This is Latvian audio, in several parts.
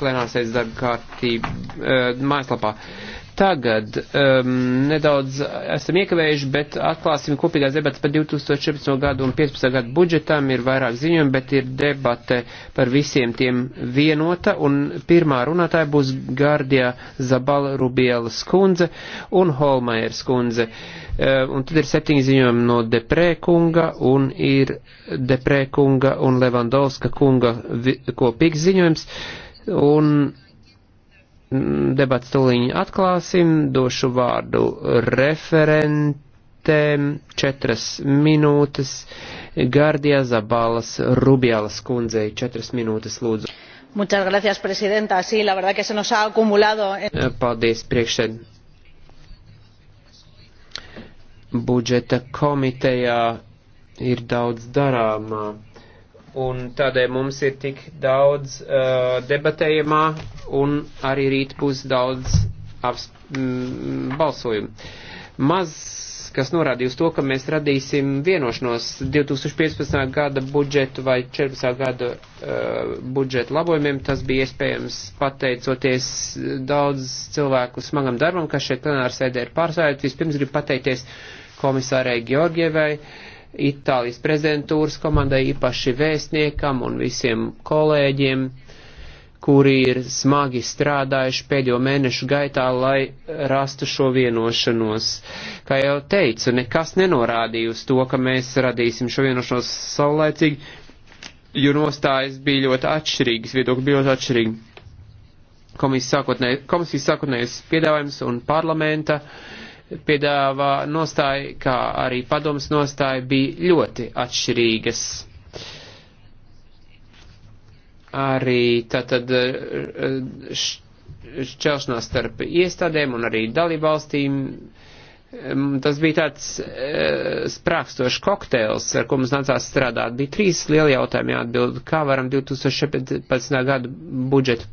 plenārsēdes darba kārtība uh, mājaslapā. Tagad um, nedaudz esam iekavējuši, bet atklāsim kopīgās debatas par 2014. gadu un 15. gadu budžetām. Ir vairāk ziņojumi, bet ir debate par visiem tiem vienota. Un pirmā runātāja būs Gārdija Zabala Rubiela skundze un Holmaier skundze. Uh, un tad ir septiņi ziņojumi no Deprēkunga un ir Deprēkunga un Levandovska kunga kopīgs ziņojums. Uh, Un debats tūliņi atklāsim, došu vārdu referentēm, četras minūtes, Gardijā Zabalas Rubjālas kundzei, četras minūtes lūdzu. Muchas gracias, presidenta. Sí, la verdad que se nos ha acumulado. Eh. Paldies, priekšsēd. Budžeta komitejā ir daudz darāmā un tādēļ mums ir tik daudz uh, debatējumā un arī rīt būs daudz aps, mm, balsojumu. Maz, kas norādīja uz to, ka mēs radīsim vienošanos 2015. gada budžetu vai 14. gada uh, budžetu labojumiem, tas bija iespējams pateicoties daudz cilvēku smagam darbam, kas šeit plenārsēdē ir pārsvērts. Vispirms gribu pateikties komisārai Georgievai. Uh, Itālijas prezidentūras komandai, īpaši vēstniekam un visiem kolēģiem, kuri ir smagi strādājuši pēdējo mēnešu gaitā, lai rastu šo vienošanos. Kā jau teicu, nekas nenorādīja uz to, ka mēs radīsim šo vienošanos saulēcīgi, jo nostājas bija ļoti atšķirīgas, viedokļi bija ļoti atšķirīgi. Komisijas sākotnējais piedāvājums un parlamenta uh, piedāvā nostāja, kā arī padomas nostāja, bija ļoti atšķirīgas. Arī tātad eh, šķelšanās starp iestādēm un arī dalībvalstīm uh, Tas bija tāds e, sprākstošs kokteils, ar ko mums nācās strādāt. Bija trīs lieli jautājumi jāatbild. Kā varam 2017. gadu budžetu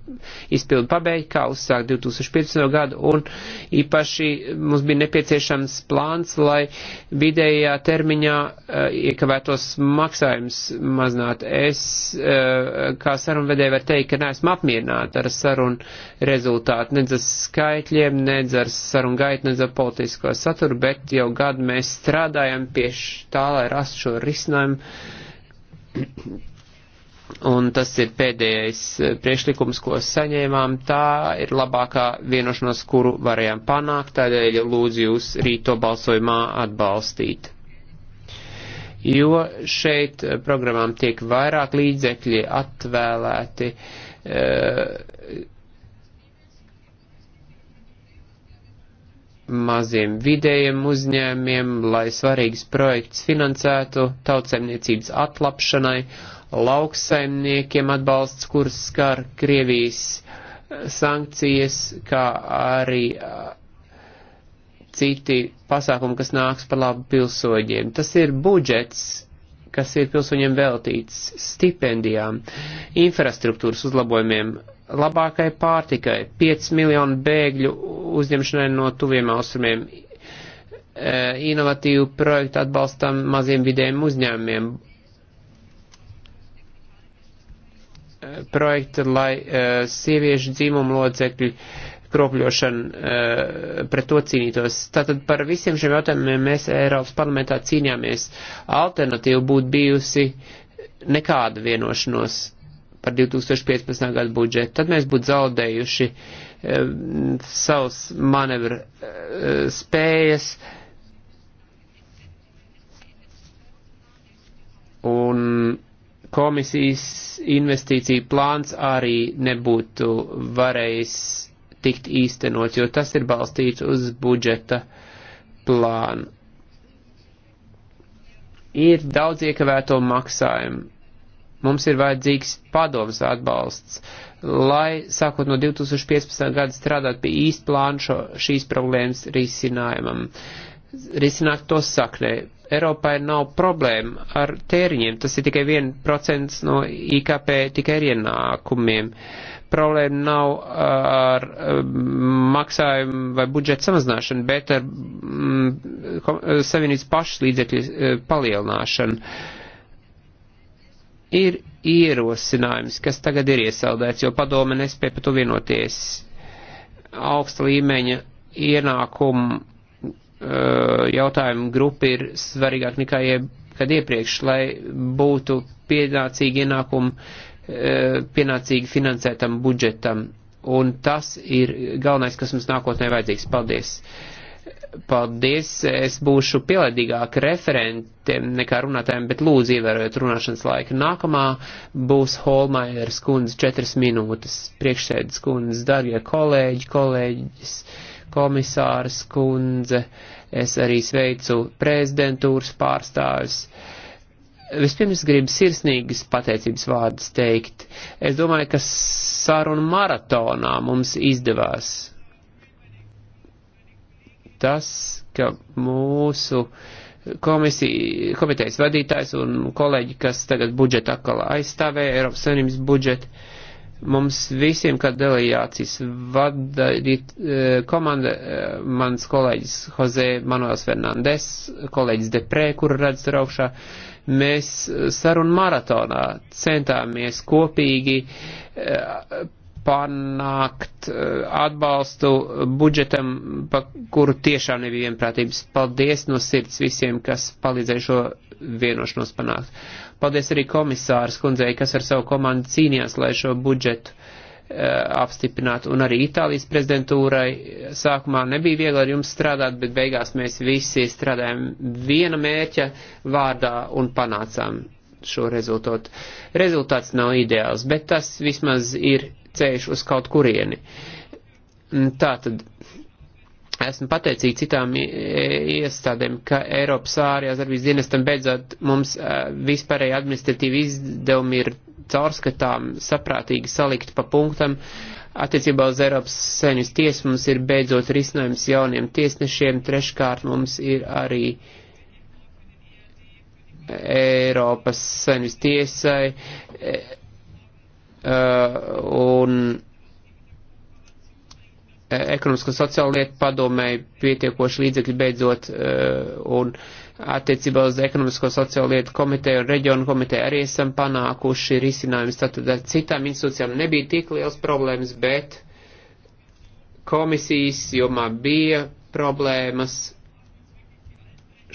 izpildu pabeigt, kā uzsākt 2015. gadu, un īpaši mums bija nepieciešams plāns, lai vidējā termiņā e, iekavētos maksājums maznāt. Es, e, kā sarunvedēji, var teikt, ka neesmu apmierināta ar sarunu rezultātu, nedz ar skaitļiem, nedz ar sarunu gaitu, nedz ar politiskos saturu, bet jau gadu mēs strādājam pie tā, lai rastu šo risinājumu. Un tas ir pēdējais eh, priešlikums, ko saņēmām. Tā ir labākā vienošanās, kuru varējām panākt, tādēļ lūdzu jūs rīto balsojumā atbalstīt. Jo šeit programmām tiek vairāk līdzekļi atvēlēti. Uh, maziem vidējiem uzņēmiem, lai svarīgs projekts finansētu tautsaimniecības atlapšanai, lauksaimniekiem atbalsts, kurus skar Krievijas eh, sankcijas, kā arī eh, citi pasākumi, kas nāks par labu pilsoņiem. Tas ir budžets, kas ir pilsoņiem veltīts stipendijām, infrastruktūras uzlabojumiem, labākai pārtikai, 5 miljonu bēgļu uzņemšanai no tuviem austrumiem, e, inovatīvu projektu atbalstam maziem vidējiem uzņēmumiem, e, projektu, lai e, sieviešu dzimumu locekļu kropļošanu pret to cīnītos. Tātad par visiem šiem jautājumiem mēs Eiropas parlamentā cīņāmies. Alternatīva būtu bijusi nekāda vienošanos par 2015. gadu budžetu, tad mēs būtu zaudējuši e, eh, savus manevru e, eh, spējas. Un komisijas investīcija plāns arī nebūtu varējis tikt īstenots, jo tas ir balstīts uz budžeta plānu. Ir daudz iekavēto maksājumu Mums ir vajadzīgs padoms atbalsts, lai, sākot no 2015. gada, strādāt pie īsta plāna šo, šīs problēmas risinājumam. Risināt to saknē. Eiropai nav problēma ar tēriņiem, tas ir tikai 1% no IKP tikai ar ienākumiem. Problēma nav uh, ar um, maksājumu vai budžeta samazināšanu, bet ar mm, uh, savienības pašas līdzekļu uh, palielināšanu. Uh, ir ierosinājums, kas tagad ir iesaldēts, jo padome nespēja par to vienoties. Augsta līmeņa ienākumu eh, jautājumu grupa ir svarīgāk nekā jebkad iepriekš, lai būtu pienācīgi ienākumi, eh, pienācīgi finansētam budžetam. Un tas ir galvenais, kas mums nākotnē vajadzīgs. Paldies! Paldies, es būšu pielaidīgāk referentiem nekā runātājiem, bet lūdzu ievērojot runāšanas laiku. Nākamā būs Holmaieras kundze četras minūtes, priekšsēdes kundze, darbie kolēģi, kolēģis, komisāras kundze, es arī sveicu prezidentūras pārstāvis. Vispirms gribu sirsnīgas pateicības vārdus teikt. Es domāju, ka sarunu maratonā mums izdevās tas, ka mūsu komisija, komitejas vadītājs un kolēģi, kas tagad budžeta atkal aizstāvē Eiropas Savienības budžetu, mums visiem, kā delegācijas vada e, komanda, e, mans kolēģis Jose Manuels Fernandes, kolēģis Deprē, kuru redz tur augšā, mēs sarunu maratonā centāmies kopīgi e, panākt eh, atbalstu budžetam, pa kuru tiešām nebija vienprātības. Paldies no sirds visiem, kas palīdzēja šo vienošanos panākt. Paldies arī komisārs kundzei, kas ar savu komandu cīnījās, lai šo budžetu uh, apstiprinātu, un arī Itālijas prezidentūrai sākumā nebija viegli ar jums strādāt, bet beigās mēs visi strādājam viena mērķa vārdā un panācām šo rezultātu. Rezultāts nav ideāls, bet tas vismaz ir ceļš uz kaut kurieni. Mm, tā tad esmu pateicīgi citām iestādēm, ka Eiropas ārējās darbības dienestam beidzot mums vispārēji administratīvi izdevumi ir caurskatām, saprātīgi salikt pa punktam. Attiecībā uz Eiropas sēņas tiesu mums ir beidzot risinājums jauniem tiesnešiem, treškārt mums ir arī Eiropas sēņas tiesai. E, Uh, un e, ekonomisko sociālo lietu padomēji pietiekoši līdzekļi beidzot uh, un attiecībā uz ekonomisko sociālo lietu komiteju un reģionu komiteju arī esam panākuši risinājumus. Tātad ar citām institūcijām nebija tik liels problēmas, bet komisijas jomā bija problēmas.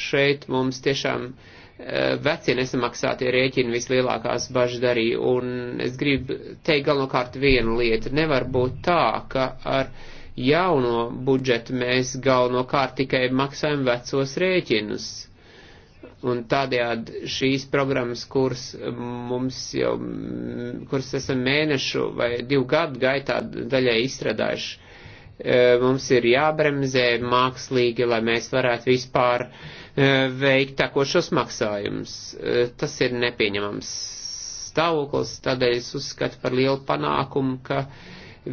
Šeit mums tiešām uh, Eh, vecie nesamaksātie rēķini vislielākās bažas darīja. Un es gribu teikt galvenokārt vienu lietu. Nevar būt tā, ka ar jauno budžetu mēs galvenokārt tikai maksājam vecos rēķinus. Un tādējādi šīs programmas, kuras mums jau, kuras esam mēnešu vai divu gadu gaitā daļai izstrādājuši, eh, mums ir jābremzē mākslīgi, lai mēs varētu vispār uh, E, veikt tekošos maksājumus. E, tas ir nepieņemams stāvoklis, tādēļ es uzskatu par lielu panākumu, ka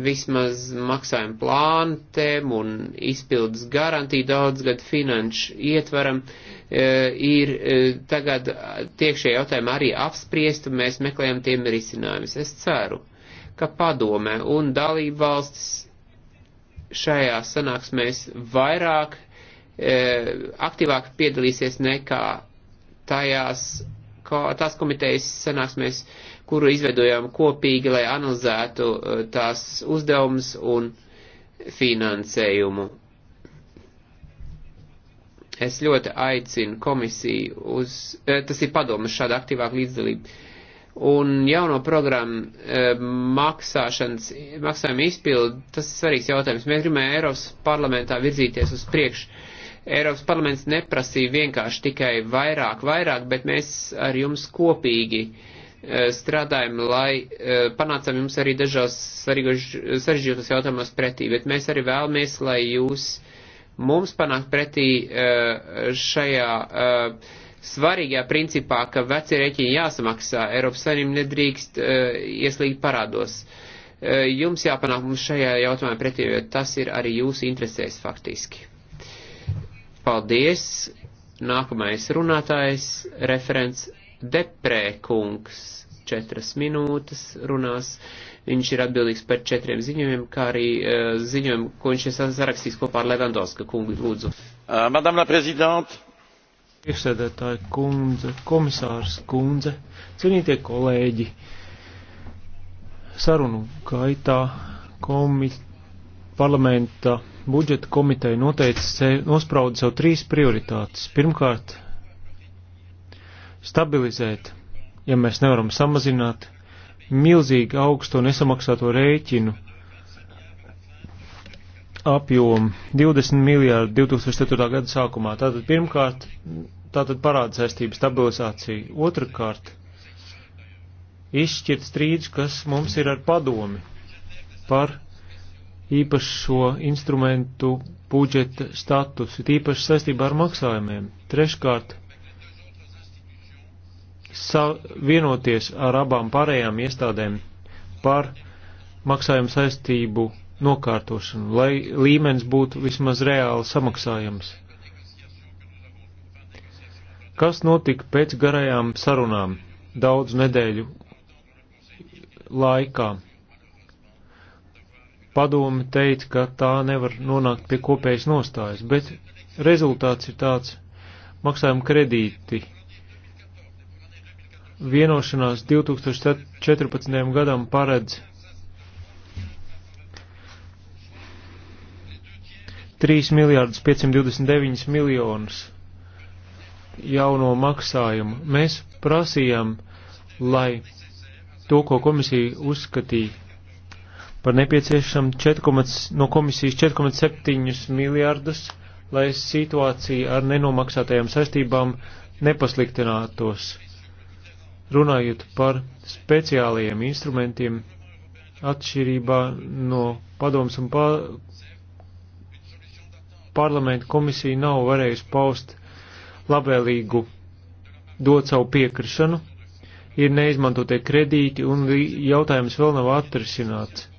vismaz maksājuma plāntēm un izpildes garantija daudzgad finanšu ietvaram e, ir tagad tiek šie jautājumi arī apspriesti, un mēs meklējam tiem risinājumus. Es ceru, ka padomē un dalību valstis šajā sanāksmēs vairāk E, aktīvāk piedalīsies nekā tajās, ko, tās komitejas sanāksmēs, kuru izveidojām kopīgi, lai analizētu e, tās uzdevumus un finansējumu. Es ļoti aicinu komisiju uz, e, tas ir padomas šāda aktīvāka līdzdalība. Un jauno programmu maksāšanas, maksājuma izpildu, tas ir svarīgs jautājums. Mēs gribam Eiropas parlamentā virzīties uz priekšu Eiropas parlaments neprasīja vienkārši tikai vairāk, vairāk, bet mēs ar jums kopīgi e, strādājam, lai e, panācam jums arī dažos sarežģītos jautājumos pretī, bet mēs arī vēlamies, lai jūs mums panākt pretī e, šajā svarīgajā principā, ka veci rēķini jāsamaksā, Eiropas saimnība nedrīkst ieslīgt parādos jums jāpanāk mums šajā jautājumā pretī, jo tas ir arī jūsu interesēs faktiski. Paldies! Nākamais runātājs, referents Deprēkungs. Četras minūtes runās. Viņš ir atbildīgs par četriem ziņojumiem, kā arī uh, ziņojumu, ko viņš ir sarakstījis kopā ar Levandovska kungu. Lūdzu. Uh, Madame la Prezidente. Priekšsēdētāja kundze, komisārs kundze, cienītie kolēģi, sarunu gaitā komi parlamenta budžeta komiteja noteica, nosprauda sev trīs prioritātes. Pirmkārt, stabilizēt, ja mēs nevaram samazināt milzīgi augsto nesamaksāto rēķinu apjomu 20 miljārdu 2004. gada sākumā. Tātad pirmkārt, tātad parāda saistību stabilizācija. Otrakārt, izšķirt strīdus, kas mums ir ar padomi par īpašo instrumentu budžeta status, it īpaši saistībā ar maksājumiem. Treškārt, vienoties ar abām pārējām iestādēm par maksājumu saistību nokārtošanu, lai līmenis būtu vismaz reāli samaksājams. Kas notika pēc garajām sarunām daudzu nedēļu laikā? padome teica, ka tā nevar nonākt pie kopējas nostājas, bet rezultāts ir tāds maksājuma kredīti. Vienošanās 2014. gadam paredz 3 miljārdus 529 miljonus jauno maksājumu. Mēs prasījām, lai to, ko komisija uzskatīja par nepieciešam 4, no komisijas 4,7 miljārdus, lai situācija ar nenomaksātajām saistībām nepasliktinātos. Runājot par speciālajiem instrumentiem, atšķirībā no padoms un pa parlamenta komisija nav varējusi paust labvēlīgu dot savu piekrišanu, ir neizmantotie kredīti un jautājums vēl nav atrisināts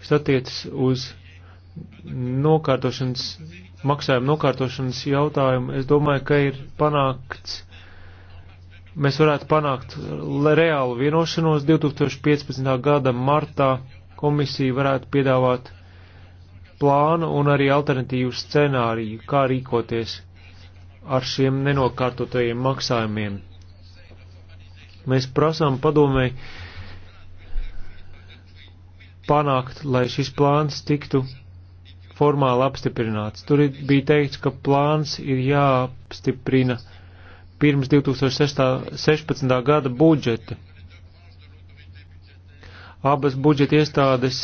kas attiecas uz nokārtošanas, maksājumu nokārtošanas jautājumu, es domāju, ka ir panākts, mēs varētu panākt reālu vienošanos 2015. gada martā komisija varētu piedāvāt plānu un arī alternatīvu scenāriju, kā rīkoties ar šiem nenokārtotajiem maksājumiem. Mēs prasām padomēji panākt, lai šis plāns tiktu formāli apstiprināts. Tur bija teikts, ka plāns ir jāapstiprina pirms 2016. gada budžeta. Abas budžeta iestādes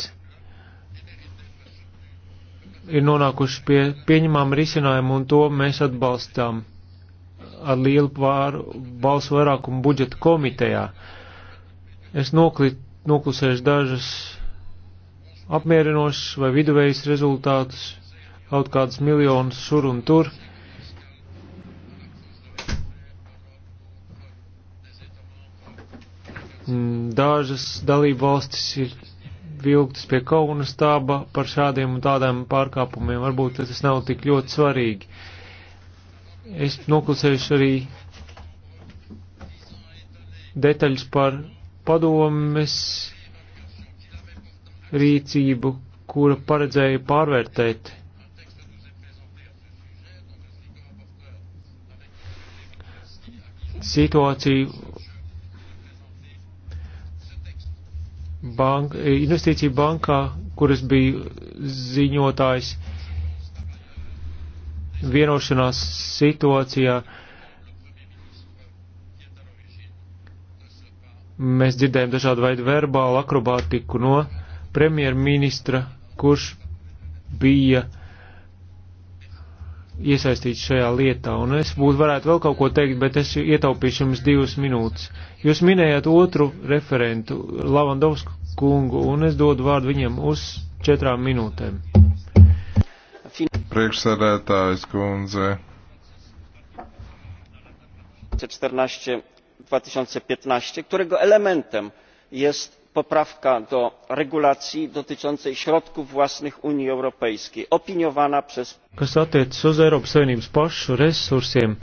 ir nonākuši pie pieņemām risinājumu, un to mēs atbalstām ar lielu pāru balsu vairākumu budžeta komitejā. Es nokli, noklusēšu dažas apmierinošs vai viduvējs rezultāts, kaut kāds miljonus šur un tur. Mm, dažas dalību valstis ir vilktas pie kauna stāba par šādiem un tādām pārkāpumiem. Varbūt tas nav tik ļoti svarīgi. Es noklusēšu arī detaļas par padomes rīcību, kura paredzēja pārvērtēt. Situāciju banka, investīciju bankā, kuras bija ziņotājs vienošanās situācijā. Mēs dzirdējam dažādu veidu verbālu akrobātiku no premjerministra, kurš bija iesaistīts šajā lietā, un es būtu varētu vēl kaut ko teikt, bet es ietaupīšu jums divas minūtes. Jūs minējāt otru referentu, Lavandovsku kungu, un es dodu vārdu viņam uz četrām minūtēm. Priekšsēdētājs kundze. 2014-2015, którego elementem jest poprawka do regulacji dotyczącej środków własnych unii europejskiej opiniowana przez Kas attiecas uz Eiropas Savienības pašu resursiem,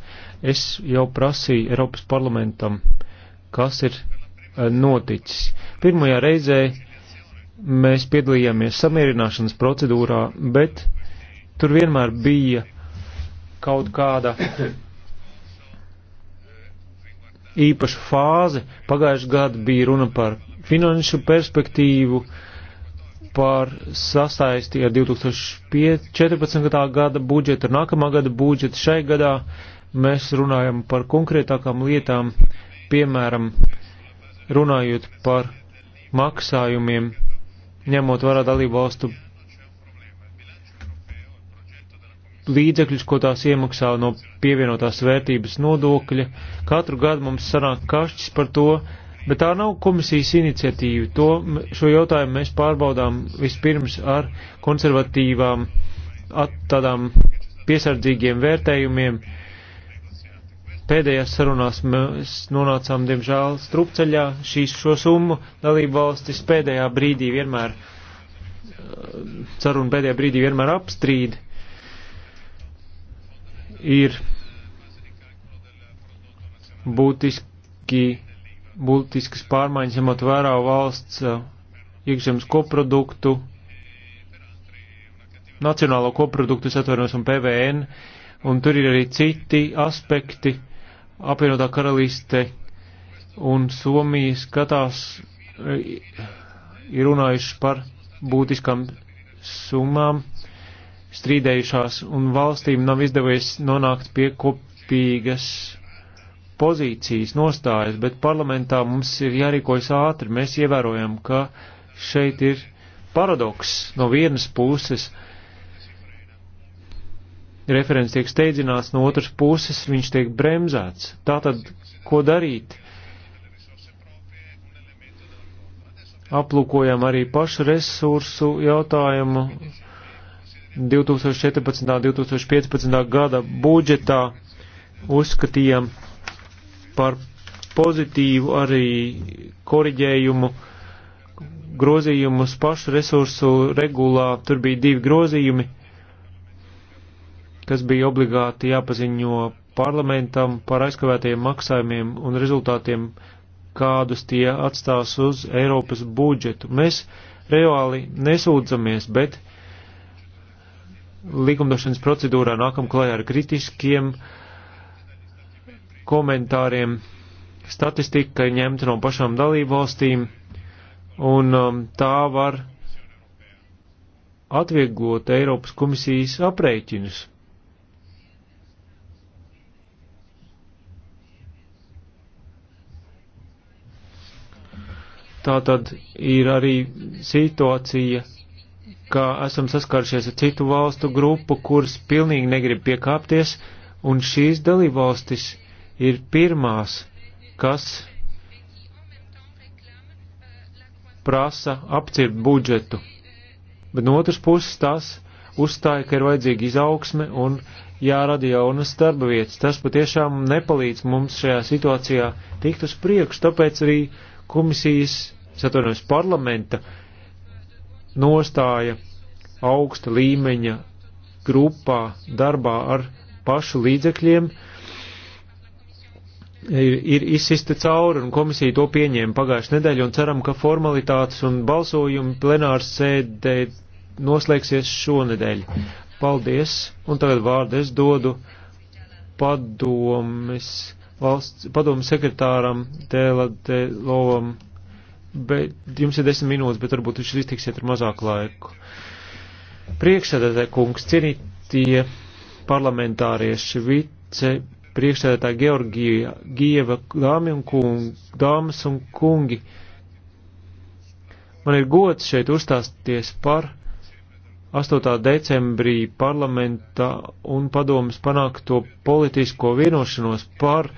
es jau prasīju Eiropas parlamentam, kas ir eh, noticis. Pirmajā reizē mēs piedalījāmies samierināšanas procedūrā, bet tur vienmēr bija kaut kāda īpaša fāze. Pagājušajā gadā bija runa par finanšu perspektīvu par sasaisti ar 2014. gada budžetu, ar nākamā gada budžetu. Šai gadā mēs runājam par konkrētākām lietām, piemēram, runājot par maksājumiem, ņemot vērā dalību valstu līdzekļus, ko tās iemaksā no pievienotās vērtības nodokļa. Katru gadu mums sanāk kašķis par to, Bet tā nav komisijas iniciatīva. To, šo jautājumu mēs pārbaudām vispirms ar konservatīvām, at, tādām piesardzīgiem vērtējumiem. Pēdējās sarunās mēs nonācām, diemžēl, strupceļā. Šīs šo summu dalību valstis pēdējā brīdī vienmēr, eh, saruna pēdējā brīdī vienmēr apstrīd. Ir būtiski būtiskas pārmaiņas, ņemot vērā valsts eh, iekšzemes koproduktu, nacionālo koproduktu, es atvainos, un PVN, un tur ir arī citi aspekti. Apvienotā karaliste un Somija skatās, eh, ir runājuši par būtiskām summām strīdējušās, un valstīm nav izdevies nonākt pie kopīgas pozīcijas, nostājas, bet parlamentā mums ir jārīkojas ātri. Mēs ievērojam, ka šeit ir paradoks no vienas puses. Referents tiek steidzināts, no otras puses viņš tiek bremzēts. Tātad, ko darīt? Aplūkojam arī pašu resursu jautājumu 2014. un 2015. gada budžetā uzskatījām par pozitīvu arī koriģējumu grozījumus pašu resursu regulā. Tur bija divi grozījumi, kas bija obligāti jāpaziņo parlamentam par aizkavētajiem maksājumiem un rezultātiem, kādus tie atstās uz Eiropas budžetu. Mēs reāli nesūdzamies, bet likumdošanas procedūrā nākam klajā ar kritiskiem uh, komentāriem. Statistika ir ņemta no pašām dalībvalstīm, un um, tā var atvieglot Eiropas komisijas aprēķinus. Tā tad ir arī situācija, ka esam saskāršies ar citu valstu grupu, kuras pilnīgi negrib piekāpties, un šīs dalībvalstis ir pirmās, kas prasa apcirt budžetu, bet no otras puses tās uzstāja, ka ir vajadzīga izaugsme un jārada jaunas darba vietas. Tas patiešām nepalīdz mums šajā situācijā tikt uz priekšu, tāpēc arī komisijas, satvainojas parlamenta, nostāja augsta līmeņa grupā darbā ar pašu līdzekļiem, uh, ir, ir izsista cauri, un komisija to pieņēma pagājušajā nedēļā, un ceram, ka formalitātes un balsojumi plenārs sēdē noslēgsies šonedēļ. Paldies, un tagad vārdu es dodu padomes, valsts, padomes sekretāram Tēladelovam, bet jums ir desmit minūtes, bet varbūt jūs iztiksiet ar mazāku laiku. Priekšsēdētāj kungs, cienītie parlamentārieši, vice priekšsēdētāja Georgija Gieva, dāmi un kungi, dāmas un kungi. Man ir gods šeit uzstāsties par 8. decembrī parlamenta un padomas panākto politisko vienošanos par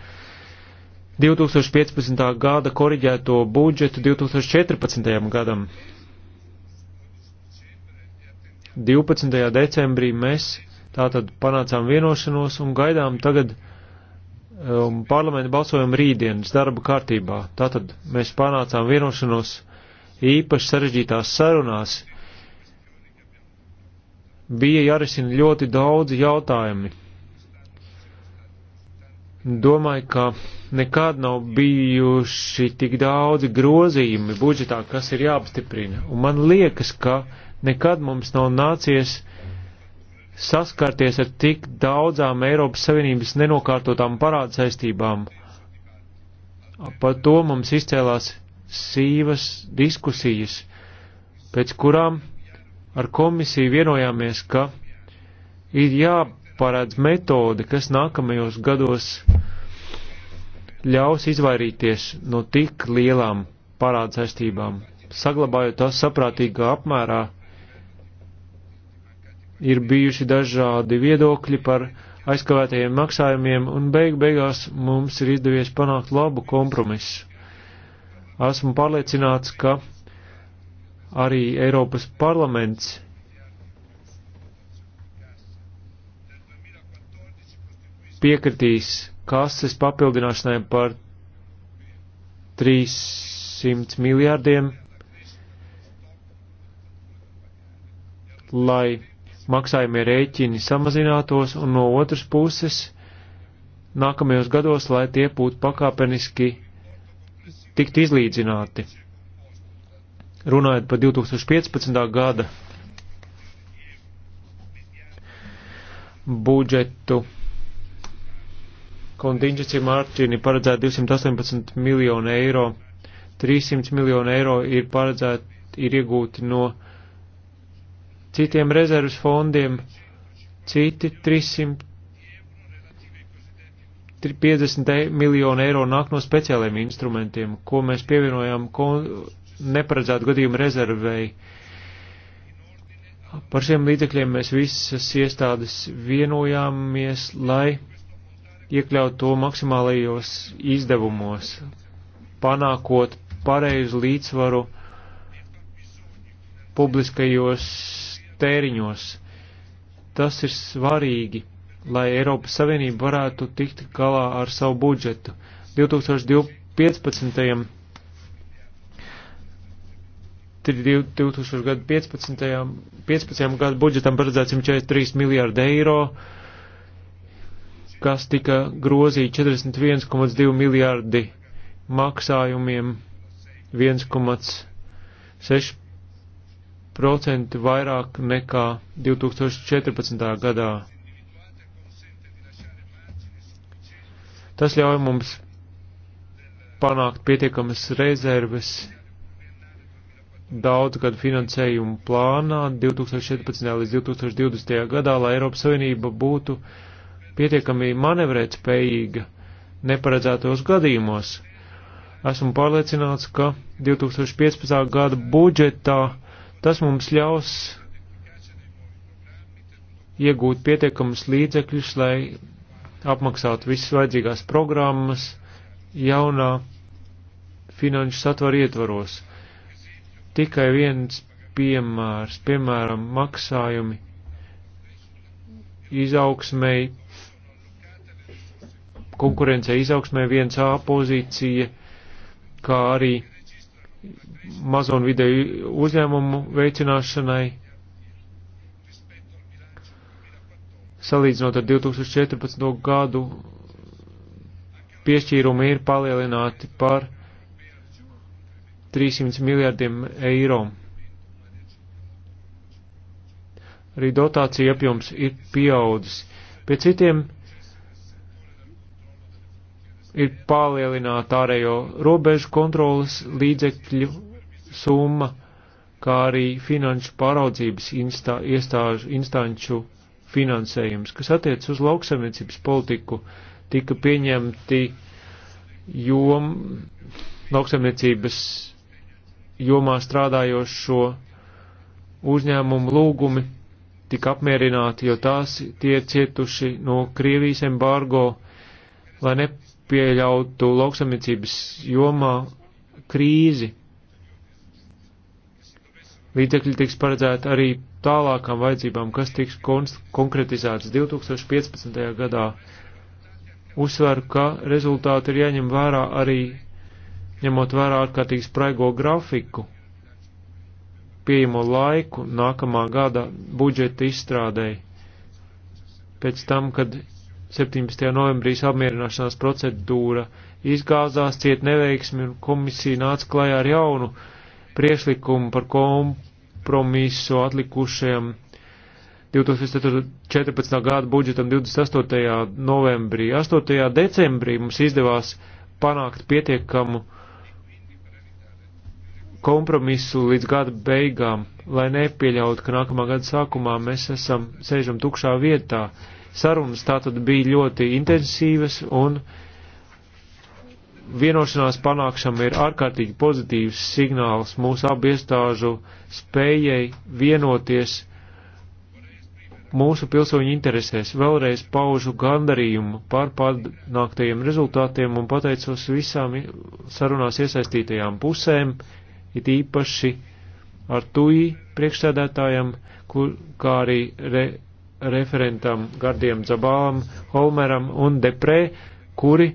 2015. gada koriģēto budžetu 2014. gadam. 12. decembrī mēs tātad panācām vienošanos un gaidām tagad um, parlamenta balsojumu rītdienas darba kārtībā. Tātad mēs panācām vienošanos īpaši sarežģītās sarunās. Bija jārisina ļoti daudzi jautājumi. Domāju, ka nekad nav bijuši tik daudzi grozījumi budžetā, kas ir jāapstiprina. Un man liekas, ka nekad mums nav nācies uh, saskarties ar tik daudzām Eiropas Savienības nenokārtotām parādu saistībām. Par to mums izcēlās sīvas diskusijas, pēc kurām ar komisiju vienojāmies, ka ir jāparādz metode, kas nākamajos gados ļaus izvairīties no tik lielām parādu saistībām, saglabājot tās saprātīgā apmērā ir bijuši dažādi viedokļi par aizkavētajiem maksājumiem, un beig beigās mums ir izdevies panākt labu kompromisu. Esmu pārliecināts, ka arī Eiropas parlaments piekritīs kases papildināšanai par 300 miljārdiem, lai maksājumie rēķini samazinātos, un no otras puses nākamajos gados, lai tie būtu pakāpeniski tikt izlīdzināti. Runājot par 2015. gada budžetu, kontingencija mārķini paredzēta 218 miljonu eiro, 300 miljonu eiro ir paredzēta, ir iegūti no citiem rezervas fondiem, citi 350 e- miljonu eiro nāk no speciāliem instrumentiem, ko mēs pievienojam neparedzētu gadījumu rezervēji. Par šiem līdzekļiem mēs visas iestādes vienojāmies, lai iekļaut to maksimālajos izdevumos, panākot pareizu līdzsvaru publiskajos tēriņos. Tas ir svarīgi, lai Eiropas Savienība varētu tikt galā ar savu budžetu. 2015. 2015. 15. gadu budžetam paredzēts 143 miljārdi eiro, kas tika grozīti 41,2 miljārdi maksājumiem 1,6 10% vairāk nekā 2014. gadā. Tas ļauj mums panākt pietiekamas rezerves daudzgadu finansējumu plānā 2014. līdz 2020. gadā, lai Eiropas Savienība būtu pietiekami manevrēt spējīga neparedzētos gadījumos. Esmu pārliecināts, ka 2015. gada budžetā Tas mums ļaus iegūt pietiekamus līdzekļus, lai apmaksātu visas vajadzīgās programmas jaunā finanšu satvara ietvaros. Tikai viens piemērs, piemēram, maksājumi izaugsmēji, konkurencei izaugsmē 1A pozīcija, kā arī mazo un vidēju uzņēmumu veicināšanai. Salīdzinot ar 2014. gadu, piešķīrumi ir palielināti par 300 miljardiem eiro. Arī dotācija apjoms ir pieaudzis. Pie citiem ir palielināta ārējo robežu kontrolas līdzekļu summa, kā arī finanšu pāraudzības instā, iestāžu, instanču finansējums, kas attiec uz lauksaimniecības politiku, tika pieņemti jom, lauksaimniecības jomā strādājošo uzņēmumu lūgumi tika apmierināti, jo tās tie cietuši no Krievijas embargo, lai nepieļautu lauksamniecības jomā krīzi. Līdzekļi tiks paredzēti arī tālākām vajadzībām, kas tiks konkretizētas 2015. gadā. Uzsveru, ka rezultāti ir jāņem vērā arī ņemot vērā ārkārtīgi spraigo grafiku, pieejamo laiku nākamā gada budžeta izstrādēji. Pēc tam, kad 17. novembrī samierināšanās procedūra izgāzās, ciet neveiksmi un komisija nāca klajā ar jaunu priešlikumu par kom kompromisu atlikušajam 2014. gada budžetam 28. novembrī. 8. decembrī mums izdevās panākt pietiekamu kompromisu līdz gada beigām, lai nepieļautu, ka nākamā gada sākumā mēs esam sēžam tukšā vietā. Sarunas tātad bija ļoti intensīvas un uh, vienošanās panākšana ir ārkārtīgi pozitīvs signāls mūsu abu iestāžu spējai vienoties mūsu pilsoņu interesēs. Vēlreiz paužu gandarījumu par panāktajiem rezultātiem un pateicos visām sarunās iesaistītajām pusēm, it īpaši ar TUI priekšsēdētājam, kur, kā arī re, referentam Gardiem Zabālam, Holmeram un Deprē, kuri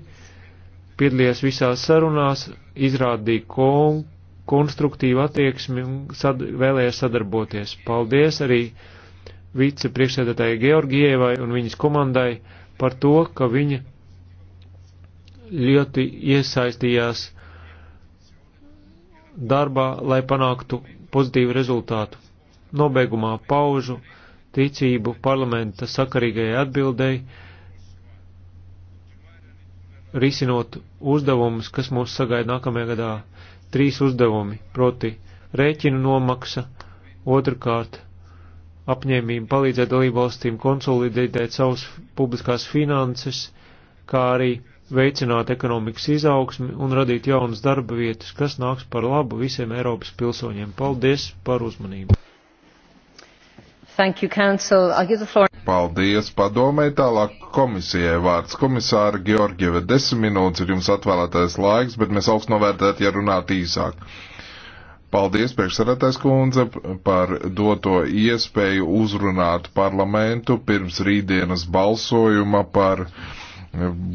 piedalījās visās sarunās, izrādīja kon konstruktīvu attieksmi un sad vēlējās sadarboties. Paldies arī vicepriekšsēdētāji Georgievai un viņas komandai par to, ka viņa ļoti iesaistījās darbā, lai panāktu pozitīvu rezultātu. Nobeigumā paužu ticību parlamenta sakarīgajai atbildēji risinot uzdevumus, kas mūs sagaida nākamajā gadā. Trīs uzdevumi, proti rēķinu nomaksa, otrkārt apņēmība palīdzēt dalībvalstīm konsolidēt savus publiskās finanses, kā arī veicināt ekonomikas izaugsmi un radīt jaunas darba vietas, kas nāks par labu visiem Eiropas pilsoņiem. Paldies par uzmanību! Thank you, Council. I'll give the floor. Paldies padomē, tālāk komisijai vārds. Komisāra Georgieva, desmit minūtes ir jums atvēlētais laiks, bet mēs augstu novērtētu, ja runātu īsāk. Paldies, priekšsarētais kundze, par doto iespēju uzrunāt parlamentu pirms rītdienas balsojuma par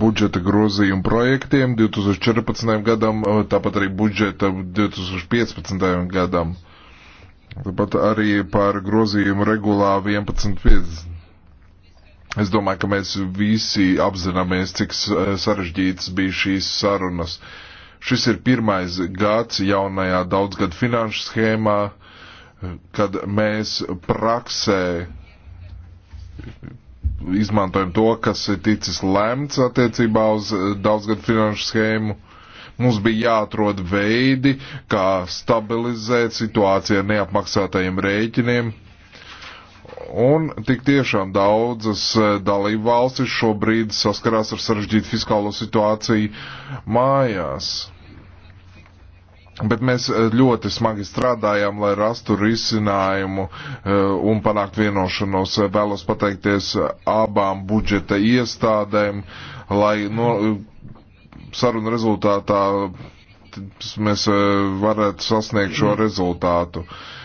budžeta grozījumu projektiem 2014. gadam, tāpat arī budžeta 2015. gadam. Tāpat arī par grozījumu regulā 1150. Es domāju, ka mēs visi apzināmies, cik eh, sarežģītas bija šīs sarunas. Šis ir pirmais gads jaunajā daudzgad finanšu schēmā, kad mēs praksē izmantojam to, kas ir ticis lemts attiecībā uz eh, daudzgad finanšu schēmu mums bija jāatrod veidi, kā stabilizēt situāciju ar neapmaksātajiem rēķiniem. Un tik tiešām daudzas e, dalību valstis šobrīd saskarās ar sarežģītu fiskālo situāciju mājās. Bet mēs e, ļoti smagi strādājām, lai rastu risinājumu e, un panākt vienošanos. Vēlos pateikties abām budžeta iestādēm, lai no, sarunu rezultātā mēs varētu sasniegt šo rezultātu. Uh,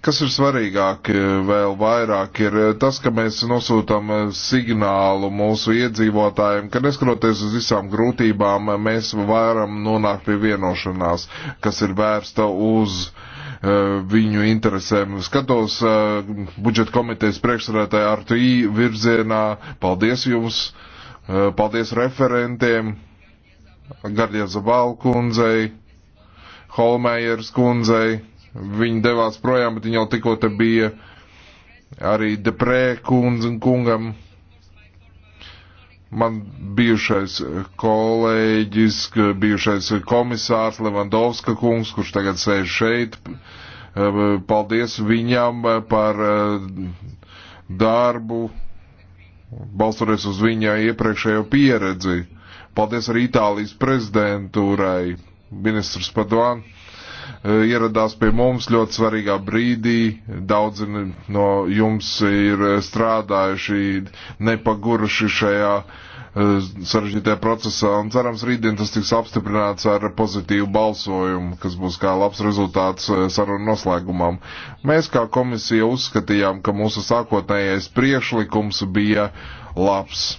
Kas ir svarīgāk eh, vēl vairāk ir eh, tas, ka mēs nosūtam eh, signālu mūsu iedzīvotājiem, ka neskroties uz visām grūtībām, mēs varam nonākt pie vienošanās, kas ir vērsta uz uh, viņu interesēm. Skatos uh, budžeta komitejas priekšsarētāju RTI virzienā. Paldies jums! Uh, paldies referentiem! Gardieza Balkundzei, Holmējers kundzei! Viņi devās projām, bet viņi jau tikko te bija arī deprē kundz un kungam. Man bijušais kolēģis, bijušais komisārs Levandovska kungs, kurš tagad sēž šeit, paldies viņam par eh, darbu, balstoties uz viņa iepriekšējo pieredzi. Paldies arī Itālijas prezidentūrai, ministrs Padoan ieradās pie mums ļoti svarīgā brīdī. Daudzi no jums ir strādājuši, nepaguruši šajā sarežģītajā procesā, un cerams, rītdien tas tiks apstiprināts ar pozitīvu balsojumu, kas būs kā labs rezultāts sarunu noslēgumam. Mēs kā komisija uzskatījām, ka mūsu sākotnējais priekšlikums bija labs.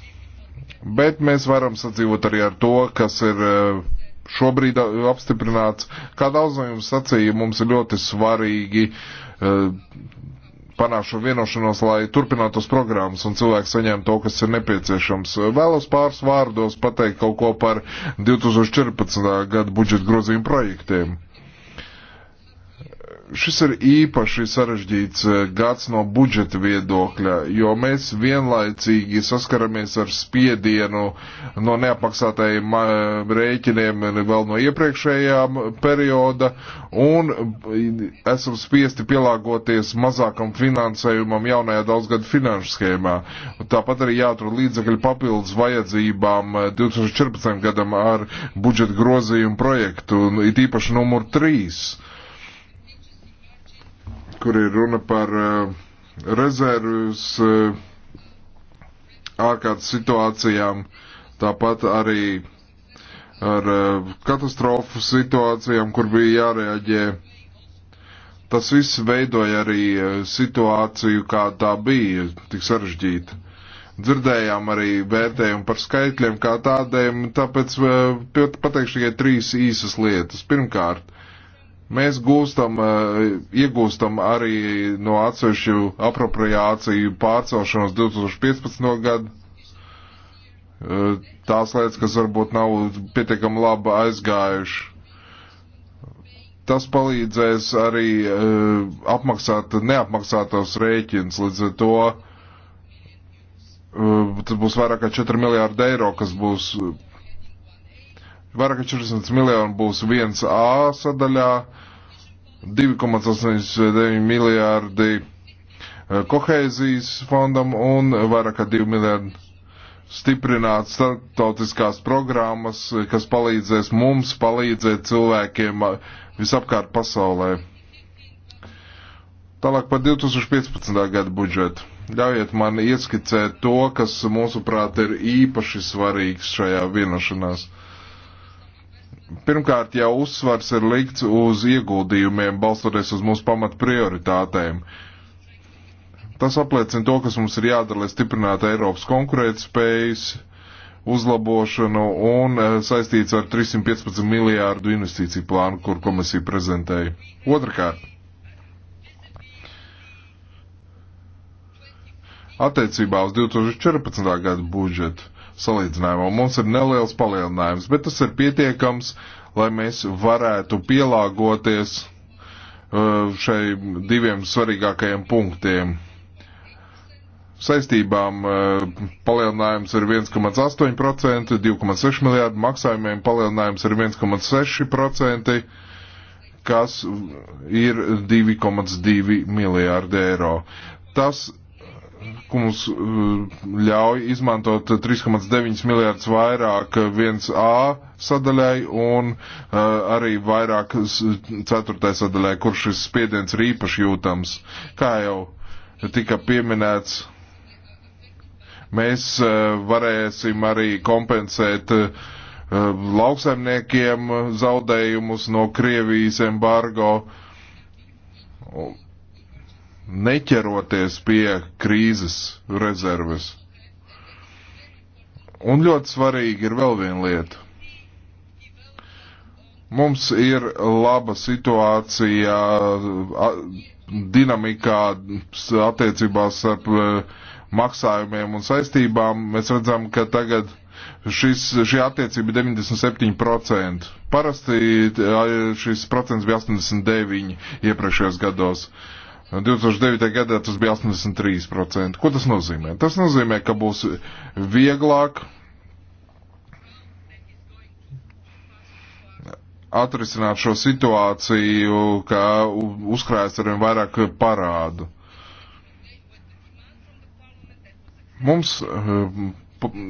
Bet mēs varam sadzīvot arī ar to, kas ir šobrīd uh, apstiprināts. Kā daudz no jums sacīja, mums ir ļoti svarīgi uh, panākt šo vienošanos, lai turpinātos programmas un cilvēks saņem to, kas ir nepieciešams. Uh, vēlos pāris vārdos pateikt kaut ko par 2014. gada budžeta grozījumu projektiem šis ir īpaši sarežģīts eh, gads no budžeta viedokļa, jo mēs vienlaicīgi saskaramies ar spiedienu no neapmaksātajiem eh, rēķiniem vēl no iepriekšējā perioda un esam spiesti pielāgoties mazākam finansējumam jaunajā daudzgada finanšu schēmā. Tāpat arī jāatrod līdzekļi papildus vajadzībām 2014. Eh, gadam ar budžeta grozījumu projektu, it īpaši numur 3 kur ir runa par eh, rezervus eh, ārkārtas situācijām, tāpat arī ar eh, katastrofu situācijām, kur bija jārēģē. Tas viss veidoja arī situāciju, kā tā bija, tik sarežģīta. Dzirdējām arī vērtējumu par skaitļiem kā tādiem, tāpēc pateikšu tikai trīs īsas lietas. Pirmkārt, Mēs gūstam, eh, iegūstam arī no atsevišķu apropriāciju pārcelšanos 2015. gadu. Eh, tās lietas, kas varbūt nav pietiekami labi aizgājuši. Tas palīdzēs arī eh, apmaksāt neapmaksātos rēķins, līdz ar to tas būs vairāk kā 4 miljārdi eiro, kas būs vairāk kā 40 miljoni būs 1A sadaļā, 2,89 miljārdi eh, kohēzijas fondam un vairāk kā 2 miljārdi stiprināt starptautiskās programmas, kas palīdzēs mums palīdzēt cilvēkiem eh, visapkārt pasaulē. Tālāk par 2015. gada budžetu. Ļaujiet man ieskicēt to, kas mūsuprāt ir īpaši svarīgs šajā vienošanās. Pirmkārt, jau uzsvars ir likts uz ieguldījumiem, balstoties uz mūsu pamat prioritātēm. Tas apliecina to, kas mums ir jādara, lai stiprinātu Eiropas konkurētspējas uzlabošanu un eh, saistīts ar 315 miljārdu investīciju plānu, kur komisija prezentēja. Otrakārt, attiecībā uz 2014. gadu budžetu salīdzinājumā. Mums ir neliels palielinājums, bet tas ir pietiekams, lai mēs varētu pielāgoties uh, šai diviem svarīgākajiem punktiem. Saistībām uh, palielinājums ir 1,8%, 2,6 miljārdu maksājumiem palielinājums ir 1,6%, kas ir 2,2 miljārdi eiro. Tas ka mums eh, ļauj izmantot 3,9 miljārdus vairāk 1A sadaļai un eh, arī vairāk 4. sadaļai, kur šis spiediens ir īpaši jūtams. Kā jau tika pieminēts, mēs eh, varēsim arī kompensēt lauksaimniekiem zaudējumus no Krievijas embargo neķeroties pie krīzes rezerves. Un ļoti svarīgi ir vēl viena lieta. Mums ir laba situācija dinamikā attiecībās ar e, maksājumiem un saistībām. Mēs redzam, ka tagad šis, šī attiecība ir 97%. Parasti e, šis procents bija 89% iepriekšējos gados. Uh, 2009. gadā tas bija 83%. Ko tas nozīmē? Tas nozīmē, ka būs vieglāk atrisināt šo situāciju, ka uzkrājas ar vien vairāk parādu. Mums eh,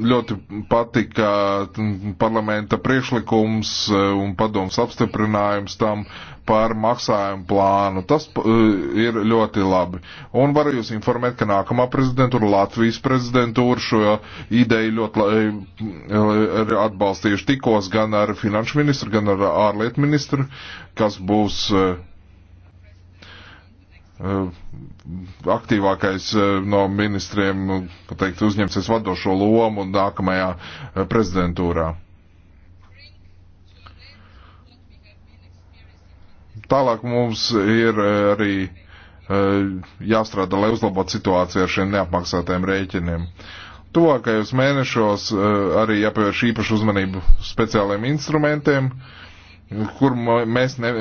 ļoti patika mm, parlamenta priekšlikums eh, un padoms apstiprinājums tam par maksājumu plānu. Tas uh, ir ļoti labi. Un varu jūs informēt, ka nākamā prezidentūra, Latvijas prezidentūra, šo ideju ļoti eh, atbalstījuši tikos gan ar finanšu ministru, gan ar ārlietu ministru, kas būs eh, eh, aktīvākais no ministriem, nu, teikt, uzņemsies vadošo lomu nākamajā prezidentūrā. Tālāk mums ir eh, arī eh, jāstrādā, lai uzlabotu situāciju ar šiem neapmaksātajiem rēķiniem. Tuvākajos mēnešos eh, arī jāpievērš īpašu uzmanību speciāliem instrumentiem, kur mēs ne,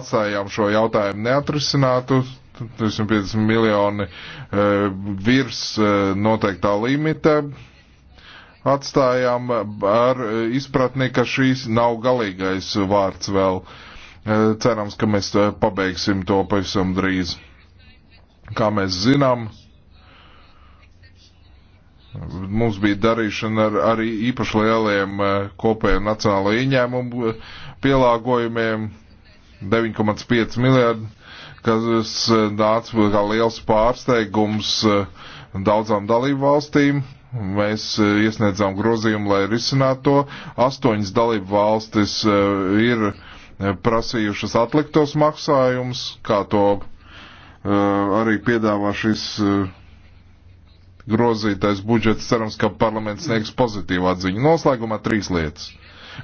atstājām šo jautājumu neatrisinātu. 350 miljoni virs noteiktā limita atstājām ar izpratni, ka šīs nav galīgais vārds vēl. Uh, Eh, cerams, ka mēs eh, pabeigsim to pavisam drīz. Kā mēs zinām, mums bija darīšana ar arī īpaši lieliem eh, kopējiem nacionālo ieņēmumu pielāgojumiem 9,5 miljardi, kas nāca kā liels pārsteigums daudzām dalību valstīm. Mēs iesniedzām grozījumu, lai risinātu to. Astoņas dalību valstis ir uh, prasījušas atliktos maksājumus, kā to uh, arī piedāvā šis uh, grozītais budžets. Cerams, ka parlaments sniegs pozitīvu atziņu. Noslēgumā trīs lietas.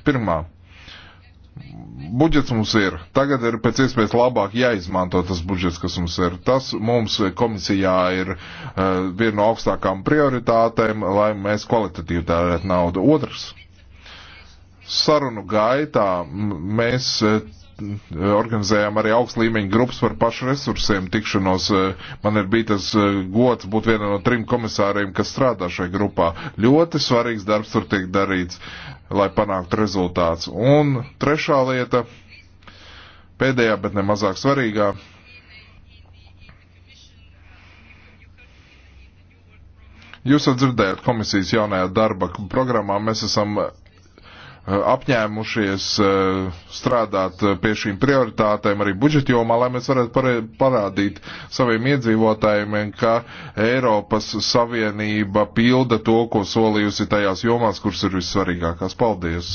Pirmā. Budžets mums ir. Tagad ir pēc iespējas labāk jāizmanto tas budžets, kas mums ir. Tas mums komisijā ir uh, viena no augstākām prioritātēm, lai mēs kvalitatīvi tērētu naudu. Otrs. Uh, sarunu gaitā mēs e, e, organizējām arī augst līmeņa grupas par pašu resursiem tikšanos. E, man ir bijis tas gods būt vienam no trim komisāriem, kas strādā šajā grupā. Ļoti svarīgs darbs tur tiek darīts, lai panāktu rezultāts. Un trešā lieta, pēdējā, bet ne mazāk svarīgā. Jūs jau dzirdējat komisijas jaunajā darba programmā, mēs esam apņēmušies eh, strādāt eh, pie šīm prioritātēm arī budžeta jomā, lai mēs varētu parādīt saviem iedzīvotājiem, ka Eiropas Savienība pilda to, ko solījusi tajās jomās, kuras ir vissvarīgākās. Paldies!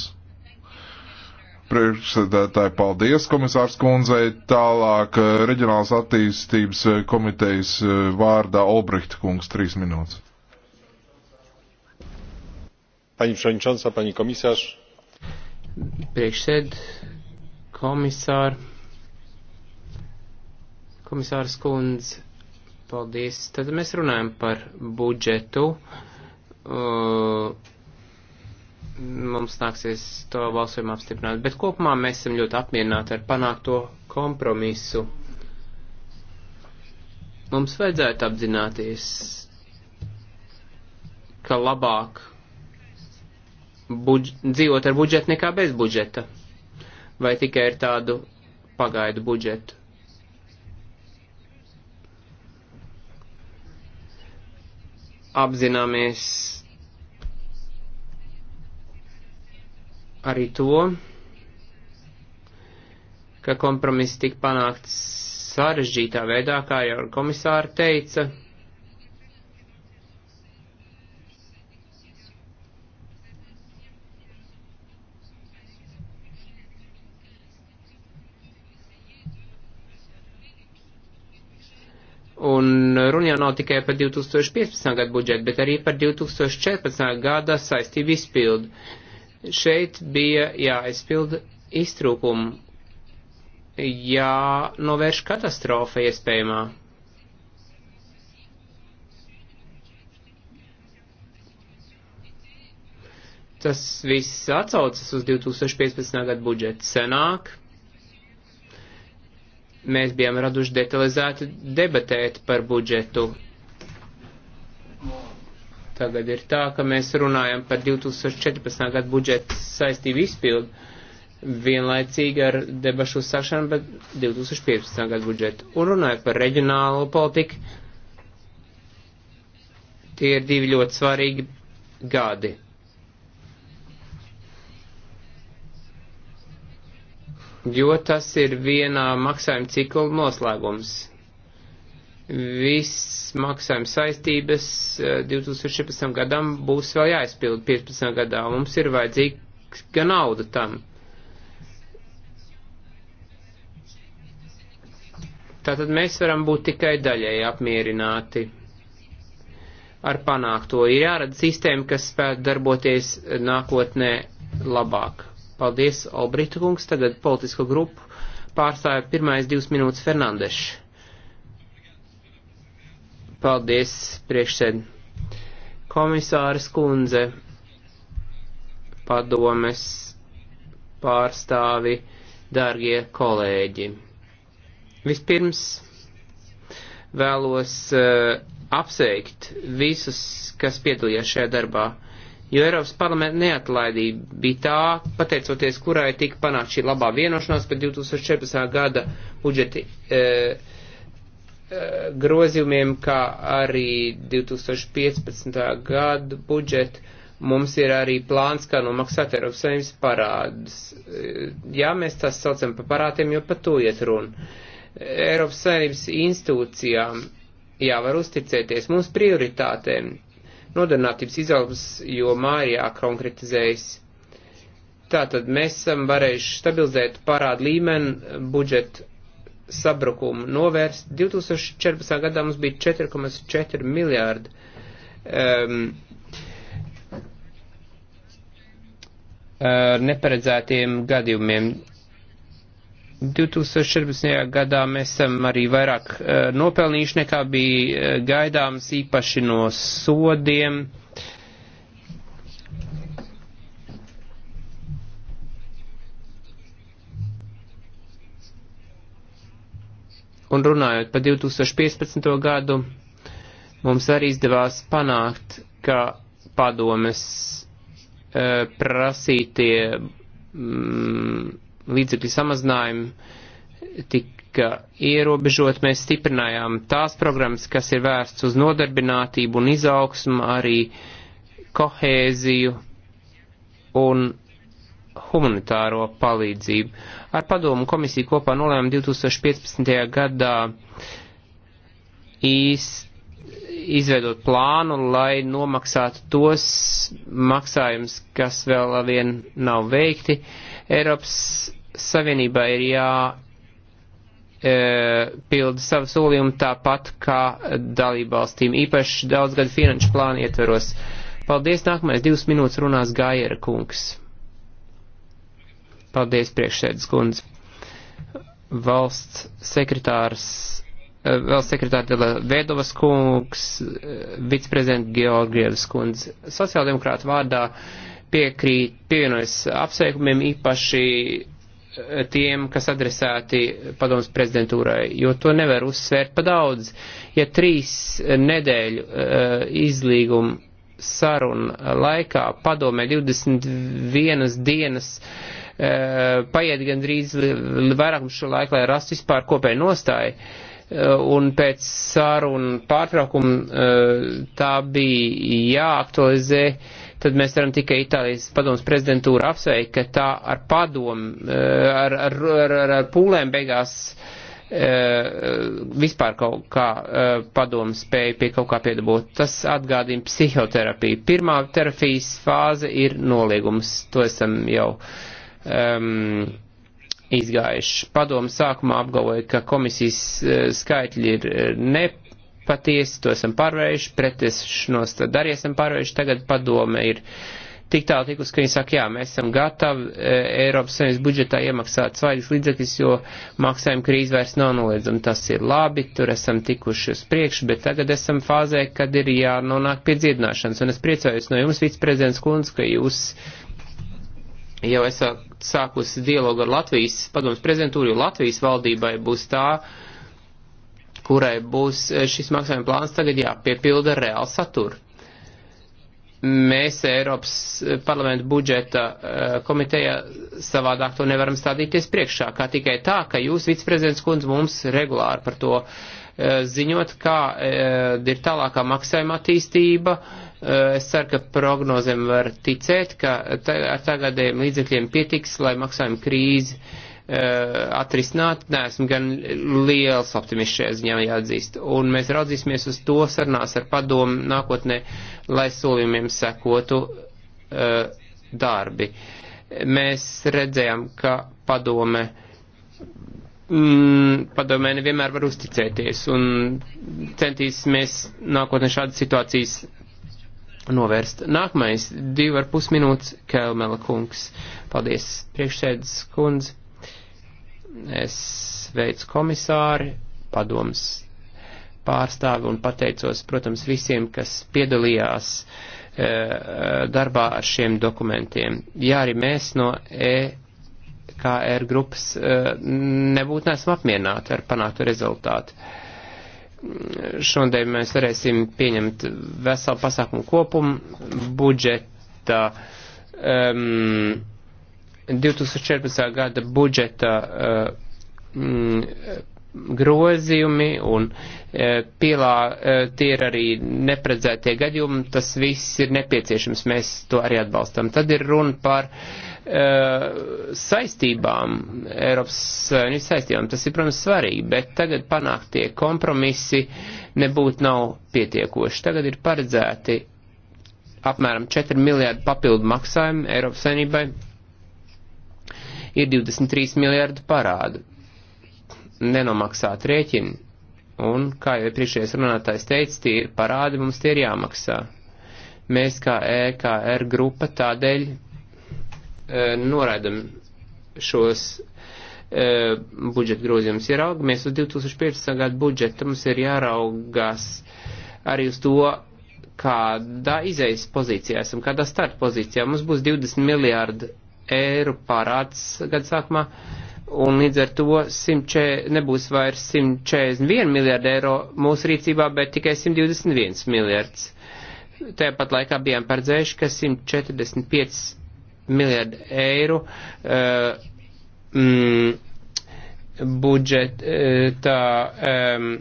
Priekšsēdētāji, paldies komisārs kundzei. Tālāk eh, reģionāls attīstības komitejas vārdā Olbrihta kungs, trīs minūtes. Pani przewodnicząca, pani komisarz, priekšsēd, komisār, komisārs kundz, paldies. Tad mēs runājam par budžetu. Uh, mums nāksies to balsojumu apstiprināt, bet kopumā mēs esam ļoti apmierināti ar panākto kompromisu. Mums vajadzētu apzināties, ka labāk budž, dzīvot ar budžetu nekā bez budžeta? Vai tikai ar tādu pagaidu budžetu? Apzināmies arī to, ka kompromiss tika panākts sarežģītā veidā, kā jau komisāra teica, runa jau nav tikai par 2015. gadu budžetu, bet arī par 2014. gada saistību izpildu. Šeit bija jāizpilda iztrūkumu, jānovērš katastrofa iespējamā. Tas viss atsaucas uz 2015. gadu budžetu senāk mēs bijām raduši detalizēti debatēt par budžetu. Tagad ir tā, ka mēs runājam par 2014. gadu budžetu saistību izpildu vienlaicīgi ar debašu sākšanu, bet 2015. gadu budžetu. Un runājot par reģionālo politiku, tie ir divi ļoti svarīgi gadi. jo tas ir vienā maksājuma cikla noslēgums. Viss maksājuma saistības 2014. Eh, gadam būs vēl jāizpild 15. gadā. Mums ir vajadzīga nauda tam. Tātad mēs varam būt tikai daļēji apmierināti ar panākto. Ir jārada sistēma, kas spētu darboties nākotnē labāk. Paldies, Albrita kungs. Tagad politisko grupu pārstāja pirmais divas minūtes Fernandešs. Paldies, priekšsēd. Komisāras kundze, padomes pārstāvi, dārgie kolēģi. Vispirms vēlos uh, apsveikt visus, kas piedalījās šajā darbā. Uh, jo Eiropas parlamenta neatlaidība bija tā, pateicoties kurai tika panākt šī labā vienošanās par 2014. gada budžeti e, e, grozījumiem, kā arī 2015. gada budžetu. Mums ir arī plāns, kā nomaksāt Eiropas Savienības parādus. E, jā, mēs tās saucam par parādiem, jo par to iet runa. Eiropas Savienības institūcijām jāvar uzticēties mūsu prioritātēm, nodarbinātības izaugsmas jomā ir jākonkretizējas. Tātad mēs esam varējuši stabilizēt parādu līmeni, budžetu sabrukumu novērst. 2014. gadā mums bija 4,4 miljārdi. Um, neparedzētiem gadījumiem 2014. gadā mēs esam arī vairāk uh, nopelnījuši nekā bija uh, gaidāms īpaši no sodiem. Un runājot par 2015. gadu, mums arī izdevās panākt, ka padomes uh, prasītie mm, līdzekļu samazinājumi tika ierobežot, mēs stiprinājām tās programmas, kas ir vērsts uz nodarbinātību un izaugsmu, arī kohēziju un humanitāro palīdzību. Ar padomu komisiju kopā nolēma 2015. gadā īst izveidot plānu, lai nomaksātu tos maksājumus, kas vēl vien nav veikti. Uh, Eiropas Savienībā ir jā e, pilda savu solījumu tāpat kā dalībvalstīm, īpaši daudzgadu finanšu plānu ietveros. Paldies, nākamais divas minūtes runās Gaiera kungs. Paldies, priekšsēdus kundze. Valsts sekretārs, e, valsts sekretāra Vēdovas kungs, e, viceprezidenta Georgievas kundze, sociāldemokrāta vārdā. Uh, piekrīt, pievienojas apsveikumiem īpaši eh, tiem, kas adresēti padomus prezidentūrai, jo to nevar uzsvērt pa daudz. Ja trīs nedēļu uh, izlīguma saruna laikā padomē 21 dienas uh, paiet gandrīz vairāk šo laiku, lai rastu vispār kopēju nostāju, uh, un pēc saruna pārtraukuma tā bija jāaktualizē tad mēs varam tikai Itālijas padomas prezidentūru apsveikt, ka tā ar padomu, eh, ar, ar, ar, ar, ar pūlēm beigās eh, vispār kaut kā eh, padomu spēju pie kaut kā piedabūt. Tas atgādina psihoterapiju. Pirmā terapijas fāze ir noliegums. To esam jau. Um, izgājuši. Padomu sākumā apgalvoja, ka komisijas skaitļi ir ne patiesi to esam pārvarējuši, pretiešanos tad arī esam pārvarējuši, tagad padome ir tik tālu tikus, ka viņi saka, jā, mēs esam gatavi e, Eiropas Savienības budžetā iemaksāt svaigus līdzekļus, jo maksājuma krīze vairs nav noliedzama. Tas ir labi, tur esam tikuši uz priekšu, bet tagad esam fāzē, kad ir jānonāk pie dziedināšanas. Un es priecājos no jums, viceprezidents Kunds, ka jūs jau esat sākusi dialogu ar Latvijas padomus prezidentūru, jo Latvijas valdībai būs tā, uh, kurai būs e, šis maksājuma plāns tagad jāpiepilda reāli satura. Mēs Eiropas e, parlamenta budžeta e, komitejā savādāk to nevaram stādīties priekšā, kā tikai tā, ka jūs, viceprezidents kundze, mums regulāri par to ziņot, kā ir tālākā maksājuma attīstība. Es ceru, ka prognozēm var ticēt, ka ar tagadējiem līdzekļiem pietiks, lai maksājuma krīzi uh, Eh, atrisināt. Neesmu gan liels optimists šajā ziņā jāatzīst. Un mēs raudzīsimies uz to sarunās ar padomu nākotnē, lai solījumiem sekotu uh, darbi. Mēs redzējām, ka padome. Mm, padomē nevienmēr var uzticēties un centīsimies nākotnē šādas situācijas novērst. Nākamais divi ar pus minūtes Kēlmela kungs. Paldies, priekšsēdes kundze. Es veicu komisāri, padoms pārstāvi un pateicos, protams, visiem, kas piedalījās e, darbā ar šiem dokumentiem. Jā, arī mēs no EKR grupas e, nebūtu nesam apmierināti ar panāktu rezultātu. Šodien mēs varēsim pieņemt veselu pasākumu kopumu budžeta. Um, e, 2014. gada budžeta eh, mm, grozījumi un eh, pielā eh, tie ir arī nepredzētie gadījumi, tas viss ir nepieciešams, mēs to arī atbalstam. Tad ir runa par saistībām, Eiropas Savienības saistībām, tas ir, protams, svarīgi, bet tagad panāktie kompromisi nebūtu nav pietiekoši. Tagad ir paredzēti apmēram 4 miljārdi papildu maksājumu Eiropas Savienībai ir 23 miljārdu parādu nenomaksāt rēķini. Un, kā jau iepriekšējais runātājs teica, tie ir parādi, mums tie ir jāmaksā. Mēs kā EKR grupa tādēļ e, noraidam šos e, budžeta grozījumus. Ja raugamies uz 2015. gadu budžetu, mums ir jāraugās arī uz to, kādā izejas pozīcijā esam, kādā starta pozīcijā. Mums būs 20 miljārdi eiro parāds gadu sākumā, un līdz ar to 104, nebūs vairs 141 miljārdi eiro mūsu rīcībā, bet tikai 121 miljārds. Tāpat laikā bijām paredzējuši, ka 145 miljārdi eiro uh, mm, budžeta uh, eh, tā, um,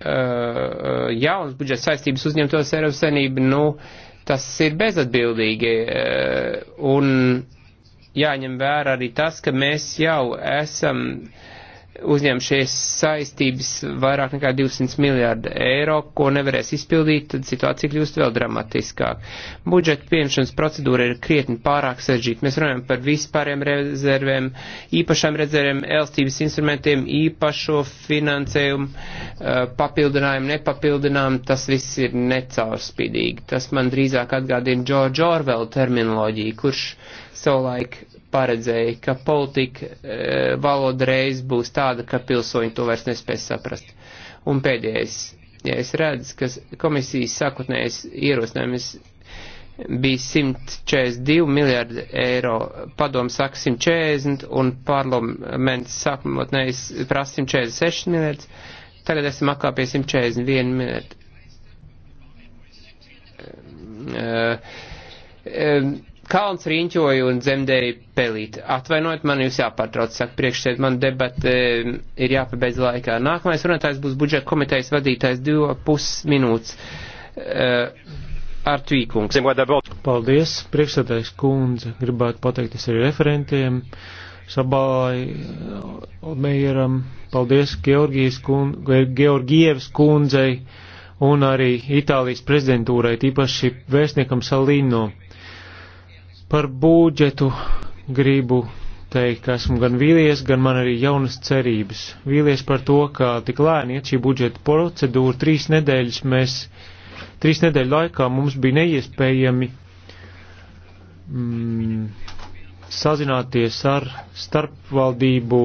uh, eh, jaunas budžeta saistības uzņemtos Eiropas Savienību, nu, uh, Tas ir bezatbildīgi eh, un jāņem vērā arī tas, ka mēs jau esam uh, uzņemšies saistības vairāk nekā 200 miljārdu eiro, ko nevarēs izpildīt, tad situācija kļūst vēl dramatiskāk. Budžeta pieņemšanas procedūra ir krietni pārāk sarežģīta. Mēs runājam par vispāriem rezervēm, īpašām rezervēm, elstības instrumentiem, īpašo finansējumu, eh, papildinājumu, nepapildinājumu. Tas viss ir necaurspīdīgi. Tas man drīzāk atgādina George Orwell terminoloģiju, kurš savulaik paredzēja, ka politika e, valoda reiz būs tāda, ka pilsoņi to vairs nespēs saprast. Un pēdējais, ja es redzu, ka komisijas sākotnējais ierosinājums bija 142 miljārdi eiro, padomu saka 140 un parlaments sākotnējais prasa 146 miljārdus, tagad esam atkal pie 141 miljārdu. Uh, e, uh, e, kalns riņķoju un dzemdēju pelīti. Atvainojiet, man jūs jāpārtrauc, saka priekšsēd, man debat e, ir jāpabeidz laikā. Nākamais runātājs būs budžeta komitejas vadītājs divu pus minūtes. E, eh, ar tvīkungs. Paldies, priekšsēdājs kundze. Gribētu pateikties arī referentiem. Sabalai Olmejeram, paldies Georgijas kundze, Georgievas kundzei un arī Itālijas prezidentūrai, tīpaši vēstniekam Salīno Par budžetu gribu teikt, ka esmu gan vīlies, gan man arī jaunas cerības. Vīlies par to, ka tik lēni iet šī budžeta procedūra, trīs nedēļas mēs, trīs nedēļu laikā mums bija neiespējami mm, sazināties ar starpvaldību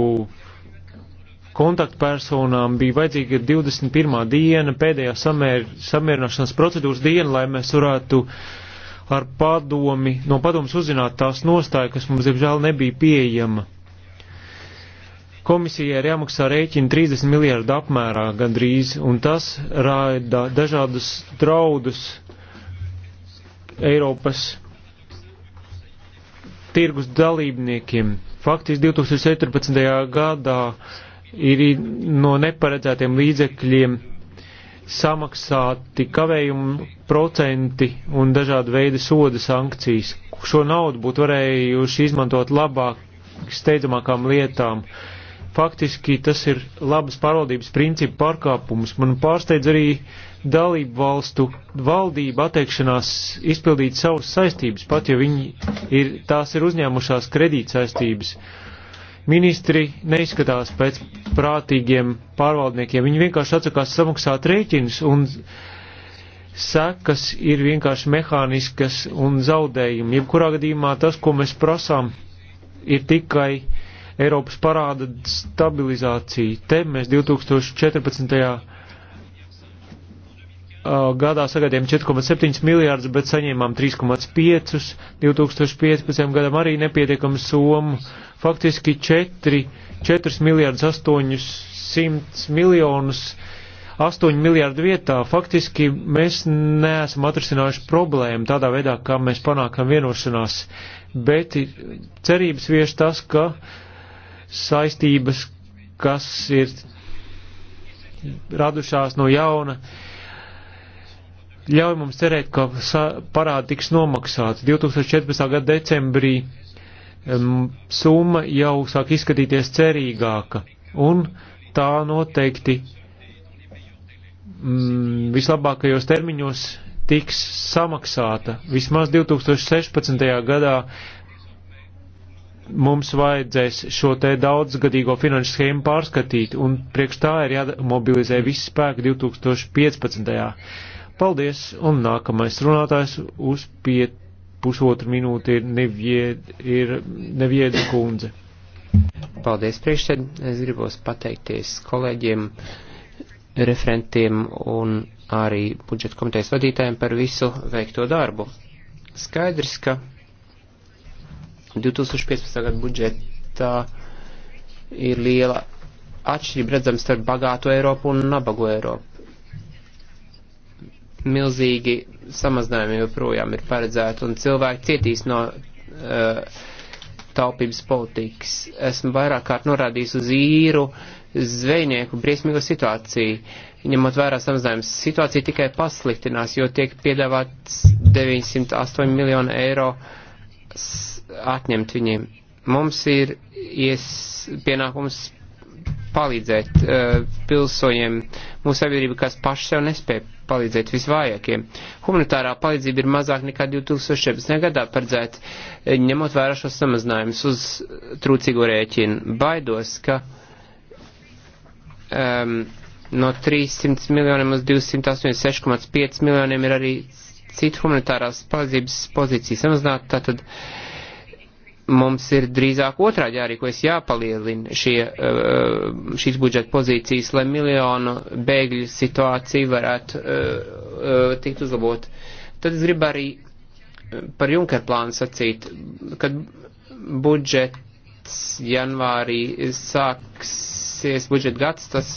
kontaktpersonām bija vajadzīga 21. diena, pēdējā samēr, samierināšanās procedūras diena, lai mēs varētu uh, ar padomi, no padomas uzzināt tās nostāja, kas mums, diemžēl, nebija pieejama. Komisijai ir jāmaksā rēķini 30 miljārdu apmērā gandrīz, un tas rāda dažādas draudus Eiropas tirgus dalībniekiem. Faktiski 2014. gadā ir no neparedzētiem līdzekļiem samaksāti kavējumu procenti un dažādi veidi soda sankcijas. Šo naudu būtu varējuši izmantot labāk, steidzamākām lietām. Faktiski tas ir labas pārvaldības principu pārkāpums. Man pārsteidz arī dalību valstu valdība atteikšanās izpildīt savas saistības, pat ja viņi ir, tās ir uzņēmušās kredīt saistības. Uh, ministri neizskatās pēc prātīgiem pārvaldniekiem. Viņi vienkārši atsakās samaksāt rēķinus un sekas ir vienkārši mehāniskas un zaudējumi. Jebkurā gadījumā tas, ko mēs prasām, ir tikai Eiropas parāda stabilizācija. Te mēs 2014 Uh, gadā sagaidījām 4,7 miljārdus, bet saņēmām 3,5, 2015. gadam arī nepietiekama summa, faktiski 4, 4 miljārdus 800 miljonus, 8 miljārdu vietā, faktiski mēs neesam atrisinājuši problēmu tādā veidā, kā mēs panākam vienošanās, bet cerības vieš tas, ka saistības, kas ir radušās no jauna, uh, ļauj mums cerēt, ka parādi tiks nomaksāti. 2014. gada decembrī um, summa jau sāk izskatīties cerīgāka, un tā noteikti mm, vislabākajos termiņos tiks samaksāta. Vismaz 2016. gadā mums vajadzēs šo te daudzgadīgo finanšu schēmu pārskatīt, un priekš tā ir jāmobilizē visi spēki 2015. gadā Paldies, un nākamais runātājs uz pie pusotru minūti ir, nevied, ir Nevieda kundze. Paldies, priekšsēd. Es gribos pateikties kolēģiem, referentiem un arī budžeta komitejas vadītājiem par visu veikto darbu. Skaidrs, ka 2015. gada budžetā ir liela atšķirība redzama starp bagāto Eiropu un nabago Eiropu milzīgi samazinājumi joprojām ir paredzēti un cilvēki cietīs no uh, taupības politikas. Esmu vairāk kārt norādījis uz īru zvejnieku briesmīgo situāciju. Ņemot vērā samazinājums, situācija tikai pasliktinās, jo tiek piedāvāts 908 miljonu eiro atņemt viņiem. Mums ir ies pienākums palīdzēt uh, pilsoņiem mūsu sabiedrība, kas paši sev nespēja palīdzēt visvājākiem. Humanitārā palīdzība ir mazāk nekā 2017. gadā paredzēta, eh, ņemot vērā šos samazinājumus uz trūcīgo rēķinu. Baidos, ka um, no 300 miljoniem uz 286,5 miljoniem ir arī citu humanitārās palīdzības pozīciju samazināt. Tātad, uh, mums ir drīzāk otrādi jārīkojas jāpalielina šie, eh, šīs budžeta pozīcijas, lai miljonu bēgļu situācija varētu eh, eh, tikt uzlabot. Tad es gribu arī par Junker plānu sacīt, kad budžets janvārī sāksies budžeta gads, tas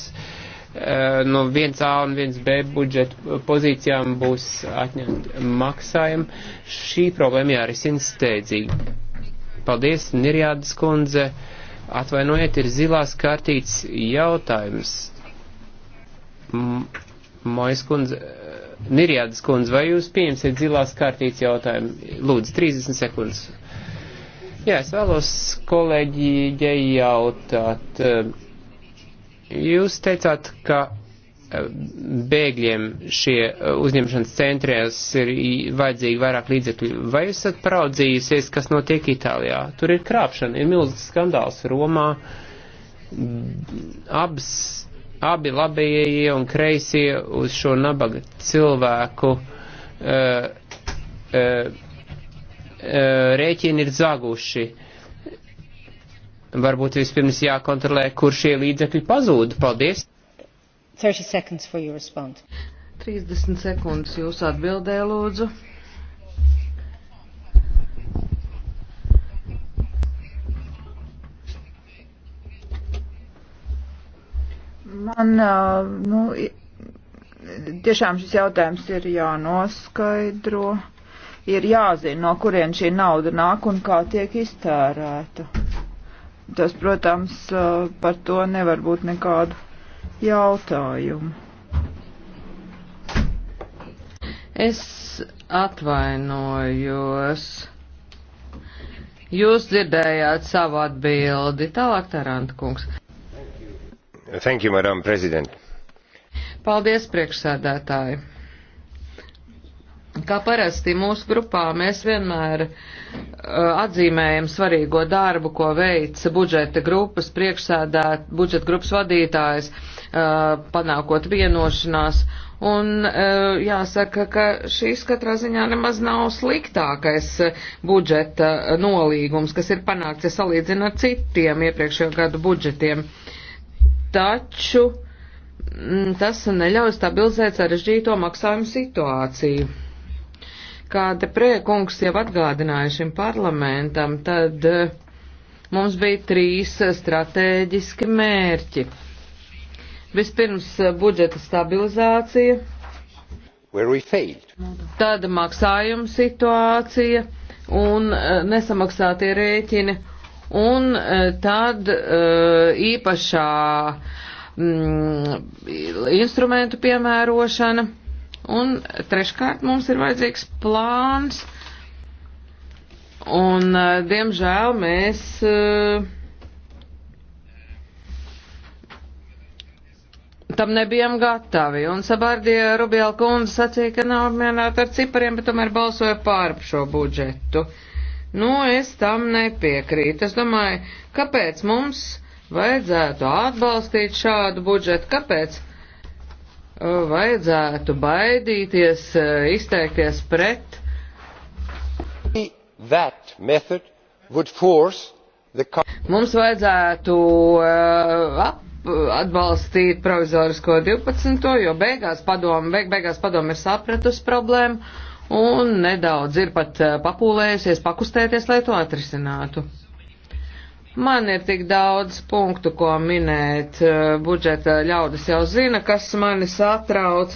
no 1A un 1B budžeta pozīcijām būs atņemt maksājumu. Šī problēma jārisina steidzīgi Paldies, Nirjādas kundze. Atvainojiet, ir zilās kārtīts jautājums. Mojas kundze, eh, Nirjādas kundze, vai jūs pieņemsiet zilās kārtīts jautājumu? Lūdzu, 30 sekundes. Jā, es vēlos kolēģijai jautāt. Eh, jūs teicāt, ka bēgļiem šie eh, uzņemšanas centrēs ir vajadzīgi vairāk līdzekļu. Vai jūs esat paraudzījusies, kas notiek Itālijā? Tur ir krāpšana, ir milzīgs skandāls Romā. Abas, abi labējie un kreisie uz šo nabaga cilvēku uh, uh, uh, rēķini ir zaguši. Varbūt vispirms jākontrolē, kur šie līdzekļi pazūda. Paldies! 30, 30 sekundes jūsu atbildē, lūdzu. Man, nu, tiešām šis jautājums ir jānoskaidro. Ir jāzina, no kurien šī nauda nāk un kā tiek iztērēta. Tas, protams, par to nevar būt nekādu jautājumu. Es atvainojos. Jūs dzirdējāt savu atbildi. Tālāk, Taranta kungs. Thank you, Thank you Madam President. Paldies, priekšsēdētāji. Kā parasti mūsu grupā mēs vienmēr uh, atzīmējam svarīgo darbu, ko veica budžeta grupas priekšsēdēt, budžeta grupas vadītājs. Uh, Uh, panākot vienošanās. Un uh, jāsaka, ka šīs katrā ziņā nemaz nav sliktākais uh, budžeta nolīgums, kas ir panākts, ja salīdzina ar citiem iepriekšējo gadu budžetiem. Taču mm, tas neļauj stabilizēt sarežģīto maksājumu situāciju. Kā deprēkungs jau atgādināja šim parlamentam, tad mums bija trīs stratēģiski mērķi Vispirms eh, budžeta stabilizācija, tad maksājuma situācija un eh, nesamaksātie rēķini, un eh, tad īpašā mm, instrumentu piemērošana, un treškārt mums ir vajadzīgs plāns, un diemžēl mēs. Uh, tam nebijām gatavi. Un Sabardie Rubiela kundze sacīja, ka nav apmierināta ar cipariem, bet tomēr balsoja pār šo budžetu. Nu, es tam nepiekrītu. Es domāju, kāpēc mums vajadzētu atbalstīt šādu budžetu, kāpēc uh, vajadzētu baidīties, uh, izteikties pret. That method would force the... Mums vajadzētu uh, atbalstīt provizorisko 12. jo beigās padomu, beig, beigās padomu ir sapratusi problēmu un nedaudz ir pat eh, papūlējusies, pakustēties, lai to atrisinātu. Man ir tik daudz punktu, ko minēt. Eh, budžeta ļaudis jau zina, kas mani satrauc.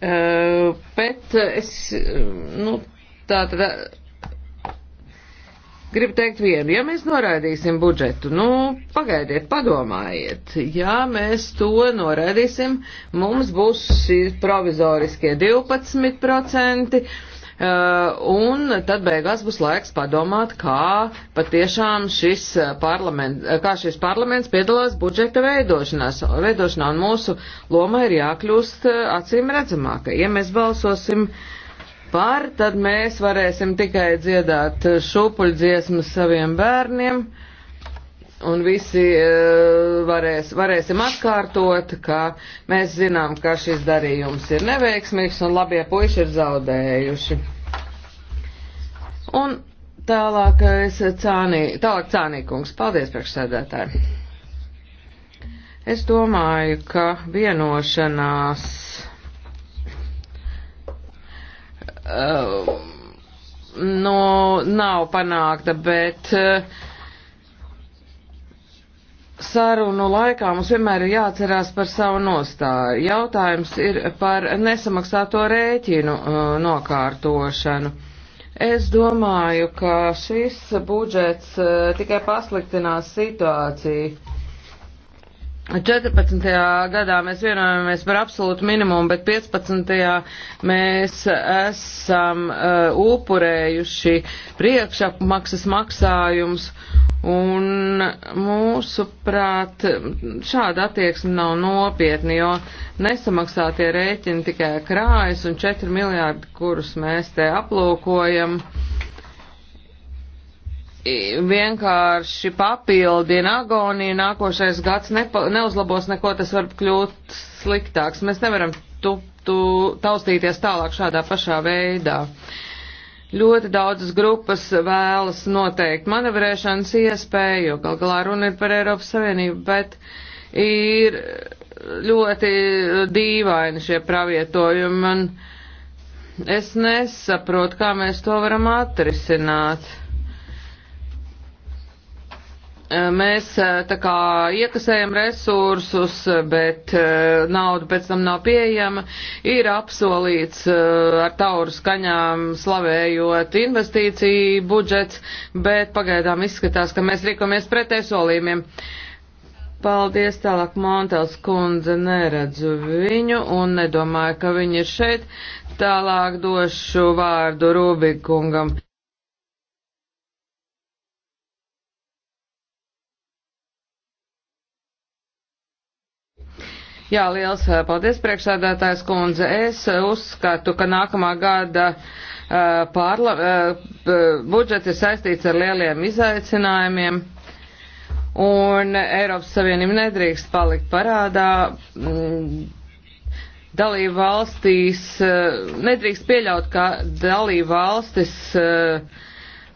Eh, bet es, nu, tā tad Gribu teikt vienu, ja mēs noraidīsim budžetu, nu, pagaidiet, padomājiet, ja mēs to noraidīsim, mums būs provizoriskie 12%, uh, un tad beigās būs laiks padomāt, kā patiešām šis uh, parlaments, uh, kā šis parlaments piedalās budžeta veidošanās, veidošanā, un mūsu loma ir jākļūst acīm redzamākai. Ja mēs balsosim uh, par, tad mēs varēsim tikai dziedāt šūpuļdziesmas saviem bērniem, un visi e, varēs, varēsim atkārtot, ka mēs zinām, ka šis darījums ir neveiksmīgs un labie puiši ir zaudējuši. Un tālākais cānī, tālāk cānīkums. Paldies, priekšsēdētāji. Es domāju, ka vienošanās uh, nu, nav panākta, bet uh, sarunu laikā mums vienmēr ir jāatcerās par savu nostāju. Jautājums ir par nesamaksāto rēķinu uh, nokārtošanu. Es domāju, ka šis budžets uh, tikai pasliktinās situāciju. 14. gadā mēs vienojamies par absolūtu minimumu, bet 15. mēs esam uh, upurējuši priekšapmaksas maksājums, un mūsuprāt šāda attieksme nav nopietni, jo nesamaksātie rēķini tikai krājas un 4 miljārdi, kurus mēs te aplūkojam. Uh, vienkārši papildina agoniju, nākošais gads nepa, neuzlabos neko, tas var kļūt sliktāks. Mēs nevaram tu, tu, taustīties tālāk šādā pašā veidā. Ļoti daudzas grupas vēlas noteikt manevrēšanas iespēju, jo gal galā runa ir par Eiropas Savienību, bet ir ļoti dīvaini šie pravietojumi. Man, es nesaprotu, kā mēs to varam atrisināt mēs e, tā kā iekasējam resursus, bet e, nauda pēc tam nav pieejama, ir apsolīts e, ar tauru skaņām slavējot investīciju budžets, bet pagaidām izskatās, ka mēs rīkomies pretēj solījumiem. Paldies, tālāk Montels kundze, neredzu viņu un nedomāju, ka viņi ir šeit. Tālāk došu vārdu Rubikungam. Jā, liels eh, paldies priekšsādātājs kundze. Es eh, uzskatu, ka nākamā gada uh, pārla, uh, budžets ir saistīts ar lieliem izaicinājumiem. Un Eiropas Savienība nedrīkst palikt parādā. Mm, dalību valstīs nedrīkst pieļaut, ka dalību valstis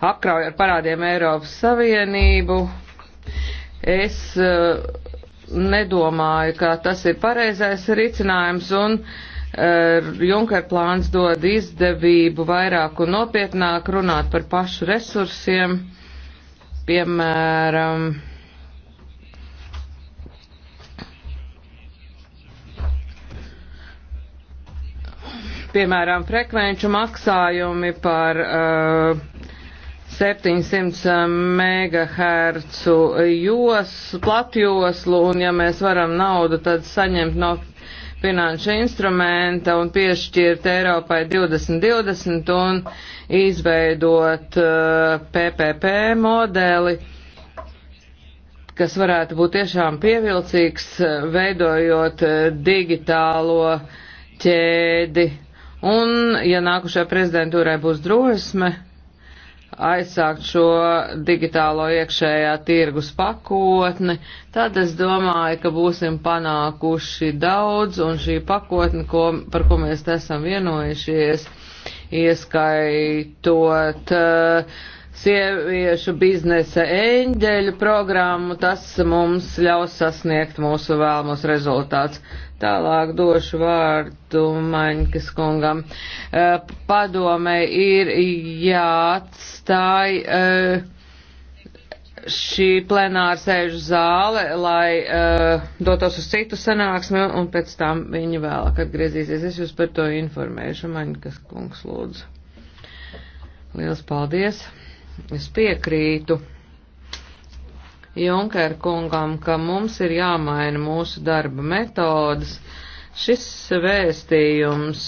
apkrauj ar parādiem Eiropas Savienību. Es uh, nedomāju, ka tas ir pareizais ricinājums un uh, Junker plāns dod izdevību vairāk un nopietnāk runāt par pašu resursiem, piemēram, piemēram, frekvenču maksājumi par uh, 700 MHz jos, platjoslu, un ja mēs varam naudu tad saņemt no finanšu instrumenta un piešķirt Eiropai 2020 un izveidot uh, eh, PPP modeli, kas varētu būt tiešām pievilcīgs, eh, veidojot eh, digitālo ķēdi. Un, ja nākušajā prezidentūrai būs drosme, aizsākt šo digitālo iekšējā tirgus pakotni, tad es domāju, ka būsim panākuši daudz, un šī pakotne, ko, par ko mēs esam vienojušies, ieskaitot uh, sieviešu biznesa eņģeļu programmu, tas mums ļaus sasniegt mūsu vēlamos rezultāts. Tālāk došu vārdu Maņkas kungam. Eh, Padome ir jāatstāj eh, šī plenāra sēžu zāle, lai eh, dotos uz citu sanāksmi, un pēc tam viņi vēlāk atgriezīsies. Es jūs par to informēšu, Maņkas kungs, lūdzu. Liels paldies! Es piekrītu. Junker kungam, ka mums ir jāmaina mūsu darba metodas. Šis vēstījums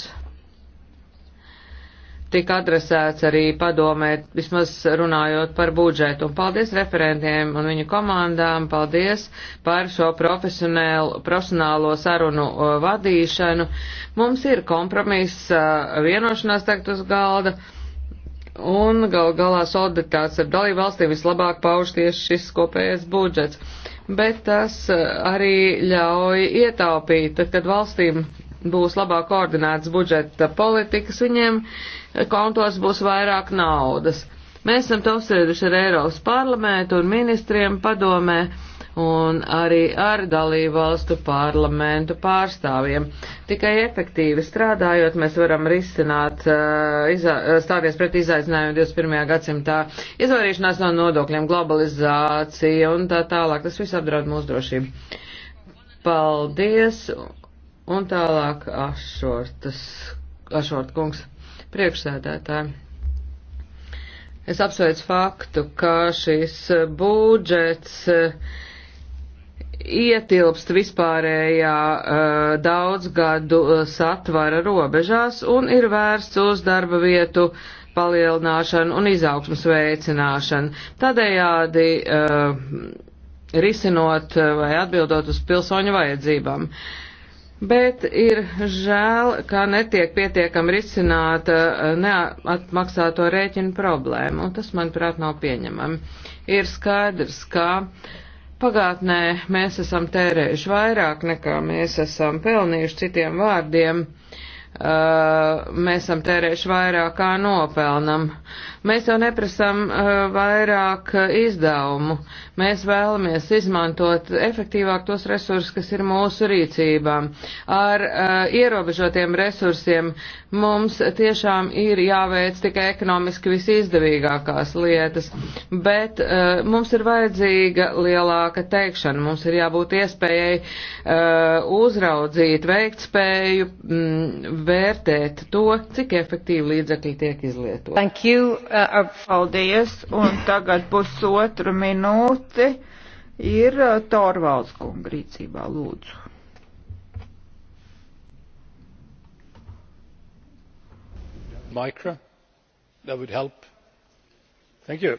tika adresēts arī padomē, vismaz runājot par budžetu. Un paldies referentiem un viņu komandām, paldies par šo profesionālo sarunu uh, vadīšanu. Mums ir kompromiss, uh, vienošanās tagad uz galda un gal galā solidaritātes ar dalību valstīm vislabāk pauž tieši šis kopējais budžets. Bet tas eh, arī ļauj ietaupīt, tad, kad valstīm būs labāk koordinētas budžeta politikas, viņiem eh, kontos būs vairāk naudas. Mēs esam to uzsēduši ar Eiropas parlamentu un ministriem padomē un arī ar dalību valstu parlamentu pārstāvjiem. Tikai efektīvi strādājot, mēs varam risināt, eh, eh, stāties pret izaicinājumu 21. gadsimtā, izvairīšanās no nodokļiem, globalizācija un tā tālāk. Tas viss apdraud mūsu drošību. Paldies! Un tālāk Ašortas, Ašort kungs, priekšsēdētāji. Es apsveicu faktu, ka šis budžets uh, ietilpst vispārējā uh, daudzgadu uh, satvara robežās un ir vērsts uz darba vietu palielināšanu un izaugsmas veicināšanu. Tādējādi uh, risinot uh, vai atbildot uz pilsoņu vajadzībām. Bet ir žēl, ka netiek pietiekam risināta uh, neatmaksāto rēķinu problēma, un tas, manuprāt, nav pieņemami. Ir skaidrs, ka uh, Pagātnē mēs esam tērējuši vairāk nekā mēs esam pelnījuši citiem vārdiem. Uh, mēs esam tērējuši vairāk kā nopelnam. Uh, Mēs jau neprasam uh, vairāk uh, izdevumu, mēs vēlamies izmantot efektīvāk tos resursus, kas ir mūsu rīcībā. Ar uh, ierobežotiem resursiem mums tiešām ir jāveic tikai ekonomiski visizdevīgākās lietas, bet uh, mums ir vajadzīga lielāka teikšana, mums ir jābūt iespējai uh, uzraudzīt veiktspēju, m, mm, vērtēt to, cik efektīvi līdzekļi tiek izlietoti. Thank you. Paldies, un tagad pusotru minūti ir Torvalds kunga rīcībā, lūdzu. Micro, that would help. Thank you.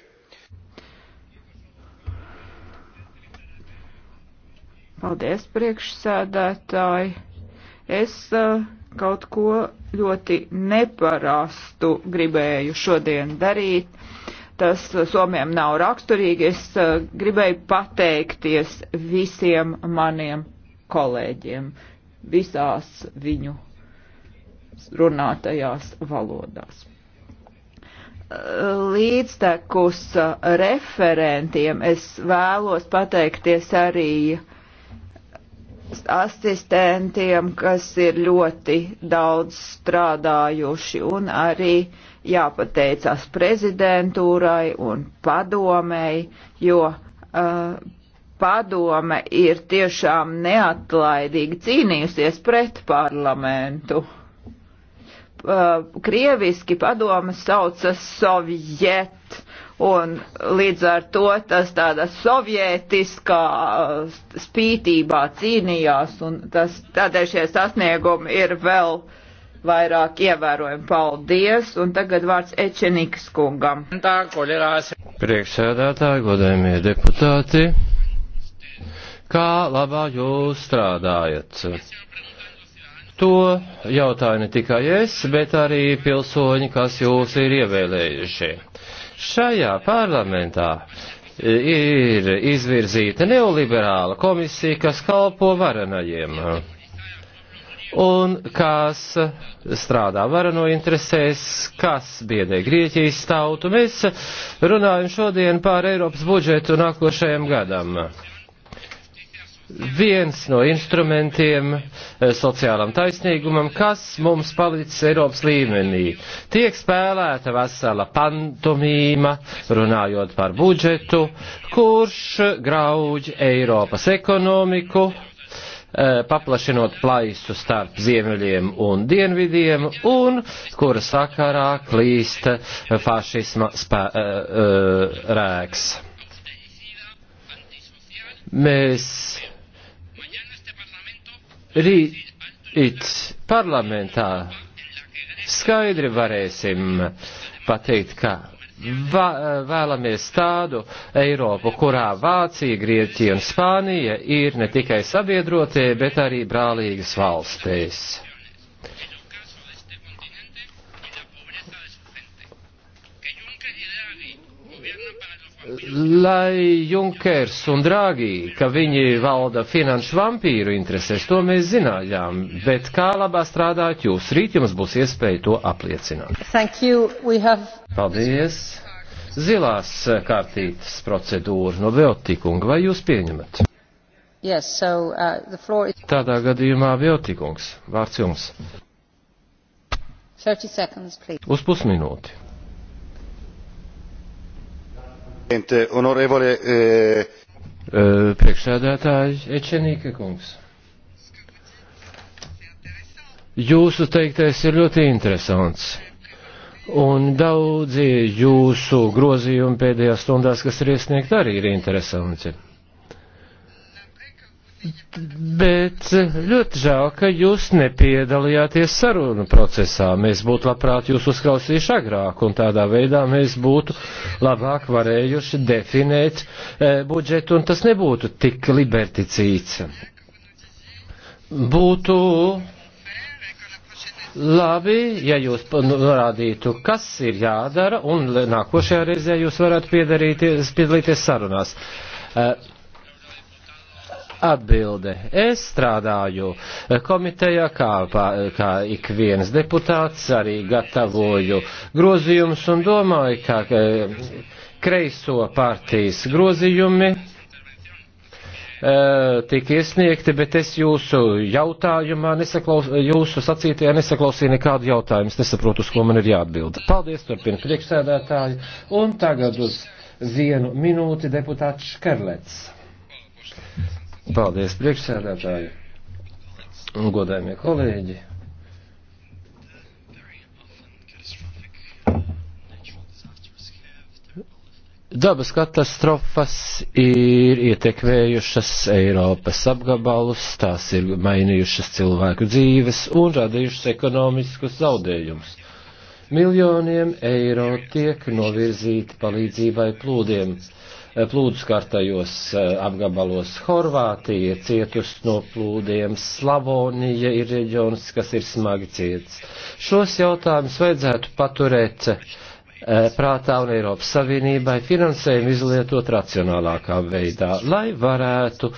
Paldies, priekšsēdētāji. Es uh, kaut ko ļoti neparastu gribēju šodien darīt. Tas somiem nav raksturīgi. Es eh, gribēju pateikties visiem maniem kolēģiem visās viņu runātajās valodās. Eh, līdztekus eh, referentiem es vēlos pateikties arī uh, asistentiem, kas ir ļoti daudz strādājuši, un arī jāpateicās prezidentūrai un padomei, jo uh, padome ir tiešām neatlaidīgi cīnījusies pret parlamentu. Uh, krieviski padome saucas Soviet un līdz ar to tas tāda sovietiskā uh, spītībā cīnījās, un tas, tādēļ šie sasniegumi ir vēl vairāk ievērojami. Paldies, un tagad vārds Ečenikas kungam. Priekšsēdētāji, godējumie deputāti, kā labā jūs strādājat? To jautāju ne tikai es, bet arī pilsoņi, kas jūs ir ievēlējušie Šajā parlamentā ir izvirzīta neoliberāla komisija, kas kalpo varenajiem un kas strādā varano interesēs, kas biedē Grieķijas tautu. Mēs runājam šodien par Eiropas budžetu nākošajam gadam viens no instrumentiem eh, sociālam taisnīgumam, kas mums palicis Eiropas līmenī. Tiek spēlēta vesela pantomīma, runājot par budžetu, kurš grauģ Eiropas ekonomiku, eh, paplašinot plaisu starp ziemeļiem un dienvidiem, un kura sakarā klīst fašisma spē, uh, uh, rēks. Mēs rīt parlamentā skaidri varēsim pateikt, ka vēlamies tādu Eiropu, kurā Vācija, Grieķija un Spānija ir ne tikai sabiedrotie, bet arī brālīgas valstīs. lai Junkers un Dragī, ka viņi valda finanšu vampīru interesēs, to mēs zinājām, bet kā labā strādāt jūs? Rīt jums būs iespēja to apliecināt. Have... Paldies. Zilās kārtītas procedūra no Veltikunga, vai jūs pieņemat? Yes, so, uh, floor... Tādā gadījumā Veltikungs, vārds jums. 30 seconds, please. Uz pusminūti. Eh, eh, priekšsēdētāji Ečenīka kungs. Jūsu teiktais ir ļoti interesants. Un daudzi jūsu grozījumi pēdējās stundās, kas ir iesniegti, arī ir interesanti. Bet ļoti žēl, ka jūs nepiedalījāties sarunu procesā. Mēs būtu labprāt jūs uzklausījuši agrāk, un tādā veidā mēs būtu labāk varējuši definēt e, budžetu, un tas nebūtu tik liberticīts. Būtu labi, ja jūs nu, norādītu, kas ir jādara, un nākošajā reizē jūs varētu piedalīties sarunās. E, Atbilde. Es strādāju komitejā kā, kā ik viens deputāts, arī gatavoju grozījumus un domāju, ka eh, kreiso partijas grozījumi eh, tika iesniegti, bet es jūsu jautājumā nesaklaus, jūsu sacītajā nesaklausīju nekādu jautājumu. Es nesaprotu, uz ko man ir jāatbild. Paldies, turpina priekšsēdētāji. Un tagad uz vienu minūti deputāts Škerlets. Paldies, priekšsēdētāji un godājumie kolēģi. Dabas katastrofas ir ietekmējušas Eiropas apgabalus, tās ir mainījušas cilvēku dzīves un radījušas ekonomiskus zaudējumus. Miljoniem eiro tiek novirzīti palīdzībai plūdiem plūdu skartajos eh, apgabalos. Horvātija cietus no plūdiem, Slavonija ir reģions, kas ir smagi ciets. Šos jautājumus vajadzētu paturēt eh, prātā un Eiropas Savienībai finansējumu izlietot racionālākā veidā, lai varētu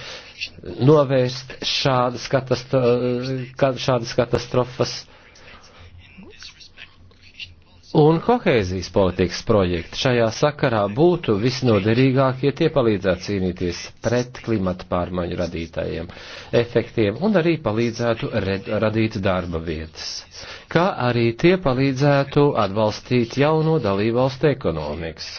novērst šādas, katastro šādas katastrofas un kohēzijas politikas projekti šajā sakarā būtu visnoderīgākie, tie palīdzētu cīnīties pret klimata pārmaiņu radītajiem efektiem un arī palīdzētu red, radīt darba vietas, kā arī tie palīdzētu atbalstīt jauno dalībvalstu ekonomikas.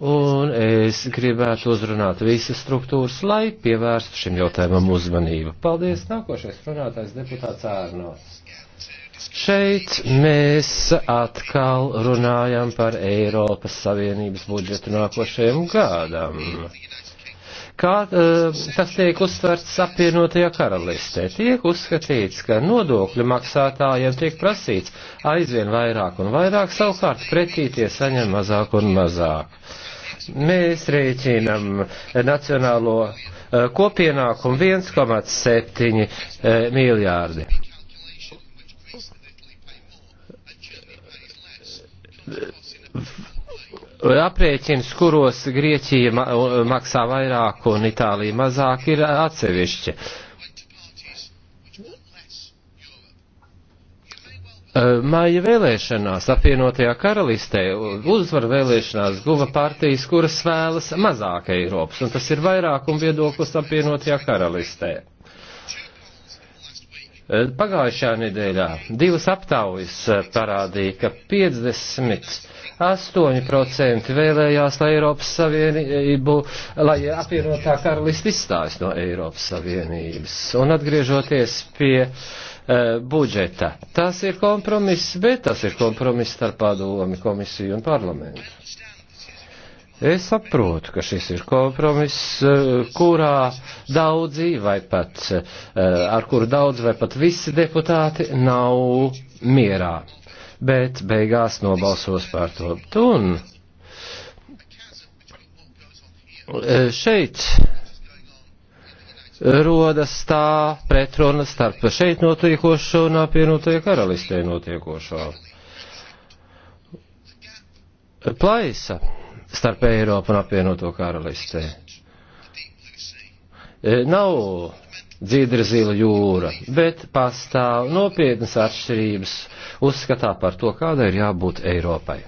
Un es gribētu uzrunāt visas struktūras, lai pievērstu šim jautājumam uzmanību. Paldies! Nākošais runātājs deputāts Ārnos. Šeit mēs atkal runājam par Eiropas Savienības budžetu nākošajam gadam. Kā eh, tas tiek uztverts apvienotajā karalistē, tiek uzskatīts, ka nodokļu maksātājiem tiek prasīts aizvien vairāk un vairāk, savukārt pretī tie saņem mazāk un mazāk mēs rēķinam nacionālo eh, kopienākumu 1,7 eh, miljārdi. aprēķins, kuros Grieķija maksā vairāk un Itālija mazāk, ir atsevišķi. Māja vēlēšanās apvienotajā karalistē uzvar vēlēšanās guva partijas, kuras vēlas mazāk Eiropas, un tas ir vairākuma viedoklis apvienotajā karalistē. Pagājušā nedēļā divas aptaujas eh, parādīja, ka 58% vēlējās, lai Eiropas Savienību, lai apvienotā karalista izstājas no Eiropas Savienības. Un atgriežoties pie uh, budžeta, tas ir kompromiss, bet tas ir kompromiss starp padomi, komisiju un parlamentu. Es saprotu, ka šis ir kompromiss, eh, kurā daudzi vai pat, eh, ar kuru daudz vai pat visi deputāti nav mierā, bet beigās nobalsos par to. Un eh, šeit rodas tā pretruna starp šeit notiekošo un apvienotajā karalistē notiekošo. Plaisa starp Eiropu un apvienoto karalistē. E, nav dzīdra zila jūra, bet pastāv nopietnas atšķirības uzskatā par to, kāda ir jābūt Eiropai.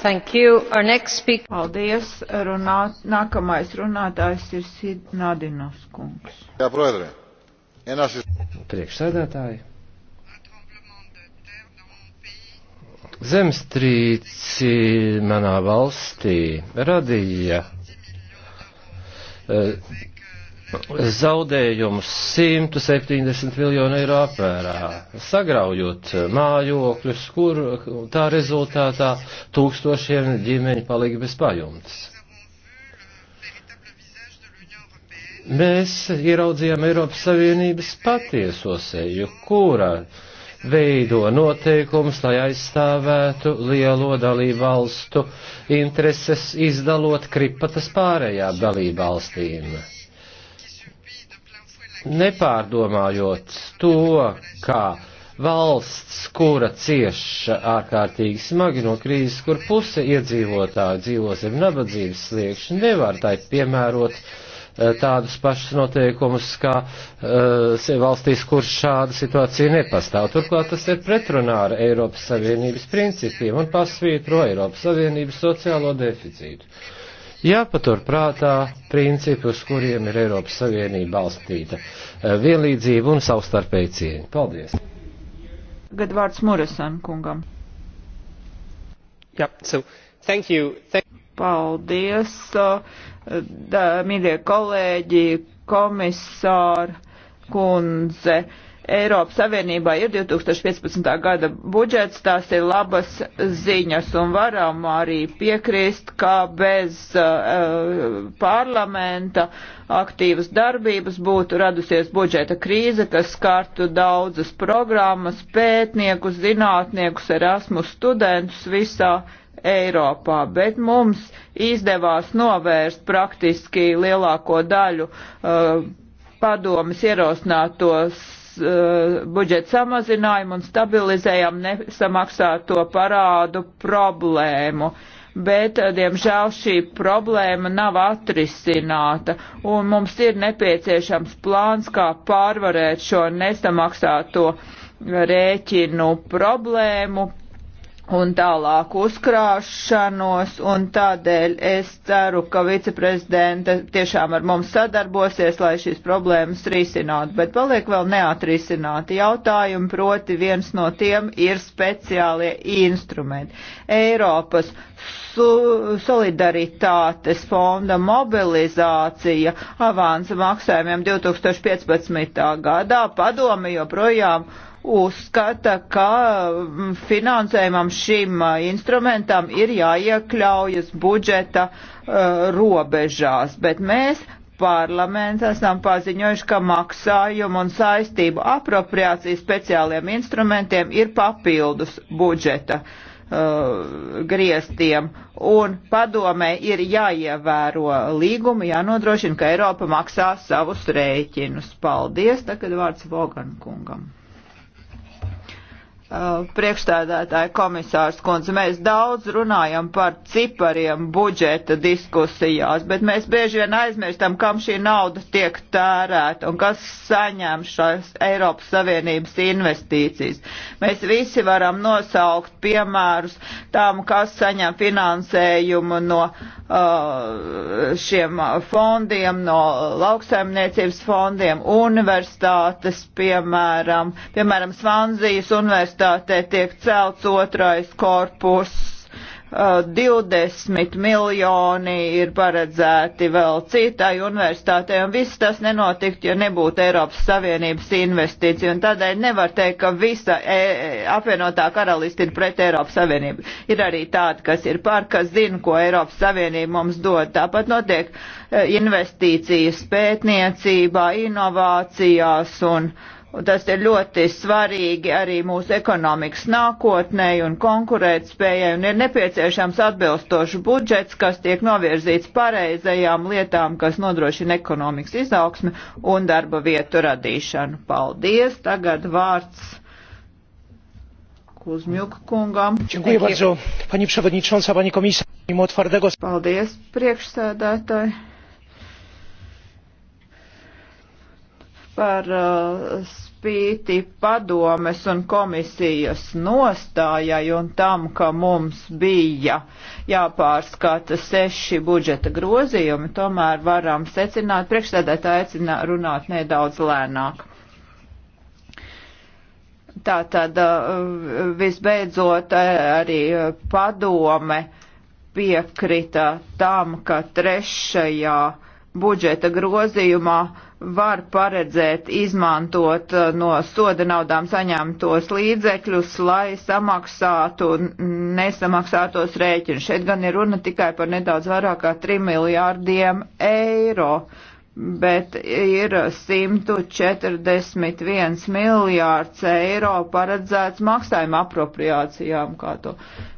Thank you. Our next speaker. Paldies. Runā, nākamais runātājs ir Sidnadinos kungs. Jā, proedrē. Priekšsēdētāji. Zemstrīci manā valstī radīja eh, zaudējumus 170 miljonu eiro apmērā, sagraujot mājokļus, kur tā rezultātā tūkstošiem ģimeņu palika bez pajumtes. Mēs ieraudzījām Eiropas Savienības patieso seju, kurā uh, veido noteikums, lai aizstāvētu lielo dalību valstu intereses, izdalot kripatas pārējām dalību valstīm. Nepārdomājot to, kā valsts, kura cieš ārkārtīgi smagi no krīzes, kur puse iedzīvotāji dzīvo zem nabadzības sliekšņa, nevar tai piemērot Eh, tādus pašus noteikumus, kā uh, valstīs, kur šāda situācija nepastāv. Turklāt tas ir pretrunā ar Eiropas Savienības principiem un pasvītro Eiropas Savienības sociālo deficītu. Jāpatur prātā principi, uz kuriem ir Eiropas Savienība balstīta uh, - vienlīdzība un savstarpēji cieņa. Paldies! Gadvārds Muresan kungam. Jā, yeah, so, thank you. Thank Paldies. Uh, mīļie kolēģi, komisāri, kundze. Eiropas Savienībā ir 2015. gada budžets, tās ir labas ziņas un varam arī piekrist, ka bez uh, parlamenta aktīvas darbības būtu radusies budžeta krīze, kas skartu daudzas programmas, pētniekus, zinātniekus, Erasmus studentus visā Eiropā, bet mums izdevās novērst praktiski lielāko daļu uh, padomas ierosinātos uh, budžeta samazinājumu un stabilizējām nesamaksāto parādu problēmu. Bet, uh, diemžēl, šī problēma nav atrisināta, un mums ir nepieciešams plāns, kā pārvarēt šo nesamaksāto rēķinu problēmu, un tālāk uzkrāšanos, un tādēļ es ceru, ka viceprezidenta tiešām ar mums sadarbosies, lai šīs problēmas risinātu, bet paliek vēl neatrisināti jautājumi, proti viens no tiem ir speciālie instrumenti. Eiropas solidaritātes fonda mobilizācija avansa maksājumiem 2015. gadā padome joprojām uzskata, ka mm, finansējumam šim instrumentam ir jāiekļaujas budžeta uh, robežās, bet mēs parlaments esam paziņojuši, ka maksājumu un saistību apropriācijas speciāliem instrumentiem ir papildus budžeta uh, griestiem, un padomē ir jāievēro līgumi, jānodrošina, ka Eiropa maksā savus rēķinus. Paldies, tagad vārds Vogan kungam. Uh, priekšstādātāja komisārs kundze, mēs daudz runājam par cipariem budžeta diskusijās, bet mēs bieži vien aizmirstam, kam šī nauda tiek tērēta un kas saņem šās Eiropas Savienības investīcijas. Mēs visi varam nosaukt piemērus tam, kas saņem finansējumu no uh, šiem fondiem, no lauksaimniecības fondiem, universitātes, piemēram, piemēram, Svanzijas universitātes universitātē tiek celts otrais korpus, 20 uh, miljoni ir paredzēti vēl citai universitātei, un viss tas nenotiktu, ja nebūtu Eiropas Savienības investīcija, un tādēļ nevar teikt, ka visa e, e apvienotā karalista ir pret Eiropas Savienību. Ir arī tādi, kas ir par, kas zina, ko Eiropas Savienība mums dod. Tāpat notiek e, investīcijas pētniecībā, inovācijās un. Uh, Un tas ir ļoti svarīgi arī mūsu ekonomikas nākotnē un konkurētspējai, un ir nepieciešams atbilstošs budžets, kas tiek novirzīts pareizajām lietām, kas nodrošina ekonomikas izaugsmi un darba vietu radīšanu. Paldies! Tagad vārds Kuzmjuka kungam. Dziękuję bardzo, pani przewodnicząca, pani komisarz, mimo twardego... Paldies, priekšsēdētāji! par uh, spīti padomes un komisijas nostājai un tam, ka mums bija jāpārskata seši budžeta grozījumi, tomēr varam secināt, priekšsēdētāji aicina runāt nedaudz lēnāk. Tātad uh, visbeidzot arī padome piekrita tam, ka trešajā budžeta grozījumā uh, var paredzēt izmantot uh, no soda naudām saņemtos līdzekļus, lai samaksātu nesamaksātos rēķinus. Šeit gan ir runa tikai par nedaudz vairāk kā 3 miljārdiem eiro, bet ir 141 miljārds eiro paredzēts maksājuma apropriācijām, kā to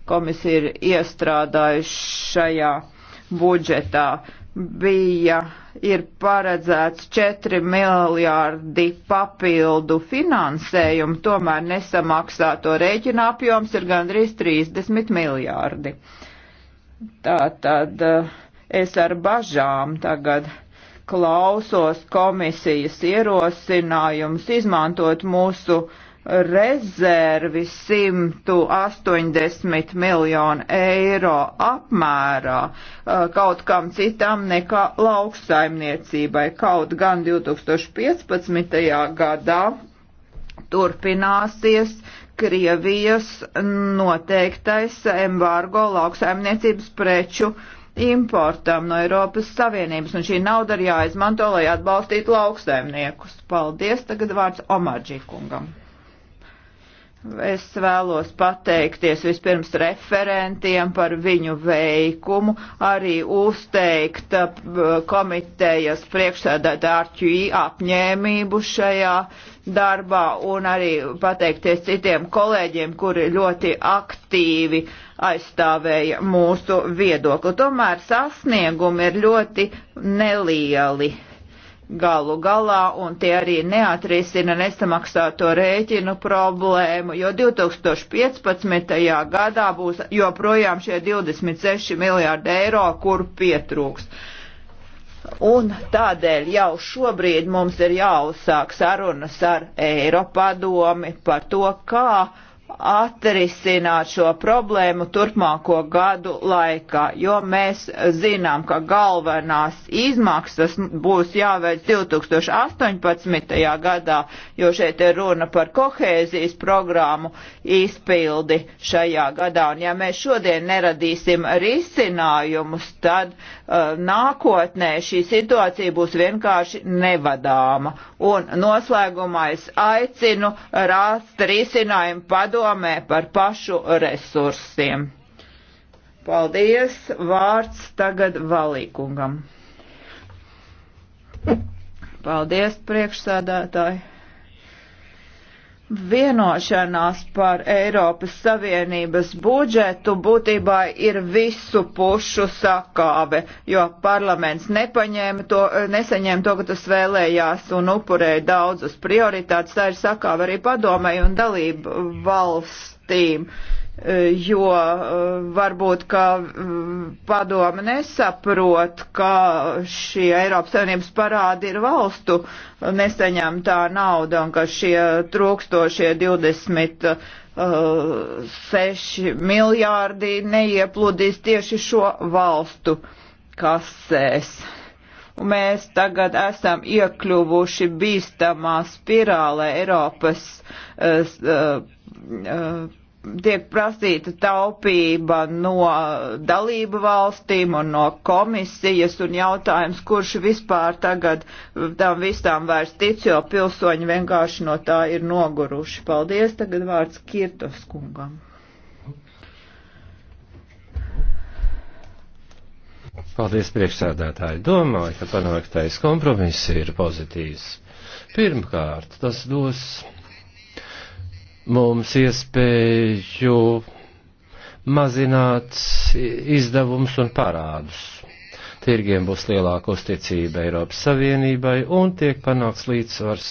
komisija ir iestrādājuši šajā budžetā. Bija ir paredzēts 4 miljārdi papildu finansējumu, tomēr nesamaksāto rēķina apjoms ir gandrīz 30 miljārdi. Tātad eh, es ar bažām tagad klausos komisijas ierosinājumus izmantot mūsu uh, rezervi 180 miljonu eiro apmērā kaut kam citam nekā lauksaimniecībai. Kaut gan 2015. gadā turpināsies Krievijas noteiktais embargo lauksaimniecības preču importam no Eiropas Savienības, un šī nauda ir jāizmanto, lai atbalstītu lauksaimniekus. Paldies, tagad vārds Omaģikungam. Es vēlos pateikties vispirms referentiem par viņu veikumu, arī uzteikt uh, komitejas priekšsēdētā Arķī apņēmību šajā darbā un arī pateikties citiem kolēģiem, kuri ļoti aktīvi aizstāvēja mūsu viedokli. Tomēr sasniegumi ir ļoti nelieli galu galā, un tie arī neatrisina nesamaksāto rēķinu problēmu, jo 2015. gadā būs joprojām šie 26 miljārdi eiro, kur pietrūks. Un tādēļ jau šobrīd mums ir jāuzsāk sarunas ar Eiropadomi par to, kā atrisināt šo problēmu turpmāko gadu laikā, jo mēs zinām, ka galvenās izmaksas būs jāveic 2018. gadā, jo šeit ir runa par kohēzijas programmu izpildi šajā gadā. Un ja mēs šodien neradīsim risinājumus, tad uh, nākotnē šī situācija būs vienkārši nevadāma. Un noslēgumā es aicinu rast risinājumu padomu domē par pašu resursiem. Paldies, vārds tagad valīkungam. Paldies, priekšsēdētāji. Vienošanās par Eiropas Savienības budžetu būtībā ir visu pušu sakāve, jo parlaments nepaņēma to, nesaņēma to, ka tas vēlējās un upurēja daudzas prioritātes. Tā ir sakāve arī padomai un dalību valstīm. Uh, jo eh, varbūt, ka eh, padoma nesaprot, ka šie Eiropas Savienības parādi ir valstu nesaņemtā nauda un ka šie trūkstošie 20 uh, 6 miljārdi neieplūdīs tieši šo valstu kasēs. Un mēs tagad esam iekļuvuši bīstamā spirālē Eiropas uh, uh, tiek prasīta taupība no dalību valstīm un no komisijas, un jautājums, kurš vispār tagad tam visām vairs tic, jo pilsoņi vienkārši no tā ir noguruši. Paldies, tagad vārds Kirtos kungam. Paldies, priekšsēdētāji. Domāju, ka panāktais kompromiss ir pozitīvs. Pirmkārt, tas dos. Dos mums iespēju mazināt izdevumus un parādus. Tirgiem būs lielāka uzticība Eiropas Savienībai un tiek panāks līdzsvars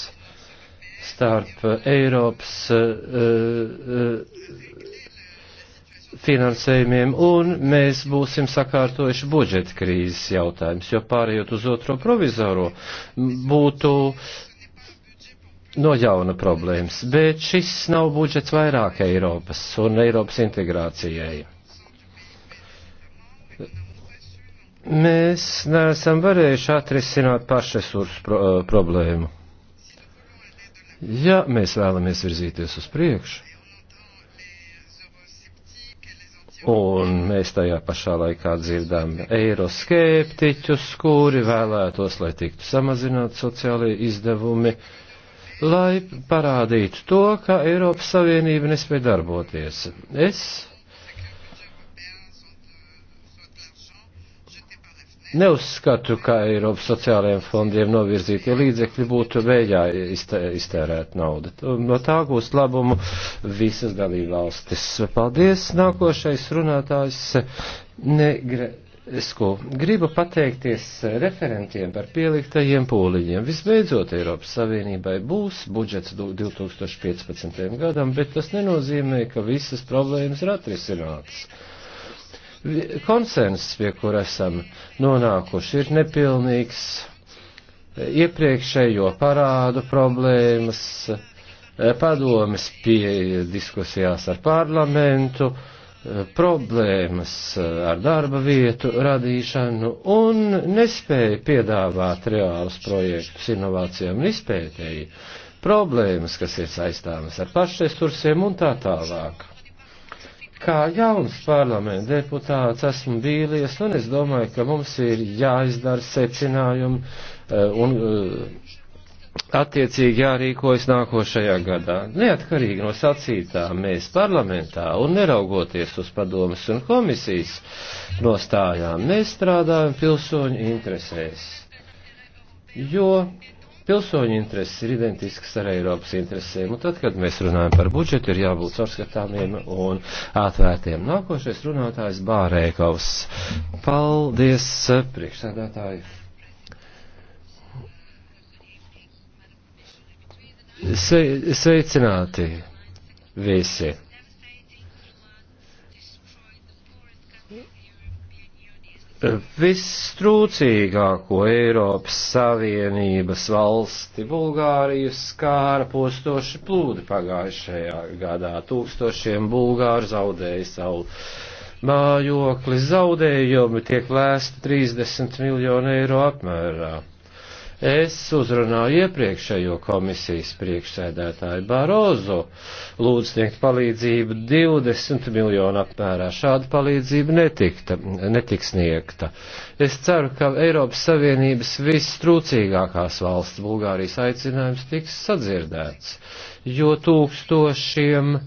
starp Eiropas uh, uh, finansējumiem, un mēs būsim sakārtojuši budžeta krīzes jautājumus, jo pārējot uz otro provizoro būtu no jauna problēmas, bet šis nav budžets vairāk Eiropas un Eiropas integrācijai. Mēs neesam varējuši atrisināt pašresursu pro eh, problēmu. Ja mēs vēlamies virzīties uz priekšu, un mēs tajā pašā laikā dzirdām eiroskeptiķus, kuri vēlētos, lai tiktu samazināti sociālie izdevumi, uh, lai parādītu to, ka Eiropas Savienība nespēja darboties. Es neuzskatu, ka Eiropas sociālajiem fondiem novirzītie līdzekļi būtu vējā iztērēt naudu. No tā gūs labumu visas dalībvalstis. Paldies. Nākošais runātājs Negre. Esku gribu pateikties referentiem par pieliktajiem pūliņiem. Visbeidzot, Eiropas Savienībai būs budžets 2015. gadam, bet tas nenozīmē, ka visas problēmas ir atrisinātas konsensus, pie kur esam nonākuši, ir nepilnīgs iepriekšējo parādu problēmas, padomis pie diskusijās ar parlamentu, problēmas eh, ar darba vietu radīšanu un nespēja piedāvāt reālus projektus inovācijām un izpētēji, problēmas, kas ir saistāmas ar pašresursiem un tā tālāk. Kā jauns parlamenta deputāts esmu bīlies, un es domāju, ka mums ir jāizdara secinājumi eh, un eh, attiecīgi jārīkojas nākošajā gadā. Neatkarīgi no sacītā mēs parlamentā un neraugoties uz padomas un komisijas nostājām, mēs strādājam pilsoņu interesēs. Jo pilsoņu intereses ir identiskas ar Eiropas interesēm, un tad, kad mēs runājam par budžetu, ir jābūt sorskatāmiem un atvērtiem. Nākošais runātājs Bārēkovs. Paldies, priekšsēdētāji! Sveicināti visi! Vistrūcīgāko Eiropas Savienības valsti Bulgāriju skāra postoši plūdi pagājušajā gadā. Tūkstošiem Bulgāru zaudēja savu mājokli, zaudējumi tiek lēsti 30 miljonu eiro apmērā. Es uzrunāju iepriekšējo komisijas priekšsēdētāju Barozu, lūdzu sniegt palīdzību 20 miljonu apmērā. Šāda palīdzība netikta, netika sniegta. Es ceru, ka Eiropas Savienības vistrūcīgākās valsts Bulgārijas aicinājums tiks sadzirdēts, jo tūkstošiem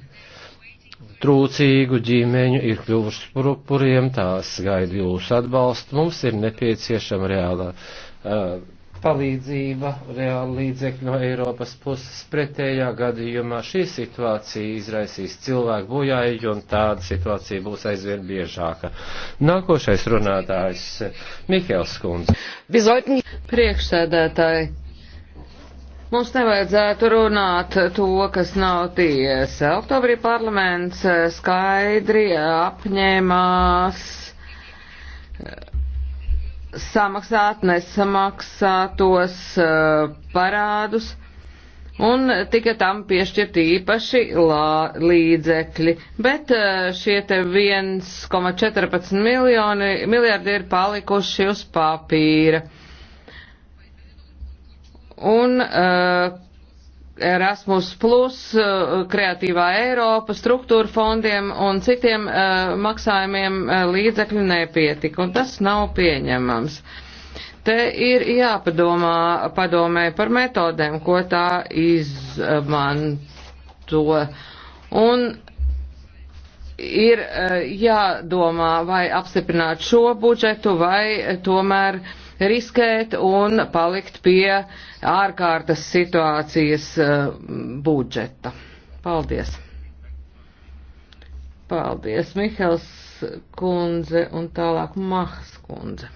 trūcīgu ģimeņu ir kļuvuši purpuriem, tās gaida jūsu atbalstu, mums ir nepieciešama reāla. Uh, palīdzība, reāli līdzekļi no Eiropas puses. Pretējā gadījumā šī situācija izraisīs cilvēku bojājumu, un tāda situācija būs aizvien biežāka. Nākošais runātājs - Mihēls Kundze. Priekšsēdētāji, mums nevajadzētu runāt to, kas nav tiesa. Oktobrī parlaments eh, skaidri apņēmās samaksāt nesamaksātos uh, parādus un tika tam piešķirt īpaši lā, līdzekļi. Bet eh, šie te 1,14 miljoni, miljardi ir palikuši uz papīra. Un uh, Erasmus, plus, eh, Kreatīvā Eiropa, struktūra fondiem un citiem eh, maksājumiem eh, līdzekļu nepietika, un tas nav pieņemams. Te ir jāpadomā padomē par metodēm, ko tā izmanto. Un ir jādomā, vai apstiprināt šo budžetu, vai tomēr uh, riskēt un palikt pie ārkārtas situācijas eh, budžeta. Paldies! Paldies, Mihels kundze un tālāk Mahs kundze.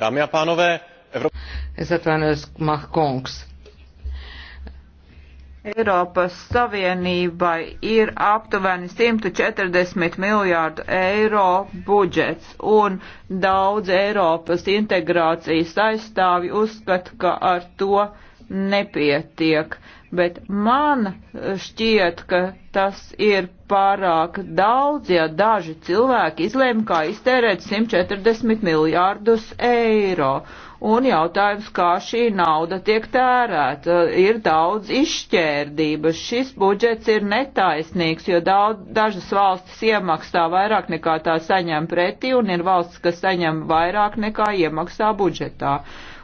Dāmjā pānové, Evropa. Es atvainojos, Mah kungs. Eiropas Savienībai ir aptuveni 140 miljārdu eiro budžets, un daudz Eiropas integrācijas aizstāvi uzskata, ka ar to nepietiek. Bet man šķiet, ka tas ir pārāk daudz, ja daži cilvēki izlēma, kā iztērēt 140 miljārdus eiro un jautājums, kā šī nauda tiek tērēta. Ir daudz izšķērdības. Šis budžets ir netaisnīgs, jo daudz, dažas valstis iemaksā vairāk nekā tā saņem pretī, un ir valstis, kas saņem vairāk nekā iemaksā budžetā.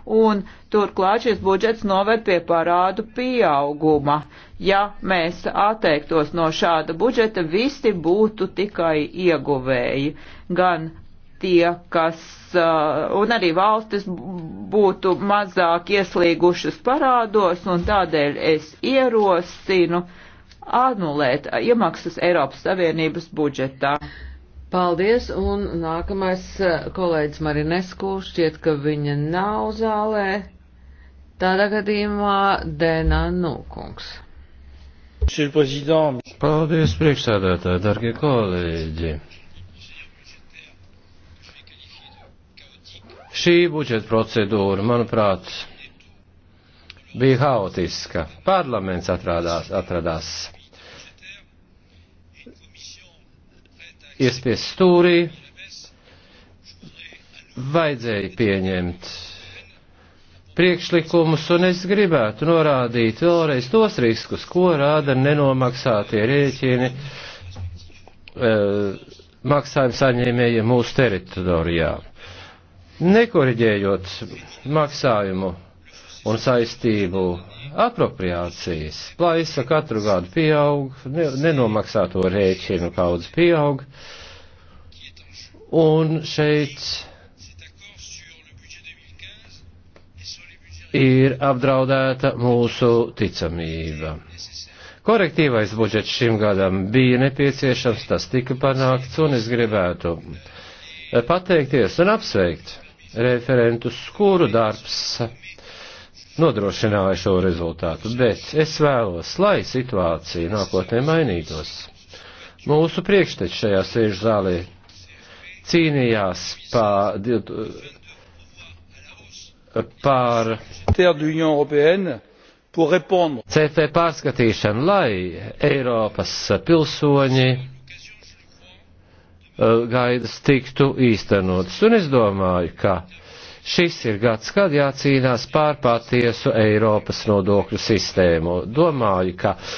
Un turklāt šis budžets noved pie parādu pieauguma. Ja mēs atteiktos no šāda budžeta, visi būtu tikai ieguvēji. Gan tie, kas uh, un arī valstis būtu mazāk ieslīgušas parādos, un tādēļ es ierosinu anulēt iemaksas Eiropas Savienības budžetā. Paldies, un nākamais uh, kolēģis Marinesku šķiet, ka viņa nav zālē. Tādā gadījumā Dēnā Nūkungs. Paldies, priekšsādātāji, darbie kolēģi! Šī budžeta procedūra, manuprāt, bija haotiska. Parlaments atradās, atradās iespies stūrī, vajadzēja pieņemt priekšlikumus, un es gribētu norādīt vēlreiz tos riskus, ko rāda nenomaksātie rēķini e, maksājuma saņēmējiem mūsu teritorijā nekoriģējot maksājumu un saistību apropriācijas. Plaisa katru gadu pieaug, nenomaksāto rēķinu kaudz pieaug, un šeit ir apdraudēta mūsu ticamība. Korektīvais budžets šim gadam bija nepieciešams, tas tika panākts, un es gribētu pateikties un apsveikt referentus, kuru darbs nodrošināja šo rezultātu, bet es vēlos, lai situācija nākotnē mainītos. Mūsu priekšteči šajā sēžu zālē cīnījās pār, pār CP pārskatīšanu, lai Eiropas pilsoņi Uh, gaidas tiktu īstenotas. Un es domāju, ka šis ir gads, kad jācīnās pār patiesu Eiropas nodokļu sistēmu. Domāju, ka uh,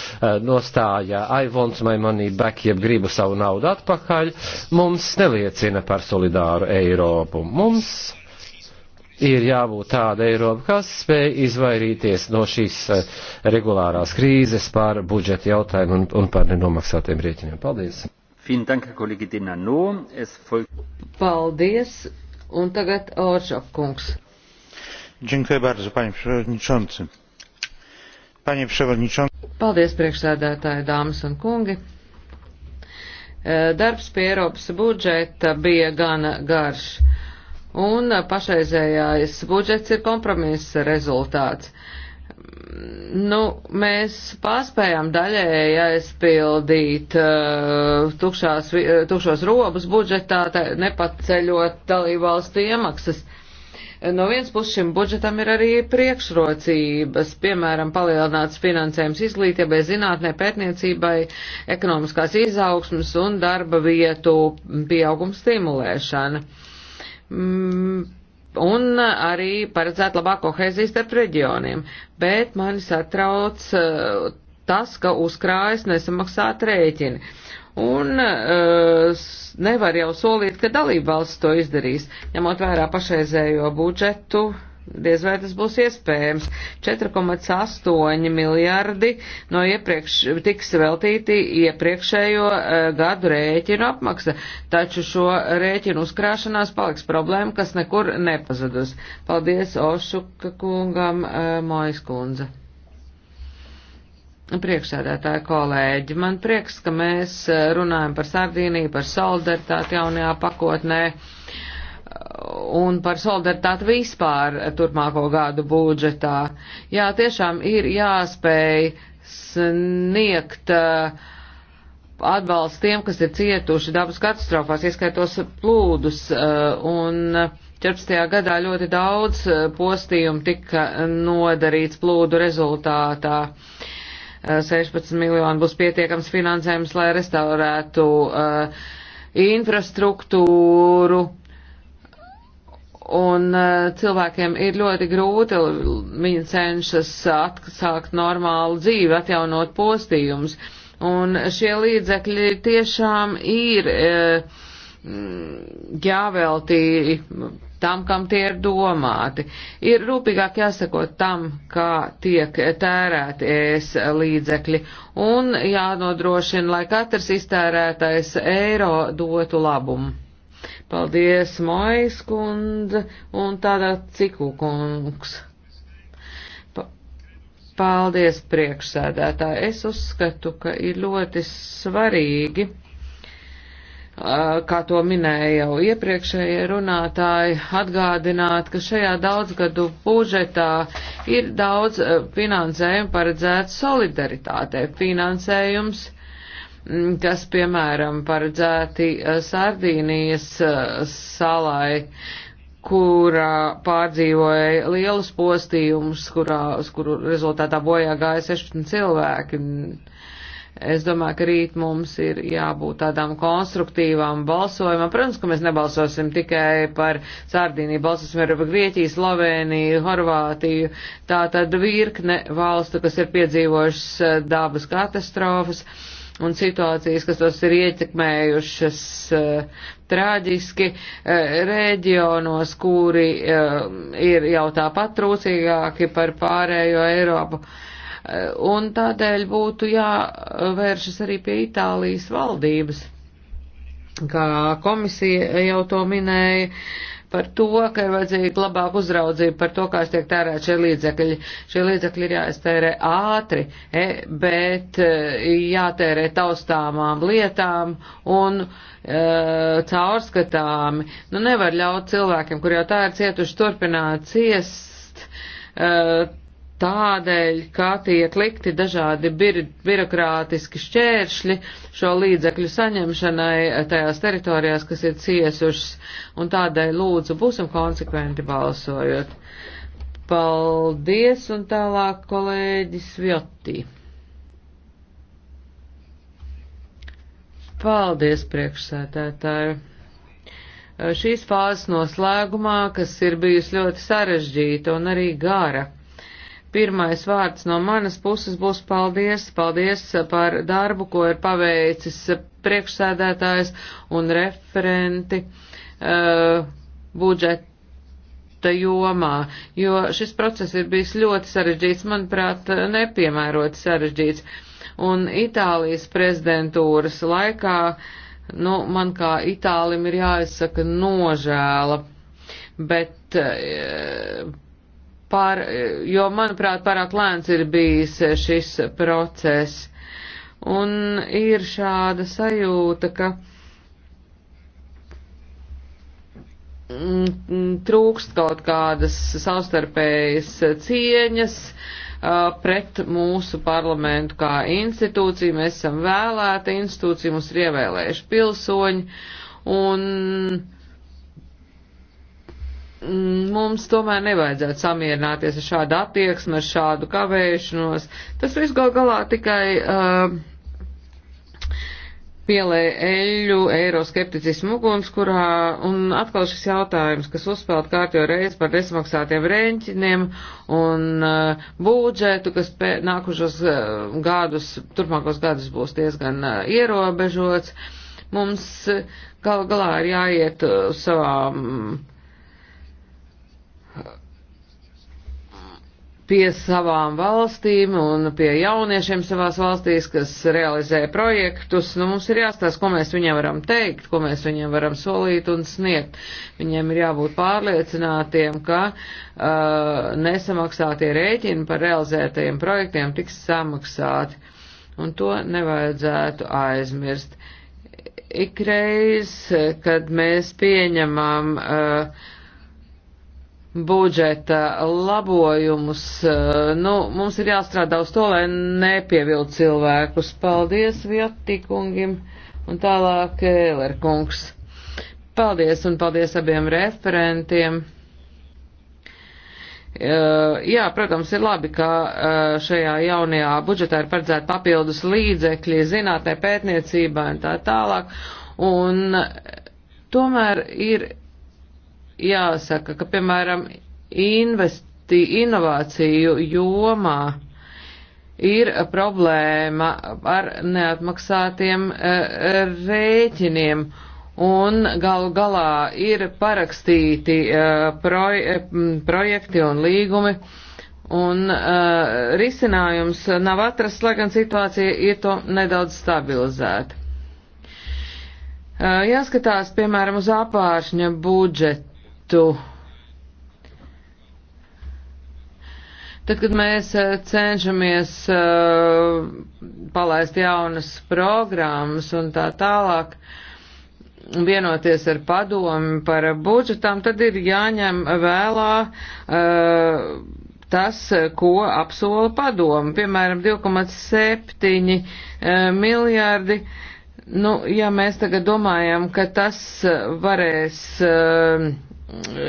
nostājā I want my money back, jeb gribu savu naudu atpakaļ, mums neliecina par solidāru Eiropu. Mums ir jābūt tāda Eiropa, kas spēj izvairīties no šīs uh, regulārās krīzes par budžeta jautājumu un, un par nenomaksātiem rēķiniem. Paldies! Paldies, un tagad Oršov kungs. Dziękuję bardzo, panie przewodniczący. Panie przewodniczący. Paldies, priekšsēdētāji, dāmas un kungi. E, darbs pie Eiropas budžeta bija gana garš, un pašreizējais budžets ir kompromisa rezultāts nu, mēs pārspējām daļēji aizpildīt uh, tukšās, uh, tukšos robus budžetā, nepaceļot dalībvalstu iemaksas. No vienas puses šim budžetam ir arī priekšrocības, piemēram, palielināts finansējums izglītībai, zinātnē, pētniecībai, ekonomiskās izaugsmas un darba vietu pieauguma stimulēšana. Mm un arī paredzēt labāko kohēziju starp reģioniem. Bet mani satrauc eh, tas, ka uzkrājas nesamaksāt rēķini. Un uh, nevar jau solīt, ka dalība valsts to izdarīs, ņemot vērā pašreizējo budžetu. Uh, Diez vai tas būs iespējams. 4,8 miljardi no iepriekš tiks veltīti iepriekšējo uh, gadu rēķinu apmaksa, taču šo rēķinu uzkrāšanās paliks problēma, kas nekur nepazudus. Paldies Ošuka kungam, uh, Mojas kundze. Priekšsēdētāji kolēģi, man prieks, ka mēs eh, runājam par Sardīniju, par solidaritāti jaunajā pakotnē. Uh, un par solidaritāti vispār turpmāko gadu budžetā. Jā, tiešām ir jāspēj sniegt uh, atbalstu tiem, kas ir cietuši dabas katastrofās, ieskaitos plūdus, uh, un 14. gadā ļoti daudz uh, postījumu tika nodarīts plūdu rezultātā. 16 miljoni būs pietiekams finansējums, lai restaurētu uh, infrastruktūru, uh, un e, cilvēkiem ir ļoti grūti, viņi cenšas atsākt normālu dzīvi, atjaunot postījumus. Un šie līdzekļi tiešām ir e, jāveltī tam, kam tie ir domāti. Ir rūpīgāk jāsakot tam, kā tiek tērēti ēs līdzekļi un jānodrošina, lai katrs iztērētais eiro dotu labumu. Paldies, Mājas kundze un tādā ciku kungs. Paldies, priekšsēdētāji. Es uzskatu, ka ir ļoti svarīgi, kā to minēja jau iepriekšējie runātāji, atgādināt, ka šajā daudzgadu budžetā ir daudz finansējumu paredzēts solidaritātei. Finansējums Mm, kas, piemēram, paredzēti eh, Sardīnijas eh, salai, kurā pārdzīvoja lielus postījumus, kurā, uz kuru rezultātā bojā gāja 16 cilvēki. Mm, es domāju, ka rīt mums ir jābūt tādām konstruktīvām balsojumam. Protams, ka mēs nebalsosim tikai par Sardīniju, balsosim arī par Grieķiju, Sloveniju, Horvātiju. Tā tad virkne valstu, kas ir piedzīvojušas eh, dabas katastrofas. Uh, un situācijas, kas tos ir ietekmējušas uh, traģiski uh, reģionos, kuri uh, ir jau tāpat trūcīgāki par pārējo Eiropu. Un tādēļ būtu jāvēršas arī pie Itālijas valdības, kā komisija jau to minēja par to, ka ir vajadzīga labāka uzraudzība par to, kā tiek tērēt šie līdzekļi. Šie līdzekļi ir jāiztērē ātri, e, bet e, jātērē taustāmām lietām un e, caurskatāmi. Nu, nevar ļaut cilvēkiem, kur jau tā ir cietuši, turpināt ciest. E, tādēļ, kā tiek likti dažādi bir birokrātiski šķēršļi šo līdzekļu saņemšanai tajās teritorijās, kas ir ciesušas, un tādēļ lūdzu būsim konsekventi balsojot. Paldies, un tālāk kolēģis Vjotī. Paldies, priekšsētētāji šīs fāzes noslēgumā, kas ir bijusi ļoti sarežģīta un arī gara. Pirmais vārds no manas puses būs paldies, paldies par darbu, ko ir paveicis priekšsēdētājs un referenti uh, budžeta jomā, jo šis process ir bijis ļoti sarežģīts, manuprāt, nepiemērot sarežģīts. Un Itālijas prezidentūras laikā, nu, man kā Itālim ir jāizsaka nožēla, bet uh, par, jo, manuprāt, pārāk lēns ir bijis šis process. Un ir šāda sajūta, ka mm, trūkst kaut kādas savstarpējas cieņas pret mūsu parlamentu kā institūciju. Mēs esam vēlēta institūcija, mums ir ievēlējuši pilsoņi. Un Mm, mums tomēr nevajadzētu samierināties ar šādu attieksmi, ar šādu kavēšanos. Tas viss gal galā tikai uh, pielē eļu eiroskepticismu uguns, kurā un atkal šis jautājums, kas uzspēlēt kārtējo reizi par nesmaksātiem rēņķiniem un uh, būdžetu, kas pē, nākušos uh, gadus, turpmākos gadus būs diezgan uh, ierobežots. Mums uh, gal galā ir jāiet uz uh, savām. Um, pie savām valstīm un pie jauniešiem savās valstīs, kas realizē projektus. Nu, mums ir jāstāsta, ko mēs viņiem varam teikt, ko mēs viņiem varam solīt un sniegt. Viņiem ir jābūt pārliecinātiem, ka uh, nesamaksātie rēķini par realizētajiem projektiem tiks samaksāti. Un to nevajadzētu aizmirst. Ikreiz, kad mēs pieņemam uh, budžeta labojumus. Nu, mums ir jāstrādā uz to, lai nepievild cilvēkus. Paldies Vjotikungim un tālāk Ēlerkungs. Paldies un paldies abiem referentiem. Uh, jā, protams, ir labi, ka uh, šajā jaunajā budžetā ir paredzēta papildus līdzekļi zinātnē, pētniecībā un tā tālāk. Un tomēr ir jāsaka, ka, piemēram, investi, inovāciju jomā ir problēma ar neatmaksātiem e, rēķiniem. Un galu galā ir parakstīti e, proj e, projekti un līgumi, un risinājums nav atrasts, lai gan situācija ir to nedaudz stabilizēta. Jāskatās, piemēram, uz apāršņa budžetu citu. Tad, kad mēs eh, cenšamies uh, palaist jaunas programmas un tā tālāk, vienoties ar padomi par budžetām, tad ir jāņem vēlā uh, tas, ko apsola padomi. Piemēram, 2,7 uh, miljārdi. Nu, ja mēs tagad domājam, ka tas varēs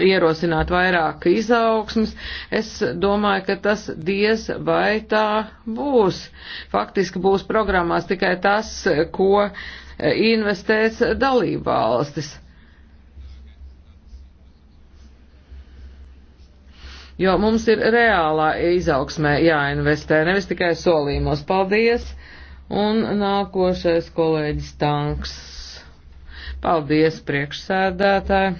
ierosināt vairāk izaugsmas, es domāju, ka tas diez vai tā būs. Faktiski būs programmās tikai tas, ko investēs dalībvalstis. Jo mums ir reālā izaugsmē jāinvestē, nevis tikai solījumos. Paldies! Un nākošais kolēģis Tanks. Paldies, priekšsēdētāji!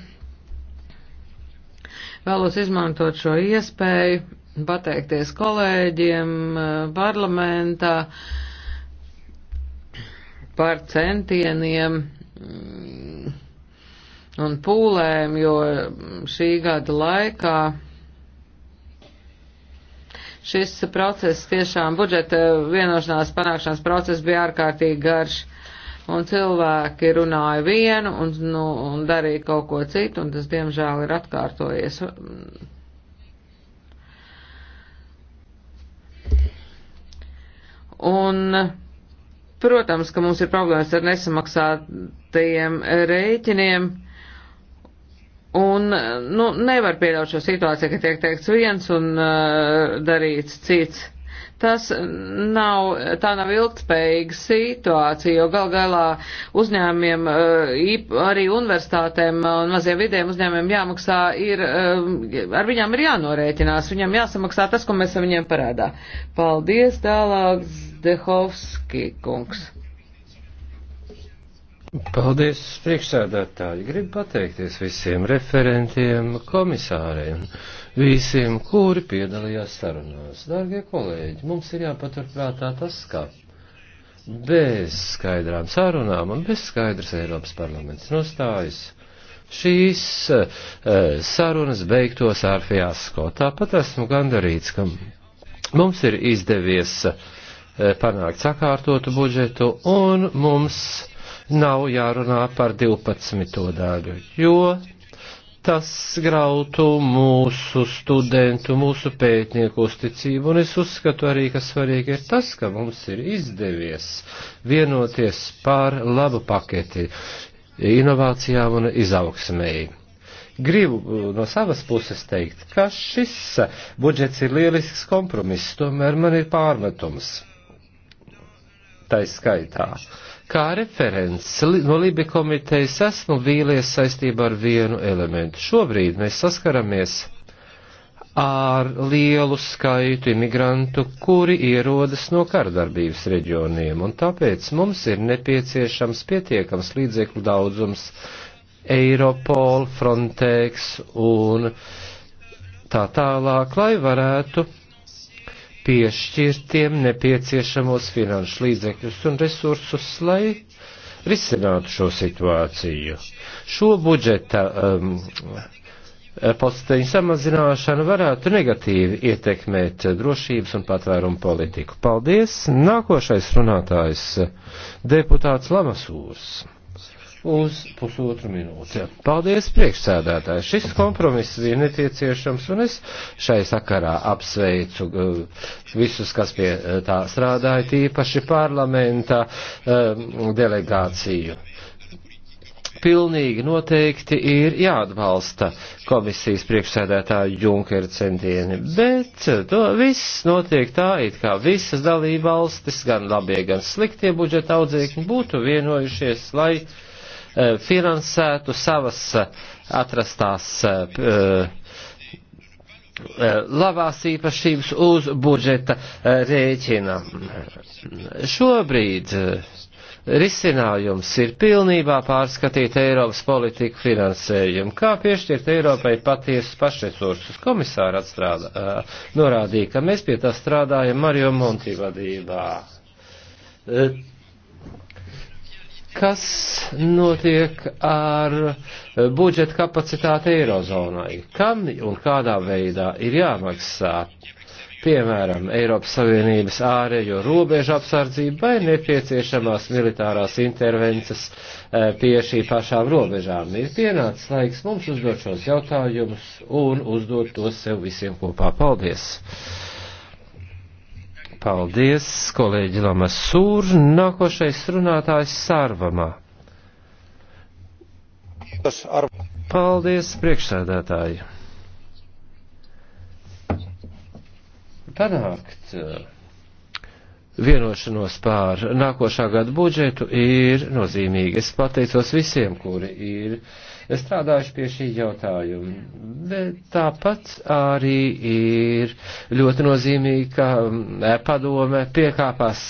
Vēlos izmantot šo iespēju, pateikties kolēģiem eh, parlamentā par centieniem mm, un pūlēm, jo šī gada laikā šis process tiešām budžeta vienošanās panākšanas process bija ārkārtīgi garš un cilvēki runāja vienu un, nu, un darīja kaut ko citu, un tas diemžēl ir atkārtojies. Un, protams, ka mums ir problēmas ar nesamaksātajiem rēķiniem, un, nu, nevar pieļaut šo situāciju, ka tiek teikts viens un uh, darīts cits tas nav, tā nav ilgtspējīga situācija, jo gal galā uzņēmiem, eh, arī universitātēm eh, un maziem vidiem uzņēmiem jāmaksā ir, eh, ar viņām ir jānorēķinās, viņam jāsamaksā tas, ko mēs viņiem parādā. Paldies, tālāk Zdehovski kungs. Paldies, priekšsēdētāji. Gribu pateikties visiem referentiem, komisāriem visiem, kuri piedalījās sarunās. Dārgie kolēģi, mums ir jāpaturprātā tas, ka bez skaidrām sarunām un bez skaidras Eiropas parlaments nostājas šīs uh, sarunas beigtos ar fiasko. Tāpat esmu gandarīts, ka mums ir izdevies uh, panākt sakārtotu budžetu un mums nav jārunā par 12. daļu, jo tas grautu mūsu studentu, mūsu pētnieku uzticību, un es uzskatu arī, ka svarīgi ir tas, ka mums ir izdevies vienoties pār labu paketi inovācijām un izaugsmēji. Gribu uh, no savas puses teikt, ka šis budžets ir lielisks kompromiss, tomēr man ir pārmetums. Tā ir skaitā. Uh, Kā referents no Libe komitejas esmu vīlies saistībā ar vienu elementu. Šobrīd mēs saskaramies ar lielu skaitu imigrantu, kuri ierodas no kardarbības reģioniem, un tāpēc mums ir nepieciešams pietiekams līdzekļu daudzums Eiropol, Frontex un tā tālāk, lai varētu piešķirtiem nepieciešamos finanšu līdzekļus un resursus, lai risinātu šo situāciju. Šo budžeta um, posteņu samazināšana varētu negatīvi ietekmēt drošības un patvērumu politiku. Paldies! Nākošais runātājs deputāts Lamasūrs uz pusotru minūti. Paldies, priekšsēdētāji. Šis kompromiss bija netieciešams, un es šai sakarā apsveicu eh, visus, kas pie eh, tā strādāja, tīpaši parlamenta eh, delegāciju pilnīgi noteikti ir jāatbalsta komisijas priekšsēdētāja Junkera centieni, bet to viss notiek tā, it kā visas dalībvalstis, gan labie, gan sliktie budžeta audzēkņi būtu vienojušies, lai uh, Eh, finansētu savas eh, atrastās eh, labās īpašības uz budžeta rēķina. Šobrīd risinājums ir pilnībā pārskatīt Eiropas politiku finansējumu. Kā piešķirt Eiropai patiesus pašresursus? Komisāra atstrādā, norādīja, ka mēs pie tā strādājam Mario Monti vadībā kas notiek ar budžeta kapacitāti Eirozonai, kam un kādā veidā ir jāmaksā, piemēram, Eiropas Savienības ārējo robežu apsardzību vai nepieciešamās militārās intervences e, pie šī pašām robežām. Ir pienācis laiks mums uzdot šos jautājumus un uzdot tos sev visiem kopā. Paldies! Paldies, kolēģi Lamas Sūr. Nākošais runātājs Sārvamā. Paldies, priekšsēdētāji. Panākt uh, vienošanos pār nākošā gada budžetu ir nozīmīgi. Es pateicos visiem, kuri ir strādājuši pie šī jautājuma. Bet tāpat arī ir ļoti nozīmīgi, ka mm, padome piekāpās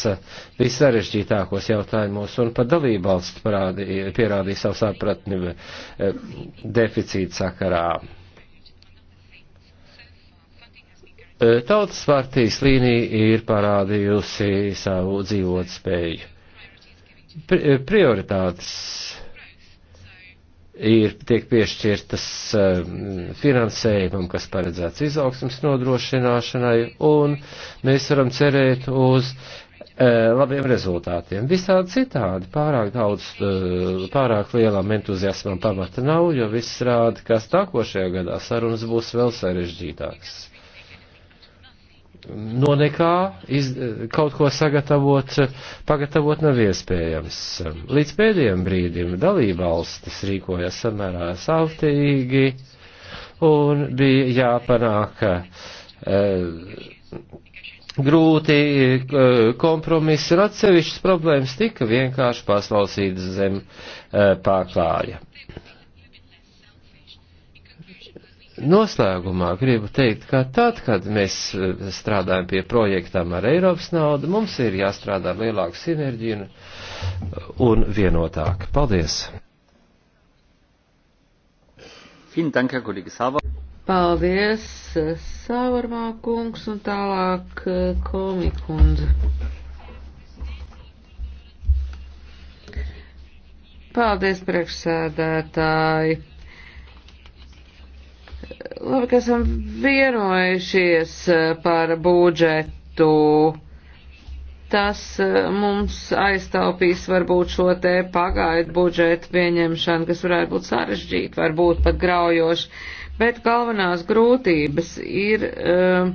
vissarežģītākos jautājumos un pat dalībvalsts pierādīja savu sapratni eh, deficīta sakarā. Eh, Tautas partijas līnija ir parādījusi savu dzīvot spēju. Pri prioritātes ir tiek piešķirtas eh, finansējumam, kas paredzēts izaugsmas nodrošināšanai, un mēs varam cerēt uz eh, labiem rezultātiem. Visādi citādi pārāk daudz, eh, pārāk lielam entuziasmam pamata nav, jo viss rāda, ka stākošajā gadā sarunas būs vēl sarežģītākas no nekā iz, kaut ko sagatavot, pagatavot nav iespējams. Līdz pēdējiem brīdim dalībvalstis rīkojas samērā savtīgi un bija jāpanāk eh, grūti eh, kompromisi un atsevišķas problēmas tika vienkārši paslausītas zem eh, pārklāja. Noslēgumā gribu teikt, ka tad, kad mēs eh, strādājam pie projektām ar Eiropas naudu, mums ir jāstrādā lielāka sinerģija un vienotāk. Paldies! Paldies, Savarmā kungs un tālāk eh, komikundze. Paldies, priekšsēdētāji! Labi, ka esam vienojušies eh, par budžetu. Tas eh, mums aiztaupīs varbūt šo te pagaidu budžetu pieņemšanu, kas varētu būt sarežģīta, varbūt pat graujoša, bet galvenās grūtības ir uh,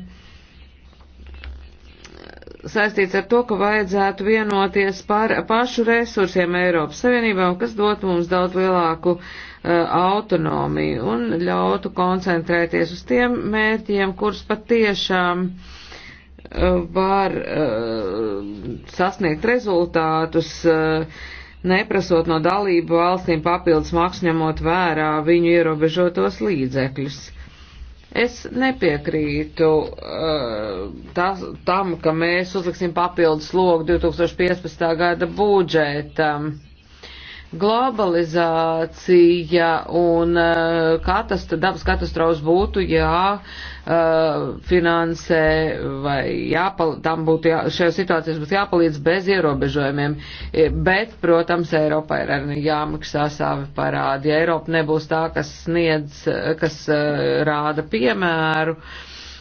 saistīts ar to, ka vajadzētu vienoties par pašu resursiem Eiropas Savienībām, kas dotu mums daudz lielāku uh, Uh, autonomiju un ļautu koncentrēties uz tiem mērķiem, kurus patiešām uh, var uh, sasniegt rezultātus, neprasot no dalību valstīm papildus maksu ņemot vērā viņu ierobežotos līdzekļus. Es nepiekrītu uh, tas, tam, ka mēs uzliksim papildus logu 2015. gada budžetam. Um, globalizācija un eh, katast dabas katastrofas būtu jāfinansē eh, vai jāpal, tam būtu jā, šajā situācijā būtu jāpalīdz bez ierobežojumiem, e, bet, protams, Eiropā ir arī jāmaksā savi parādi. Ja Eiropa nebūs tā, kas sniedz, kas eh, rāda piemēru,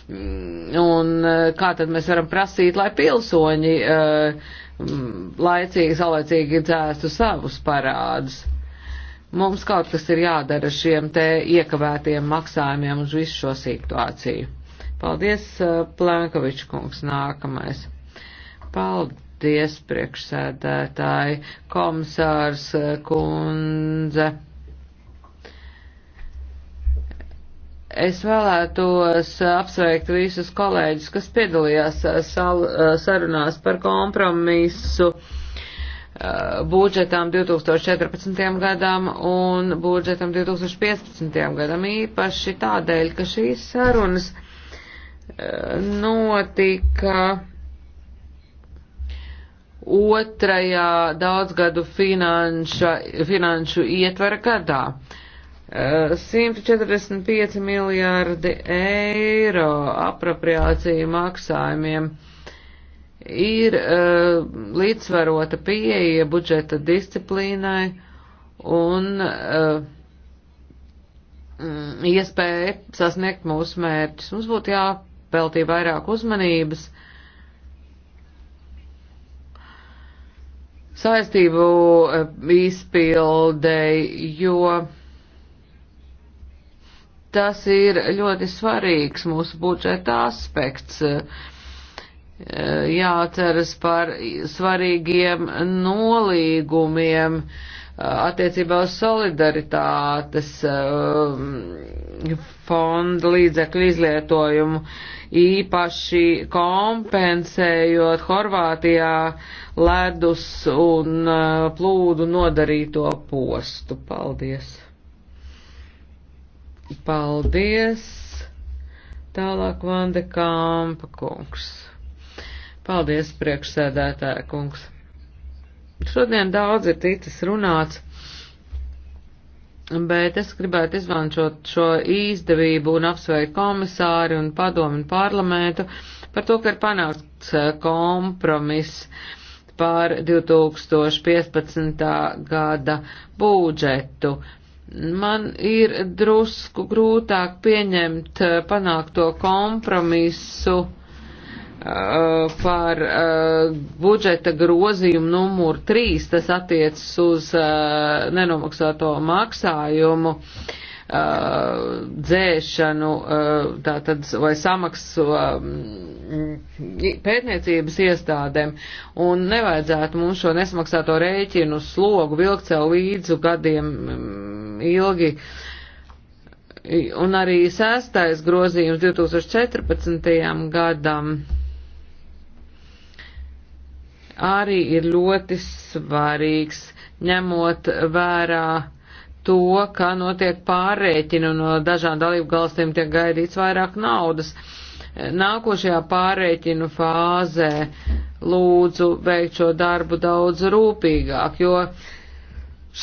mm, un kā tad mēs varam prasīt, lai pilsoņi uh, Mm, laicīgi, saulēcīgi dzēstu savus parādus. Mums kaut kas ir jādara šiem te iekavētiem maksājumiem uz visu šo situāciju. Paldies, uh, Plēnkovičs kungs, nākamais. Paldies, priekšsēdētāji, komisārs uh, kundze. Es vēlētos apsveikt visus kolēģus, kas piedalījās uh, sal, uh, sarunās par kompromisu uh, budžetām 2014. gadam un budžetam 2015. gadam īpaši tādēļ, ka šīs sarunas notika otrajā daudzgadu finanša, finanšu ietvara gadā. 145 eh, miljārdi eiro apropriāciju maksājumiem ir uh, līdzsvarota pieeja budžeta disciplīnai un uh, iespēja sasniegt mūsu mērķus. Mums būtu jāpeltī vairāk uzmanības saistību izpildei, jo tas ir ļoti svarīgs mūsu budžeta aspekts. Jāceras par svarīgiem nolīgumiem uh, attiecībā uz solidaritātes um, fondu līdzekļu izlietojumu, īpaši kompensējot Horvātijā ledus un uh, plūdu nodarīto postu. Paldies! Paldies! Tālāk Vande Kampa kungs. Paldies, priekšsēdētāja kungs. Šodien daudz ir ticis runāts, bet es gribētu izmantot šo izdevību un apsveikt komisāri un padomu un parlamentu par to, ka ir panākts eh, kompromiss par 2015. gada budžetu. Man ir drusku grūtāk pieņemt eh, panākto kompromisu uh, par uh, budžeta grozījumu numuru 3, tas attiecas uz uh, nenomaksāto maksājumu. Uh, Uh, dzēšanu, uh, tātad, vai samaksu um, pētniecības iestādēm, un nevajadzētu mums šo nesmaksāto rēķinu slogu vilkt sev līdzu gadiem um, ilgi. Un arī sēstais grozījums 2014. gadam arī ir ļoti svarīgs, ņemot vērā to, ka notiek pārreķina un no dažām dalību valstīm tiek gaidīts vairāk naudas. Nākošajā pārreķinu fāzē lūdzu veikt šo darbu daudz rūpīgāk, jo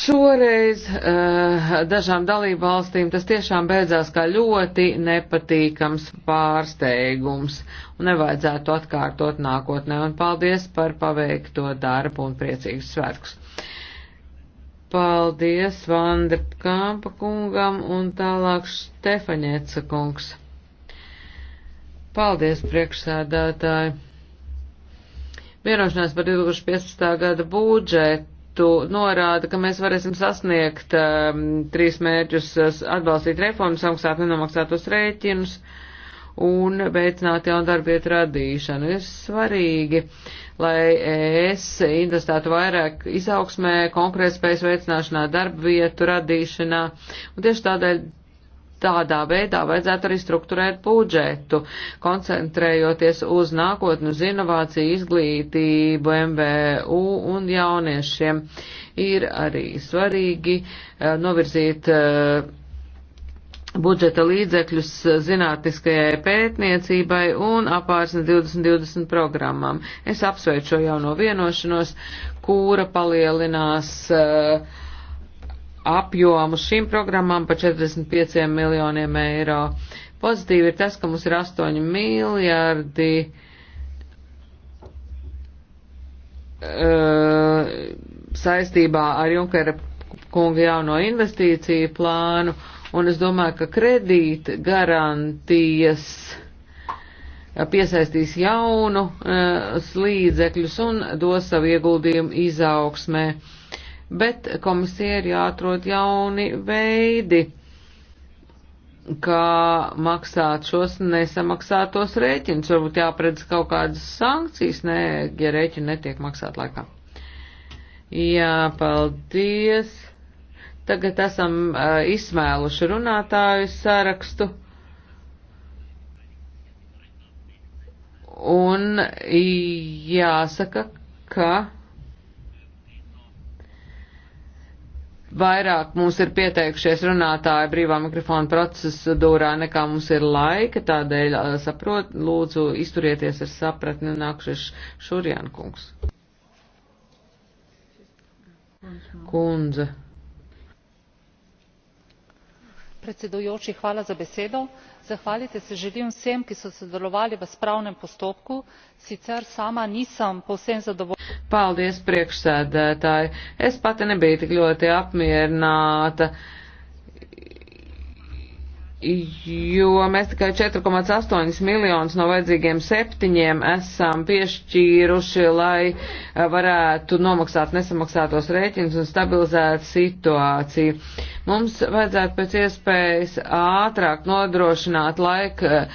šoreiz eh, dažām dalību valstīm tas tiešām beidzās kā ļoti nepatīkams pārsteigums un nevajadzētu atkārtot nākotnē. Un paldies par paveikto darbu un priecīgus svētkus! Paldies Vanda Kampa kungam un tālāk Štefaņēca kungs. Paldies priekšsēdētāji. Vienošanās par 2015. gada budžetu norāda, ka mēs varēsim sasniegt um, trīs mērķus - atbalstīt reformas, samaksāt nenomaksātos rēķinus. Uh, un veicināt jaunu darbietu radīšanu. Ir svarīgi, lai es investētu vairāk izaugsmē, konkurētspējas veicināšanā, darbvietu radīšanā, un tieši tādēļ Tādā veidā vajadzētu arī struktūrēt budžetu, koncentrējoties uz nākotnu, uz inovāciju, izglītību, MVU un jauniešiem. Ir arī svarīgi uh, novirzīt uh, budžeta līdzekļus zinātniskajai pētniecībai un apārsne 2020 programmām. Es apsveicu šo jauno vienošanos, kura palielinās uh, apjomu šīm programmām par 45 miljoniem eiro. Pozitīvi ir tas, ka mums ir 8 miljardi uh, saistībā ar Junkera kunga jauno investīciju plānu. Uh, un es domāju, ka kredīta garantijas piesaistīs jaunu uh, slīdzekļus un dos savu ieguldījumu izaugsmē. Bet komisija ir jāatrod jauni veidi, kā maksāt šos nesamaksātos rēķinus. Varbūt jāpredz kaut kādas sankcijas, ne, ja rēķini netiek maksāt laikā. Jā, paldies. Tagad esam uh, izsmēluši runātāju sarakstu. Un jāsaka, ka vairāk mums ir pieteikušies runātāji brīvā mikrofona procedūrā nekā mums ir laika, tādēļ saprot, lūdzu, izturieties ar sapratni nākušies Šurjankungs. Kundze zahvaliti se želim vsem ki so sodelovali v spravnem postopku sicer sama nisem povsem zadovoljna. paldies priekšsēdētāji es pati nebiju tik ļoti apmierināta jo mēs tikai 4,8 miljonus no vajadzīgiem septiņiem esam piešķīruši, lai eh, varētu nomaksāt nesamaksātos rēķinus un stabilizēt situāciju. Mums vajadzētu pēc iespējas ātrāk nodrošināt laika eh,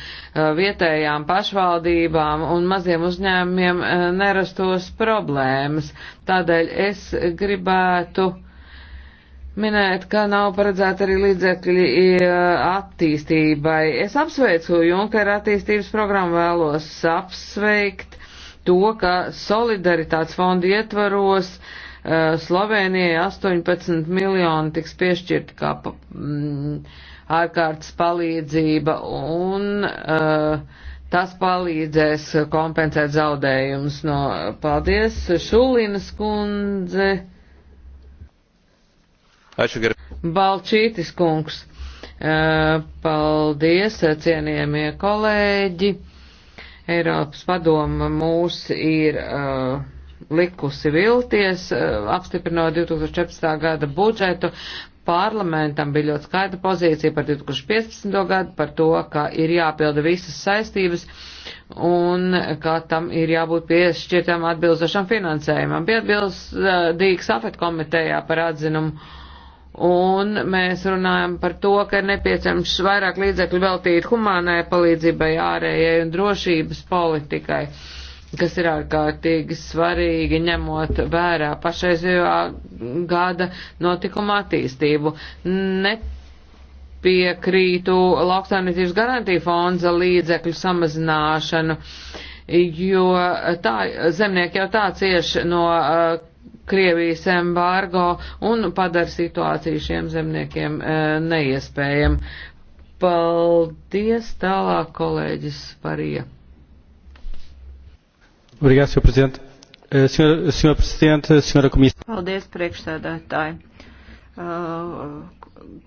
vietējām pašvaldībām un maziem uzņēmumiem eh, nerastos problēmas. Tādēļ es gribētu minēt, ka nav paredzēta arī līdzekļi eh, attīstībai. Es apsveicu Junkera attīstības programmu, vēlos apsveikt to, ka solidaritātes fonda ietvaros uh, Slovenijai 18 miljoni tiks piešķirti kā mm, ārkārtas palīdzība un uh, tas palīdzēs kompensēt zaudējumus. No, paldies, Šulinas kundze. Balčītis kungs. Eh, paldies, eh, cienījamie kolēģi. Eiropas padoma mūs ir uh, likusi vilties, uh, apstiprinot 2014. gada budžetu. Parlamentam bija ļoti skaita pozīcija par 2015. gadu, par to, ka ir jāpilda visas saistības un ka tam ir jābūt piešķirtam atbilstošam finansējumam. Bija atbilstīgs uh, Afet komitejā par atzinumu Un mēs runājam par to, ka ir nepieciešams vairāk līdzekļu veltīt humānai palīdzībai, ārējai un drošības politikai, kas ir ārkārtīgi svarīgi, ņemot vērā pašreizējā gada notikuma attīstību. Nepiekrītu lauksaimniecības garantija fonda līdzekļu samazināšanu, jo tā, zemnieki jau tā cieši no uh, Krievijas embargo un padara situāciju šiem zemniekiem e, neiespējam. Paldies tālāk, kolēģis Parija. Obrigado, Sr. Eh, presidente. Senhora, senhora Presidente, Senhora Comissária. Paldies, priekšsēdētāji. Eh,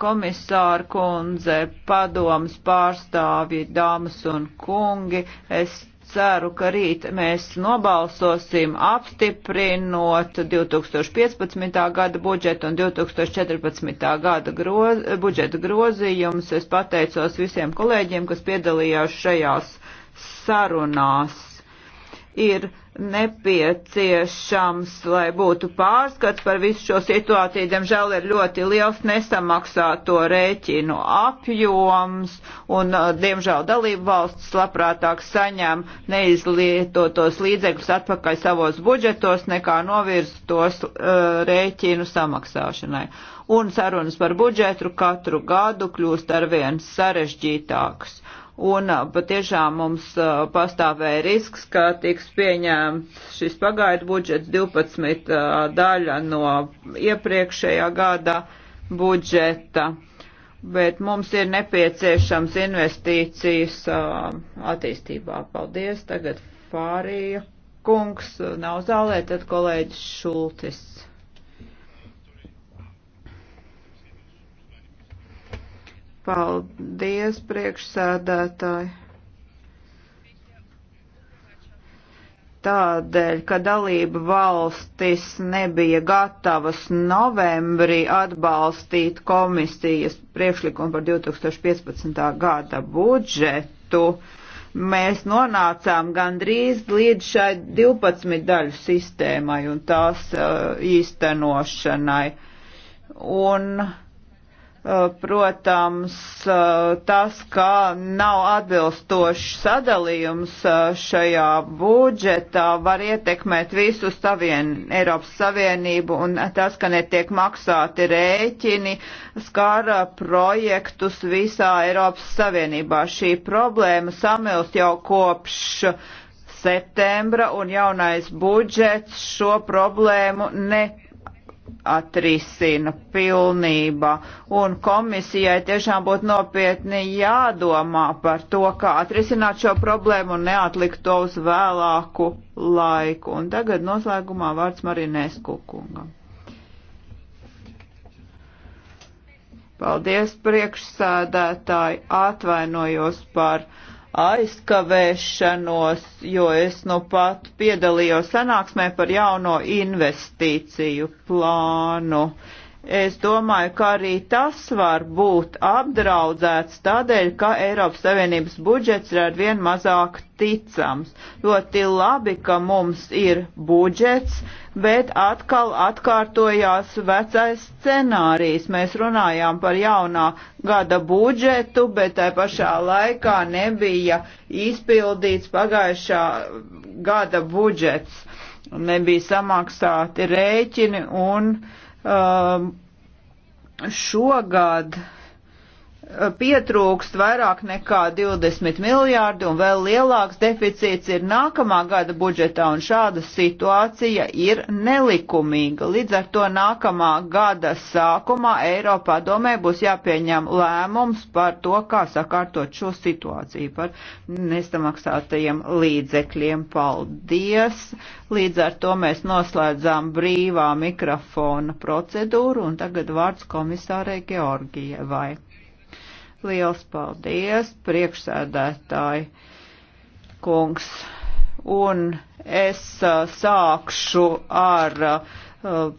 komisāra kundze, padomas pārstāvji, dāmas un kungi, es ceru, ka rīt mēs nobalsosim apstiprinot 2015. gada budžetu un 2014. gada groz, budžeta grozījumus. Es pateicos visiem kolēģiem, kas piedalījās šajās sarunās ir nepieciešams, lai būtu pārskats par visu šo situāciju. Diemžēl ir ļoti liels nesamaksāto rēķinu apjoms, un, uh, diemžēl, dalību valsts labprātāk saņem neizlietotos līdzekļus atpakaļ savos budžetos, nekā novirz tos uh, rēķinu samaksāšanai. Un sarunas par budžetu katru gadu kļūst arvien sarežģītākas un patiešām mums pastāvēja risks, ka tiks pieņēmts šis pagaidu budžets 12 daļa no iepriekšējā gada budžeta, bet mums ir nepieciešams investīcijas attīstībā. Paldies, tagad Fārija kungs nav zālē, tad kolēģis Šultis. Paldies, priekšsēdētāji. Tādēļ, ka dalība valstis nebija gatavas novembrī atbalstīt komisijas priekšlikumu par 2015. gada budžetu, mēs nonācām gandrīz līdz šai 12 daļu sistēmai un tās uh, īstenošanai. Un uh, Eh, protams, eh, tas, ka nav atbilstošs sadalījums eh, šajā budžetā, var ietekmēt visu savien, Eiropas Savienību, un tas, ka netiek maksāti rēķini, skara projektus visā Eiropas Savienībā. Šī problēma samilst jau kopš septembra, un jaunais budžets šo problēmu ne atrisina pilnībā, un komisijai tiešām būtu nopietni jādomā par to, kā atrisināt šo problēmu un neatlikt to uz vēlāku laiku. Un tagad noslēgumā vārds Marinēsku kungam. Paldies priekšsēdētāji, atvainojos par aizkavēšanos, jo es nu pat piedalījos sanāksmē par jauno investīciju plānu. Uh, Es domāju, ka arī tas var būt apdraudzēts tādēļ, ka Eiropas Savienības budžets ir arvien mazāk ticams. Ļoti labi, ka mums ir budžets, bet atkal atkārtojās vecais scenārijs. Mēs runājām par jaunā gada budžetu, bet tai pašā laikā nebija izpildīts pagājušā gada budžets. Nebija samaksāti rēķini un. Uh, Um, šogad Eh, pietrūkst vairāk nekā 20 miljārdi un vēl lielāks deficīts ir nākamā gada budžetā un šāda situācija ir nelikumīga. Līdz ar to nākamā gada sākumā Eiropā domē būs jāpieņem lēmums par to, kā sakārtot šo situāciju par nestamaksātajiem līdzekļiem. Paldies! Līdz ar to mēs noslēdzām brīvā mikrofona procedūru un tagad vārds komisārai Georgijai. Liels paldies, priekšsēdētāji kungs. Un es sākšu ar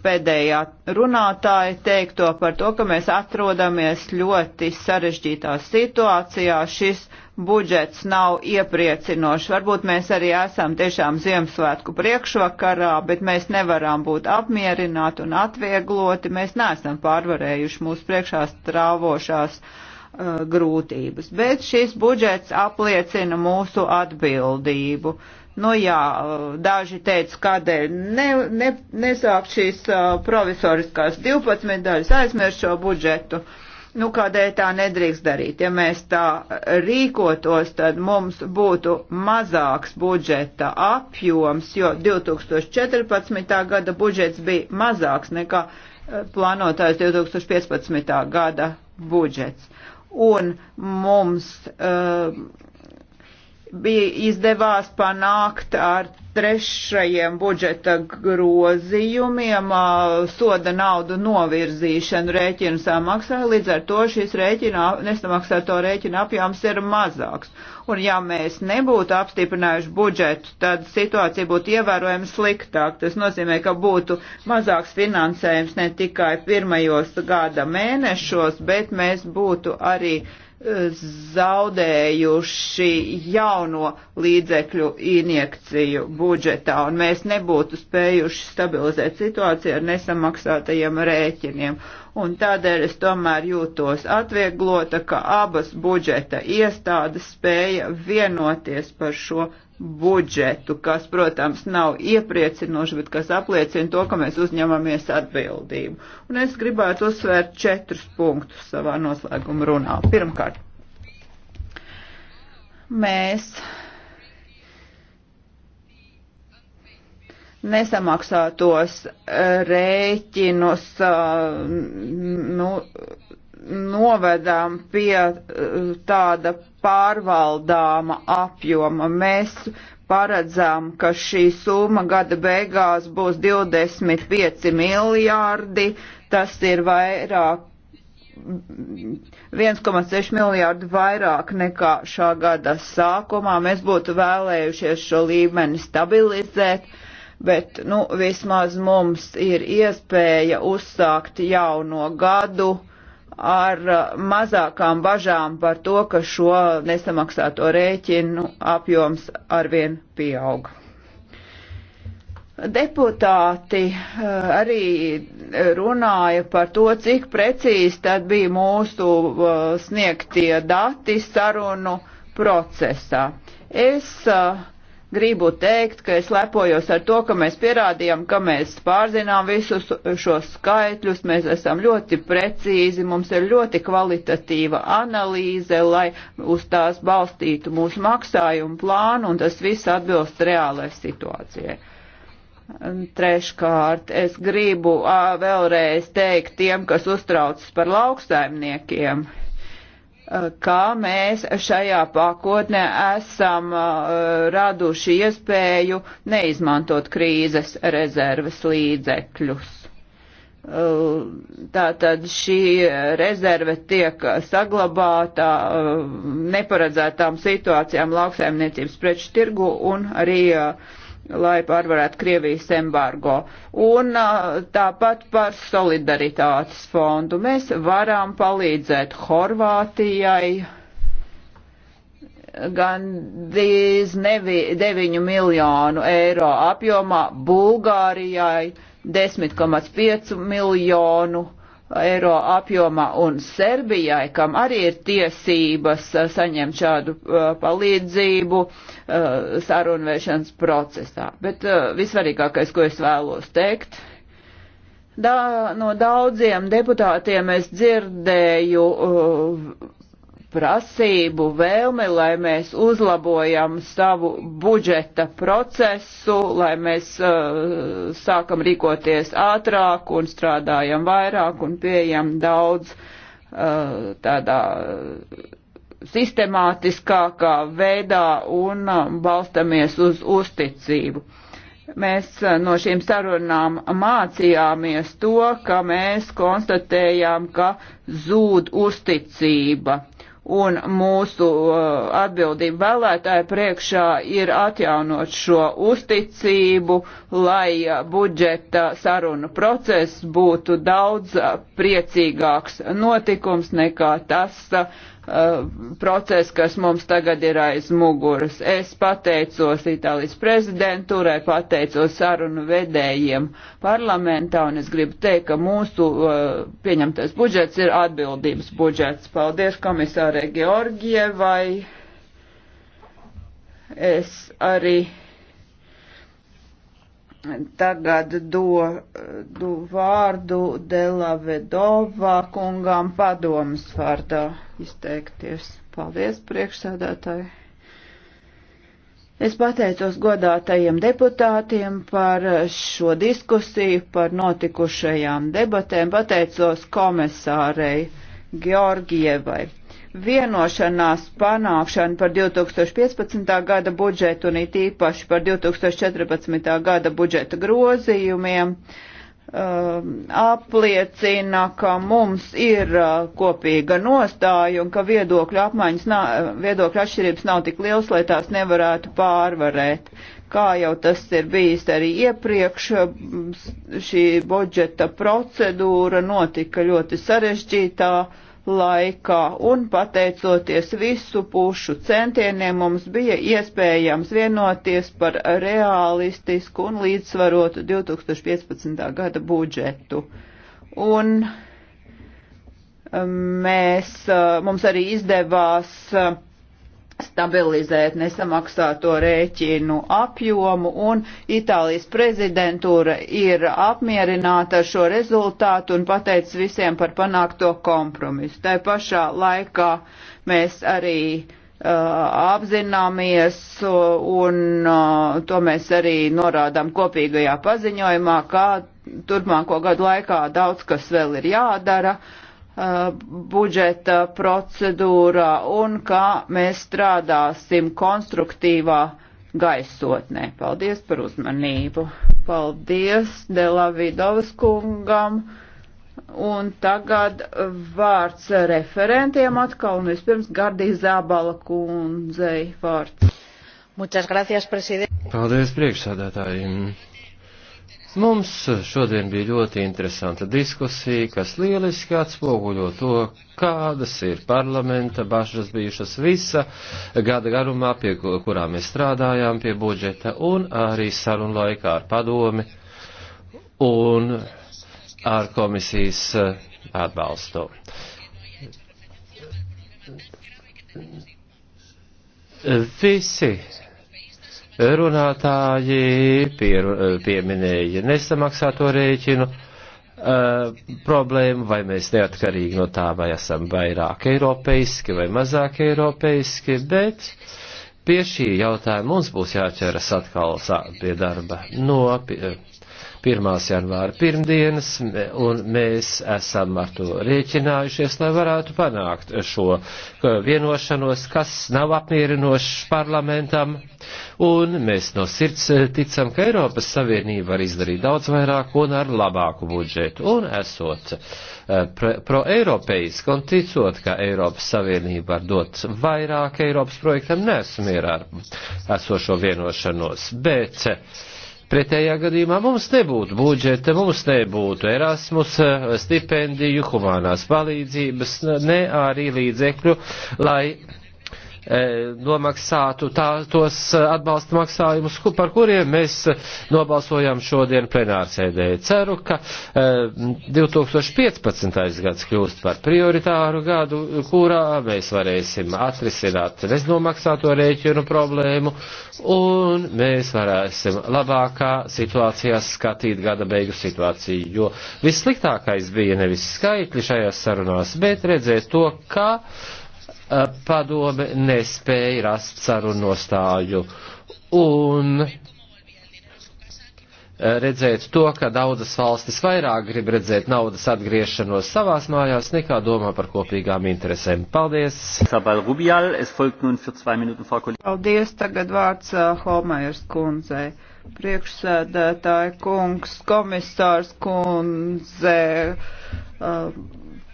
pēdējā runātāja teikto par to, ka mēs atrodamies ļoti sarežģītā situācijā. Šis budžets nav iepriecinošs. Varbūt mēs arī esam tiešām Ziemassvētku priekšvakarā, bet mēs nevaram būt apmierināti un atviegloti. Mēs neesam pārvarējuši mūsu priekšā strāvošās uh, uh, grūtības. Bet šis budžets apliecina mūsu atbildību. Nu jā, uh, daži teica, kādēļ ne, ne, nesākt šīs uh, provisoriskās 12 daļas, aizmirst šo budžetu. Nu, kādēļ tā nedrīkst darīt? Ja mēs tā rīkotos, tad mums būtu mazāks budžeta apjoms, jo 2014. gada budžets bija mazāks nekā uh, plānotais 2015. gada budžets un mums uh, bija izdevās panākt ar trešajiem budžeta grozījumiem eh, soda naudu novirzīšanu rēķinu samaksā, līdz ar to šis rēķina, nesamaksāto rēķina apjoms ir mazāks un ja mēs nebūtu apstiprinājuši budžetu, tad situācija būtu ievērojami sliktāk. Tas nozīmē, ka būtu mazāks finansējums ne tikai pirmajos gada mēnešos, bet mēs būtu arī uh, zaudējuši jauno līdzekļu injekciju budžetā, un mēs nebūtu spējuši stabilizēt situāciju ar nesamaksātajiem rēķiniem. Un tādēļ es tomēr jūtos atvieglota, ka abas budžeta iestādes spēja vienoties par šo budžetu, kas, protams, nav iepriecinoši, bet kas apliecina to, ka mēs uzņemamies atbildību. Un es gribētu uzsvērt četrus punktus savā noslēguma runā. Pirmkārt, mēs nesamaksātos rēķinus, nu, novedām pie eh, tāda pārvaldāma apjoma. Mēs paredzām, ka šī summa gada beigās būs 25 miljārdi, tas ir vairāk 1,6 miljārdu vairāk nekā šā gada sākumā. Mēs būtu vēlējušies šo līmeni stabilizēt, bet nu, vismaz mums ir iespēja uzsākt jauno gadu uh, ar uh, mazākām bažām par to, ka šo nesamaksāto rēķinu apjoms arvien pieauga. Deputāti uh, arī runāja par to, cik precīzi tad bija mūsu uh, sniegtie dati sarunu procesā. Es uh, gribu teikt, ka es lepojos ar to, ka mēs pierādījām, ka mēs pārzinām visus šos skaitļus, mēs esam ļoti precīzi, mums ir ļoti kvalitatīva analīze, lai uz tās balstītu mūsu maksājumu plānu, un tas viss atbilst reālai situācijai. Treškārt, es gribu a, vēlreiz teikt tiem, kas uztraucas par lauksaimniekiem, kā mēs šajā pakotnē esam uh, raduši iespēju neizmantot krīzes rezerves līdzekļus. Uh, tātad šī rezerve tiek saglabāta uh, neparedzētām situācijām lauksaimniecības preču tirgu un arī uh, lai pārvarētu Krievijas embargo. Un tāpat par solidaritātes fondu. Mēs varam palīdzēt Horvātijai gandrīz 9 miljonu eiro apjomā, Bulgārijai 10,5 miljonu eiro apjomā un Serbijai, kam arī ir tiesības saņemt šādu palīdzību. Uh, uh, sarunvēšanas procesā. Bet uh, visvarīgākais, ko es vēlos teikt, da, no daudziem deputātiem es dzirdēju uh, prasību, vēlmi, lai mēs uzlabojam savu budžeta procesu, lai mēs uh, sākam rīkoties ātrāk un strādājam vairāk un pieejam daudz uh, tādā sistemātiskākā veidā un balstamies uz uzticību. Mēs no šīm sarunām mācījāmies to, ka mēs konstatējām, ka zūd uzticība un mūsu atbildība vēlētāju priekšā ir atjaunot šo uzticību, lai budžeta sarunu process būtu daudz priecīgāks notikums nekā tas, Uh, process, kas mums tagad ir aiz muguras. Es pateicos Itālijas prezidentūrai, pateicos sarunu vedējiem parlamentā, un es gribu teikt, ka mūsu uh, pieņemtais budžets ir atbildības budžets. Paldies komisārai Georgievai. Es arī tagad do, do vārdu Delavedovā kungām padomas vārdā izteikties. Paldies, priekšsēdētāji! Es pateicos godātajiem deputātiem par šo diskusiju, par notikušajām debatēm, pateicos komisārei Georgievai. Vienošanās panākšana par 2015. gada budžetu un it īpaši par 2014. gada budžeta grozījumiem Um, apliecina, ka mums ir uh, kopīga nostāja un ka viedokļu apmaiņas, nav, viedokļu atšķirības nav tik liels, lai tās nevarētu pārvarēt. Kā jau tas ir bijis arī iepriekš, um, šī budžeta procedūra notika ļoti sarežģītā uh, laikā, un pateicoties visu pušu centieniem mums bija iespējams vienoties par realistisku un līdzsvarotu 2015. gada budžetu. Un um, mēs, uh, mums arī izdevās uh, stabilizēt nesamaksāto rēķinu apjomu, un Itālijas prezidentūra ir apmierināta ar šo rezultātu un pateic visiem par panākto kompromisu. Tā pašā laikā mēs arī uh, apzināmies, un uh, to mēs arī norādām kopīgajā paziņojumā, ka turpmāko gadu laikā daudz kas vēl ir jādara, uh, Uh, budžeta procedūrā un kā mēs strādāsim konstruktīvā gaisotnē. Paldies par uzmanību. Paldies Delavidovas kungam. Un tagad vārds referentiem atkal, un vispirms Gardija Zābala kundzei vārds. Muchas gracias, prezident. Paldies priekšsādātājiem. Mums šodien bija ļoti interesanta diskusija, kas lieliski atspoguļo to, kādas ir parlamenta bažas bijušas visa gada garumā, pie kurā mēs strādājām pie budžeta un arī sarunu laikā ar padomi un ar komisijas eh, atbalstu. Visi runātāji pie, eh, pieminēja nesamaksāto rēķinu uh, problēmu, vai mēs neatkarīgi no tā, vai esam vairāk eiropeiski vai mazāk eiropeiski, bet pie šī jautājuma mums būs jāķeras atkal pie darba no. Pie, 1. janvāra pirmdienas, un mēs esam ar to rēķinājušies, lai varētu panākt šo vienošanos, kas nav apmierinošs parlamentam, un mēs no sirds eh, ticam, ka Eiropas Savienība var izdarīt daudz vairāk un ar labāku budžetu, un esot eh, pro-eiropeiski, un ticot, ka Eiropas Savienība var dot vairāk Eiropas projektam, nesmu mierā ar esošo vienošanos, bet eh, Pretējā gadījumā mums nebūtu budžeta, mums nebūtu Erasmus eh, stipendiju, humanās palīdzības, ne arī līdzekļu, lai E, nomaksātu tā, tos e, atbalsta maksājumus, par kuriem mēs nobalsojām šodien plenārsēdē. Ceru, ka 2015. E, gads kļūst par prioritāru gadu, kurā mēs varēsim atrisināt neznomaksāto rēķinu problēmu un mēs varēsim labākā situācijā skatīt gada beigu situāciju, jo vissliktākais bija nevis skaitļi šajās sarunās, bet redzēt to, ka Eh, padome nespēja rast sarunu nostāju. Un eh, redzēt to, ka daudzas valstis vairāk grib redzēt naudas atgriešanos savās mājās, nekā domā par kopīgām interesēm. Paldies! Paldies! Tagad vārds eh, Holmajers kundzei. Priekšsēdētāji kungs, komisārs kundze,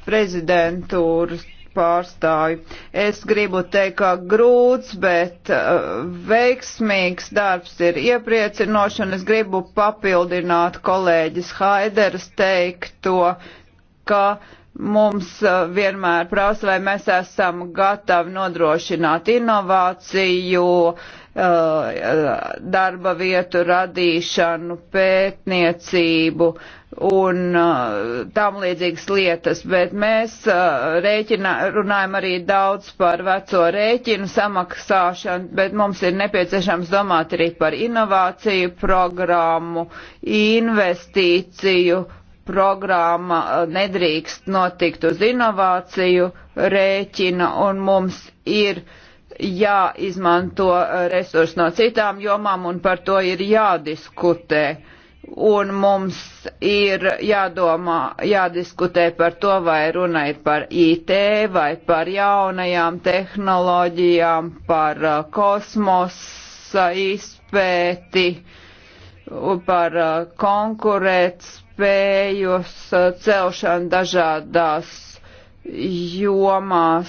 prezidentūras pārstāvi. Es gribu teikt, ka grūts, bet uh, veiksmīgs darbs ir iepriecinošs, un es gribu papildināt kolēģis Haideras teikto, ka mums uh, vienmēr prasa, vai mēs esam gatavi nodrošināt inovāciju, uh, Uh, darba vietu radīšanu, pētniecību un uh, tam līdzīgas lietas, bet mēs uh, rēķinā, runājam arī daudz par veco rēķinu samaksāšanu, bet mums ir nepieciešams domāt arī par inovāciju programmu, investīciju programma nedrīkst notikt uz inovāciju rēķina un mums ir uh, jāizmanto uh, resursi no citām jomām un par to ir jādiskutē. Un mums ir jādomā, jādiskutē par to, vai runa ir par IT, vai par jaunajām tehnoloģijām, par uh, kosmosa izpēti, par uh, konkurētspējus celšanu dažādās jomās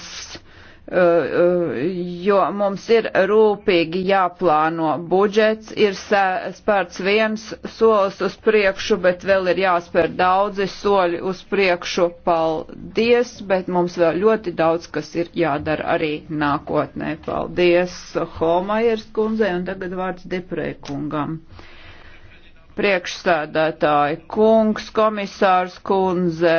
jo mums ir rūpīgi jāplāno budžets, ir spērts viens solis uz priekšu, bet vēl ir jāspēr daudzi soļi uz priekšu. Paldies, bet mums vēl ļoti daudz, kas ir jādara arī nākotnē. Paldies Holmajers kundzei un tagad vārds Deprē kungam. Priekšsēdētāji, kungs, komisārs kundze,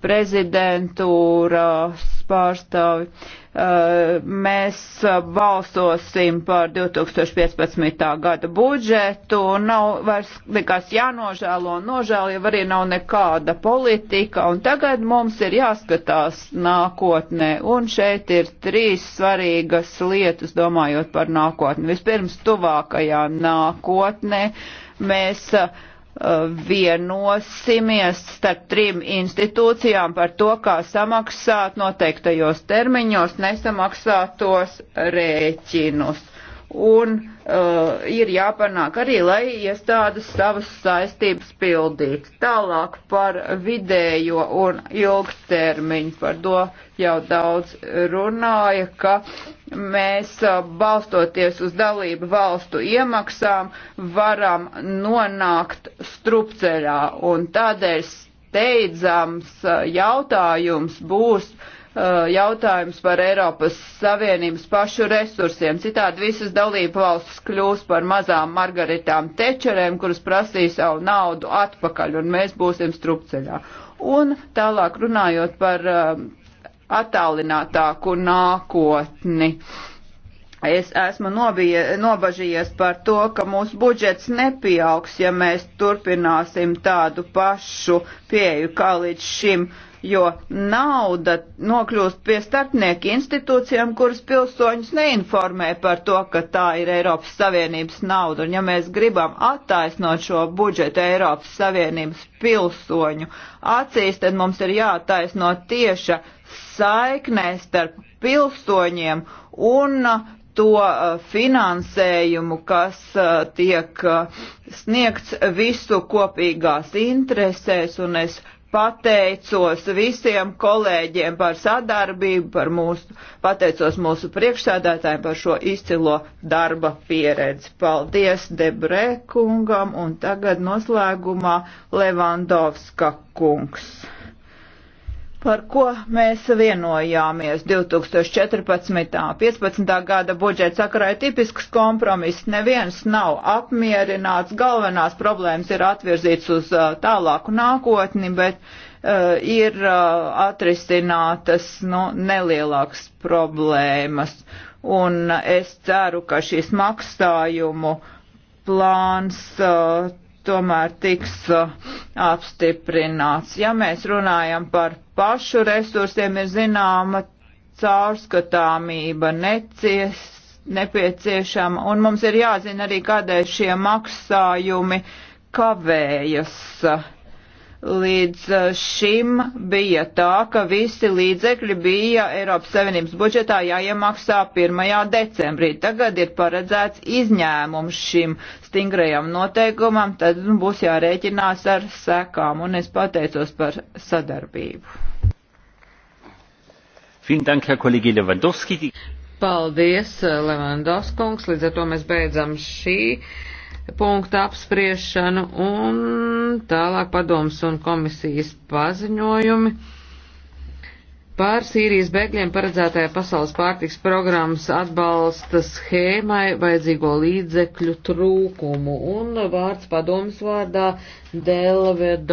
prezidentūras pārstāvi. Eh, mēs balsosim par 2015. gada budžetu, nav vairs nekas jānožēlo, nožēl jau arī nav nekāda politika, un tagad mums ir jāskatās nākotnē, un šeit ir trīs svarīgas lietas, domājot par nākotni. Vispirms, tuvākajā nākotnē mēs uh, Uh, vienosimies starp trim institūcijām par to, kā samaksāt noteiktajos termiņos nesamaksātos rēķinus un uh, ir jāpanāk arī, lai iestādes savas saistības pildītu. Tālāk par vidējo un ilgtermiņu, par to jau daudz runāja, ka mēs uh, balstoties uz dalību valstu iemaksām varam nonākt strupceļā, un tādēļ steidzams uh, jautājums būs, uh, Uh, jautājums par Eiropas Savienības pašu resursiem. Citādi visas dalību valstis kļūs par mazām margaritām tečerēm, kuras prasīs savu naudu atpakaļ, un mēs būsim strupceļā. Un tālāk runājot par uh, attālinātāku nākotni. Es esmu nobija, nobažījies par to, ka mūsu budžets nepieaugs, ja mēs turpināsim tādu pašu pieju kā līdz šim. Uh, jo nauda nokļūst pie starpnieku institūcijām, kuras pilsoņus neinformē par to, ka tā ir Eiropas Savienības nauda. Un ja mēs gribam attaisnot šo budžetu Eiropas Savienības pilsoņu acīs, tad mums ir jātaisno tieša saiknē starp pilsoņiem un uh, to uh, finansējumu, kas uh, tiek sniegts visu kopīgās interesēs, un es pateicos visiem kolēģiem par sadarbību, par mūsu, pateicos mūsu priekšsādātājiem par šo izcilo darba pieredzi. Paldies Debre kungam un tagad noslēgumā Levandovska kungs par ko mēs vienojāmies 2014. un 15. gada budžeta sakarā ir tipisks kompromiss. Neviens nav apmierināts, galvenās problēmas ir atvirzīts uz tālāku nākotni, bet uh, ir uh, atrisinātas nu, nelielākas problēmas. Un es ceru, ka šis maksājumu plāns uh, tomēr tiks uh, apstiprināts. Ja mēs runājam par pašu resursiem ir zināma caurskatāmība, necies, nepieciešama, un mums ir jāzina arī, kādēļ šie maksājumi kavējas. Līdz šim bija tā, ka visi līdzekļi bija Eiropas Savienības budžetā jāiemaksā 1. decembrī. Tagad ir paredzēts izņēmums šim stingrajam noteikumam, tad nu, būs jārēķinās ar sekām, un es pateicos par sadarbību. Paldies, eh, Levandovskungs. Līdz ar to mēs beidzam šī punkta apspriešanu un tālāk padoms un komisijas paziņojumi par Sīrijas bēgļiem paredzētajā pasaules pārtiks programmas atbalsta schēmai vajadzīgo līdzekļu trūkumu un vārds padomas vārdā Delvedo.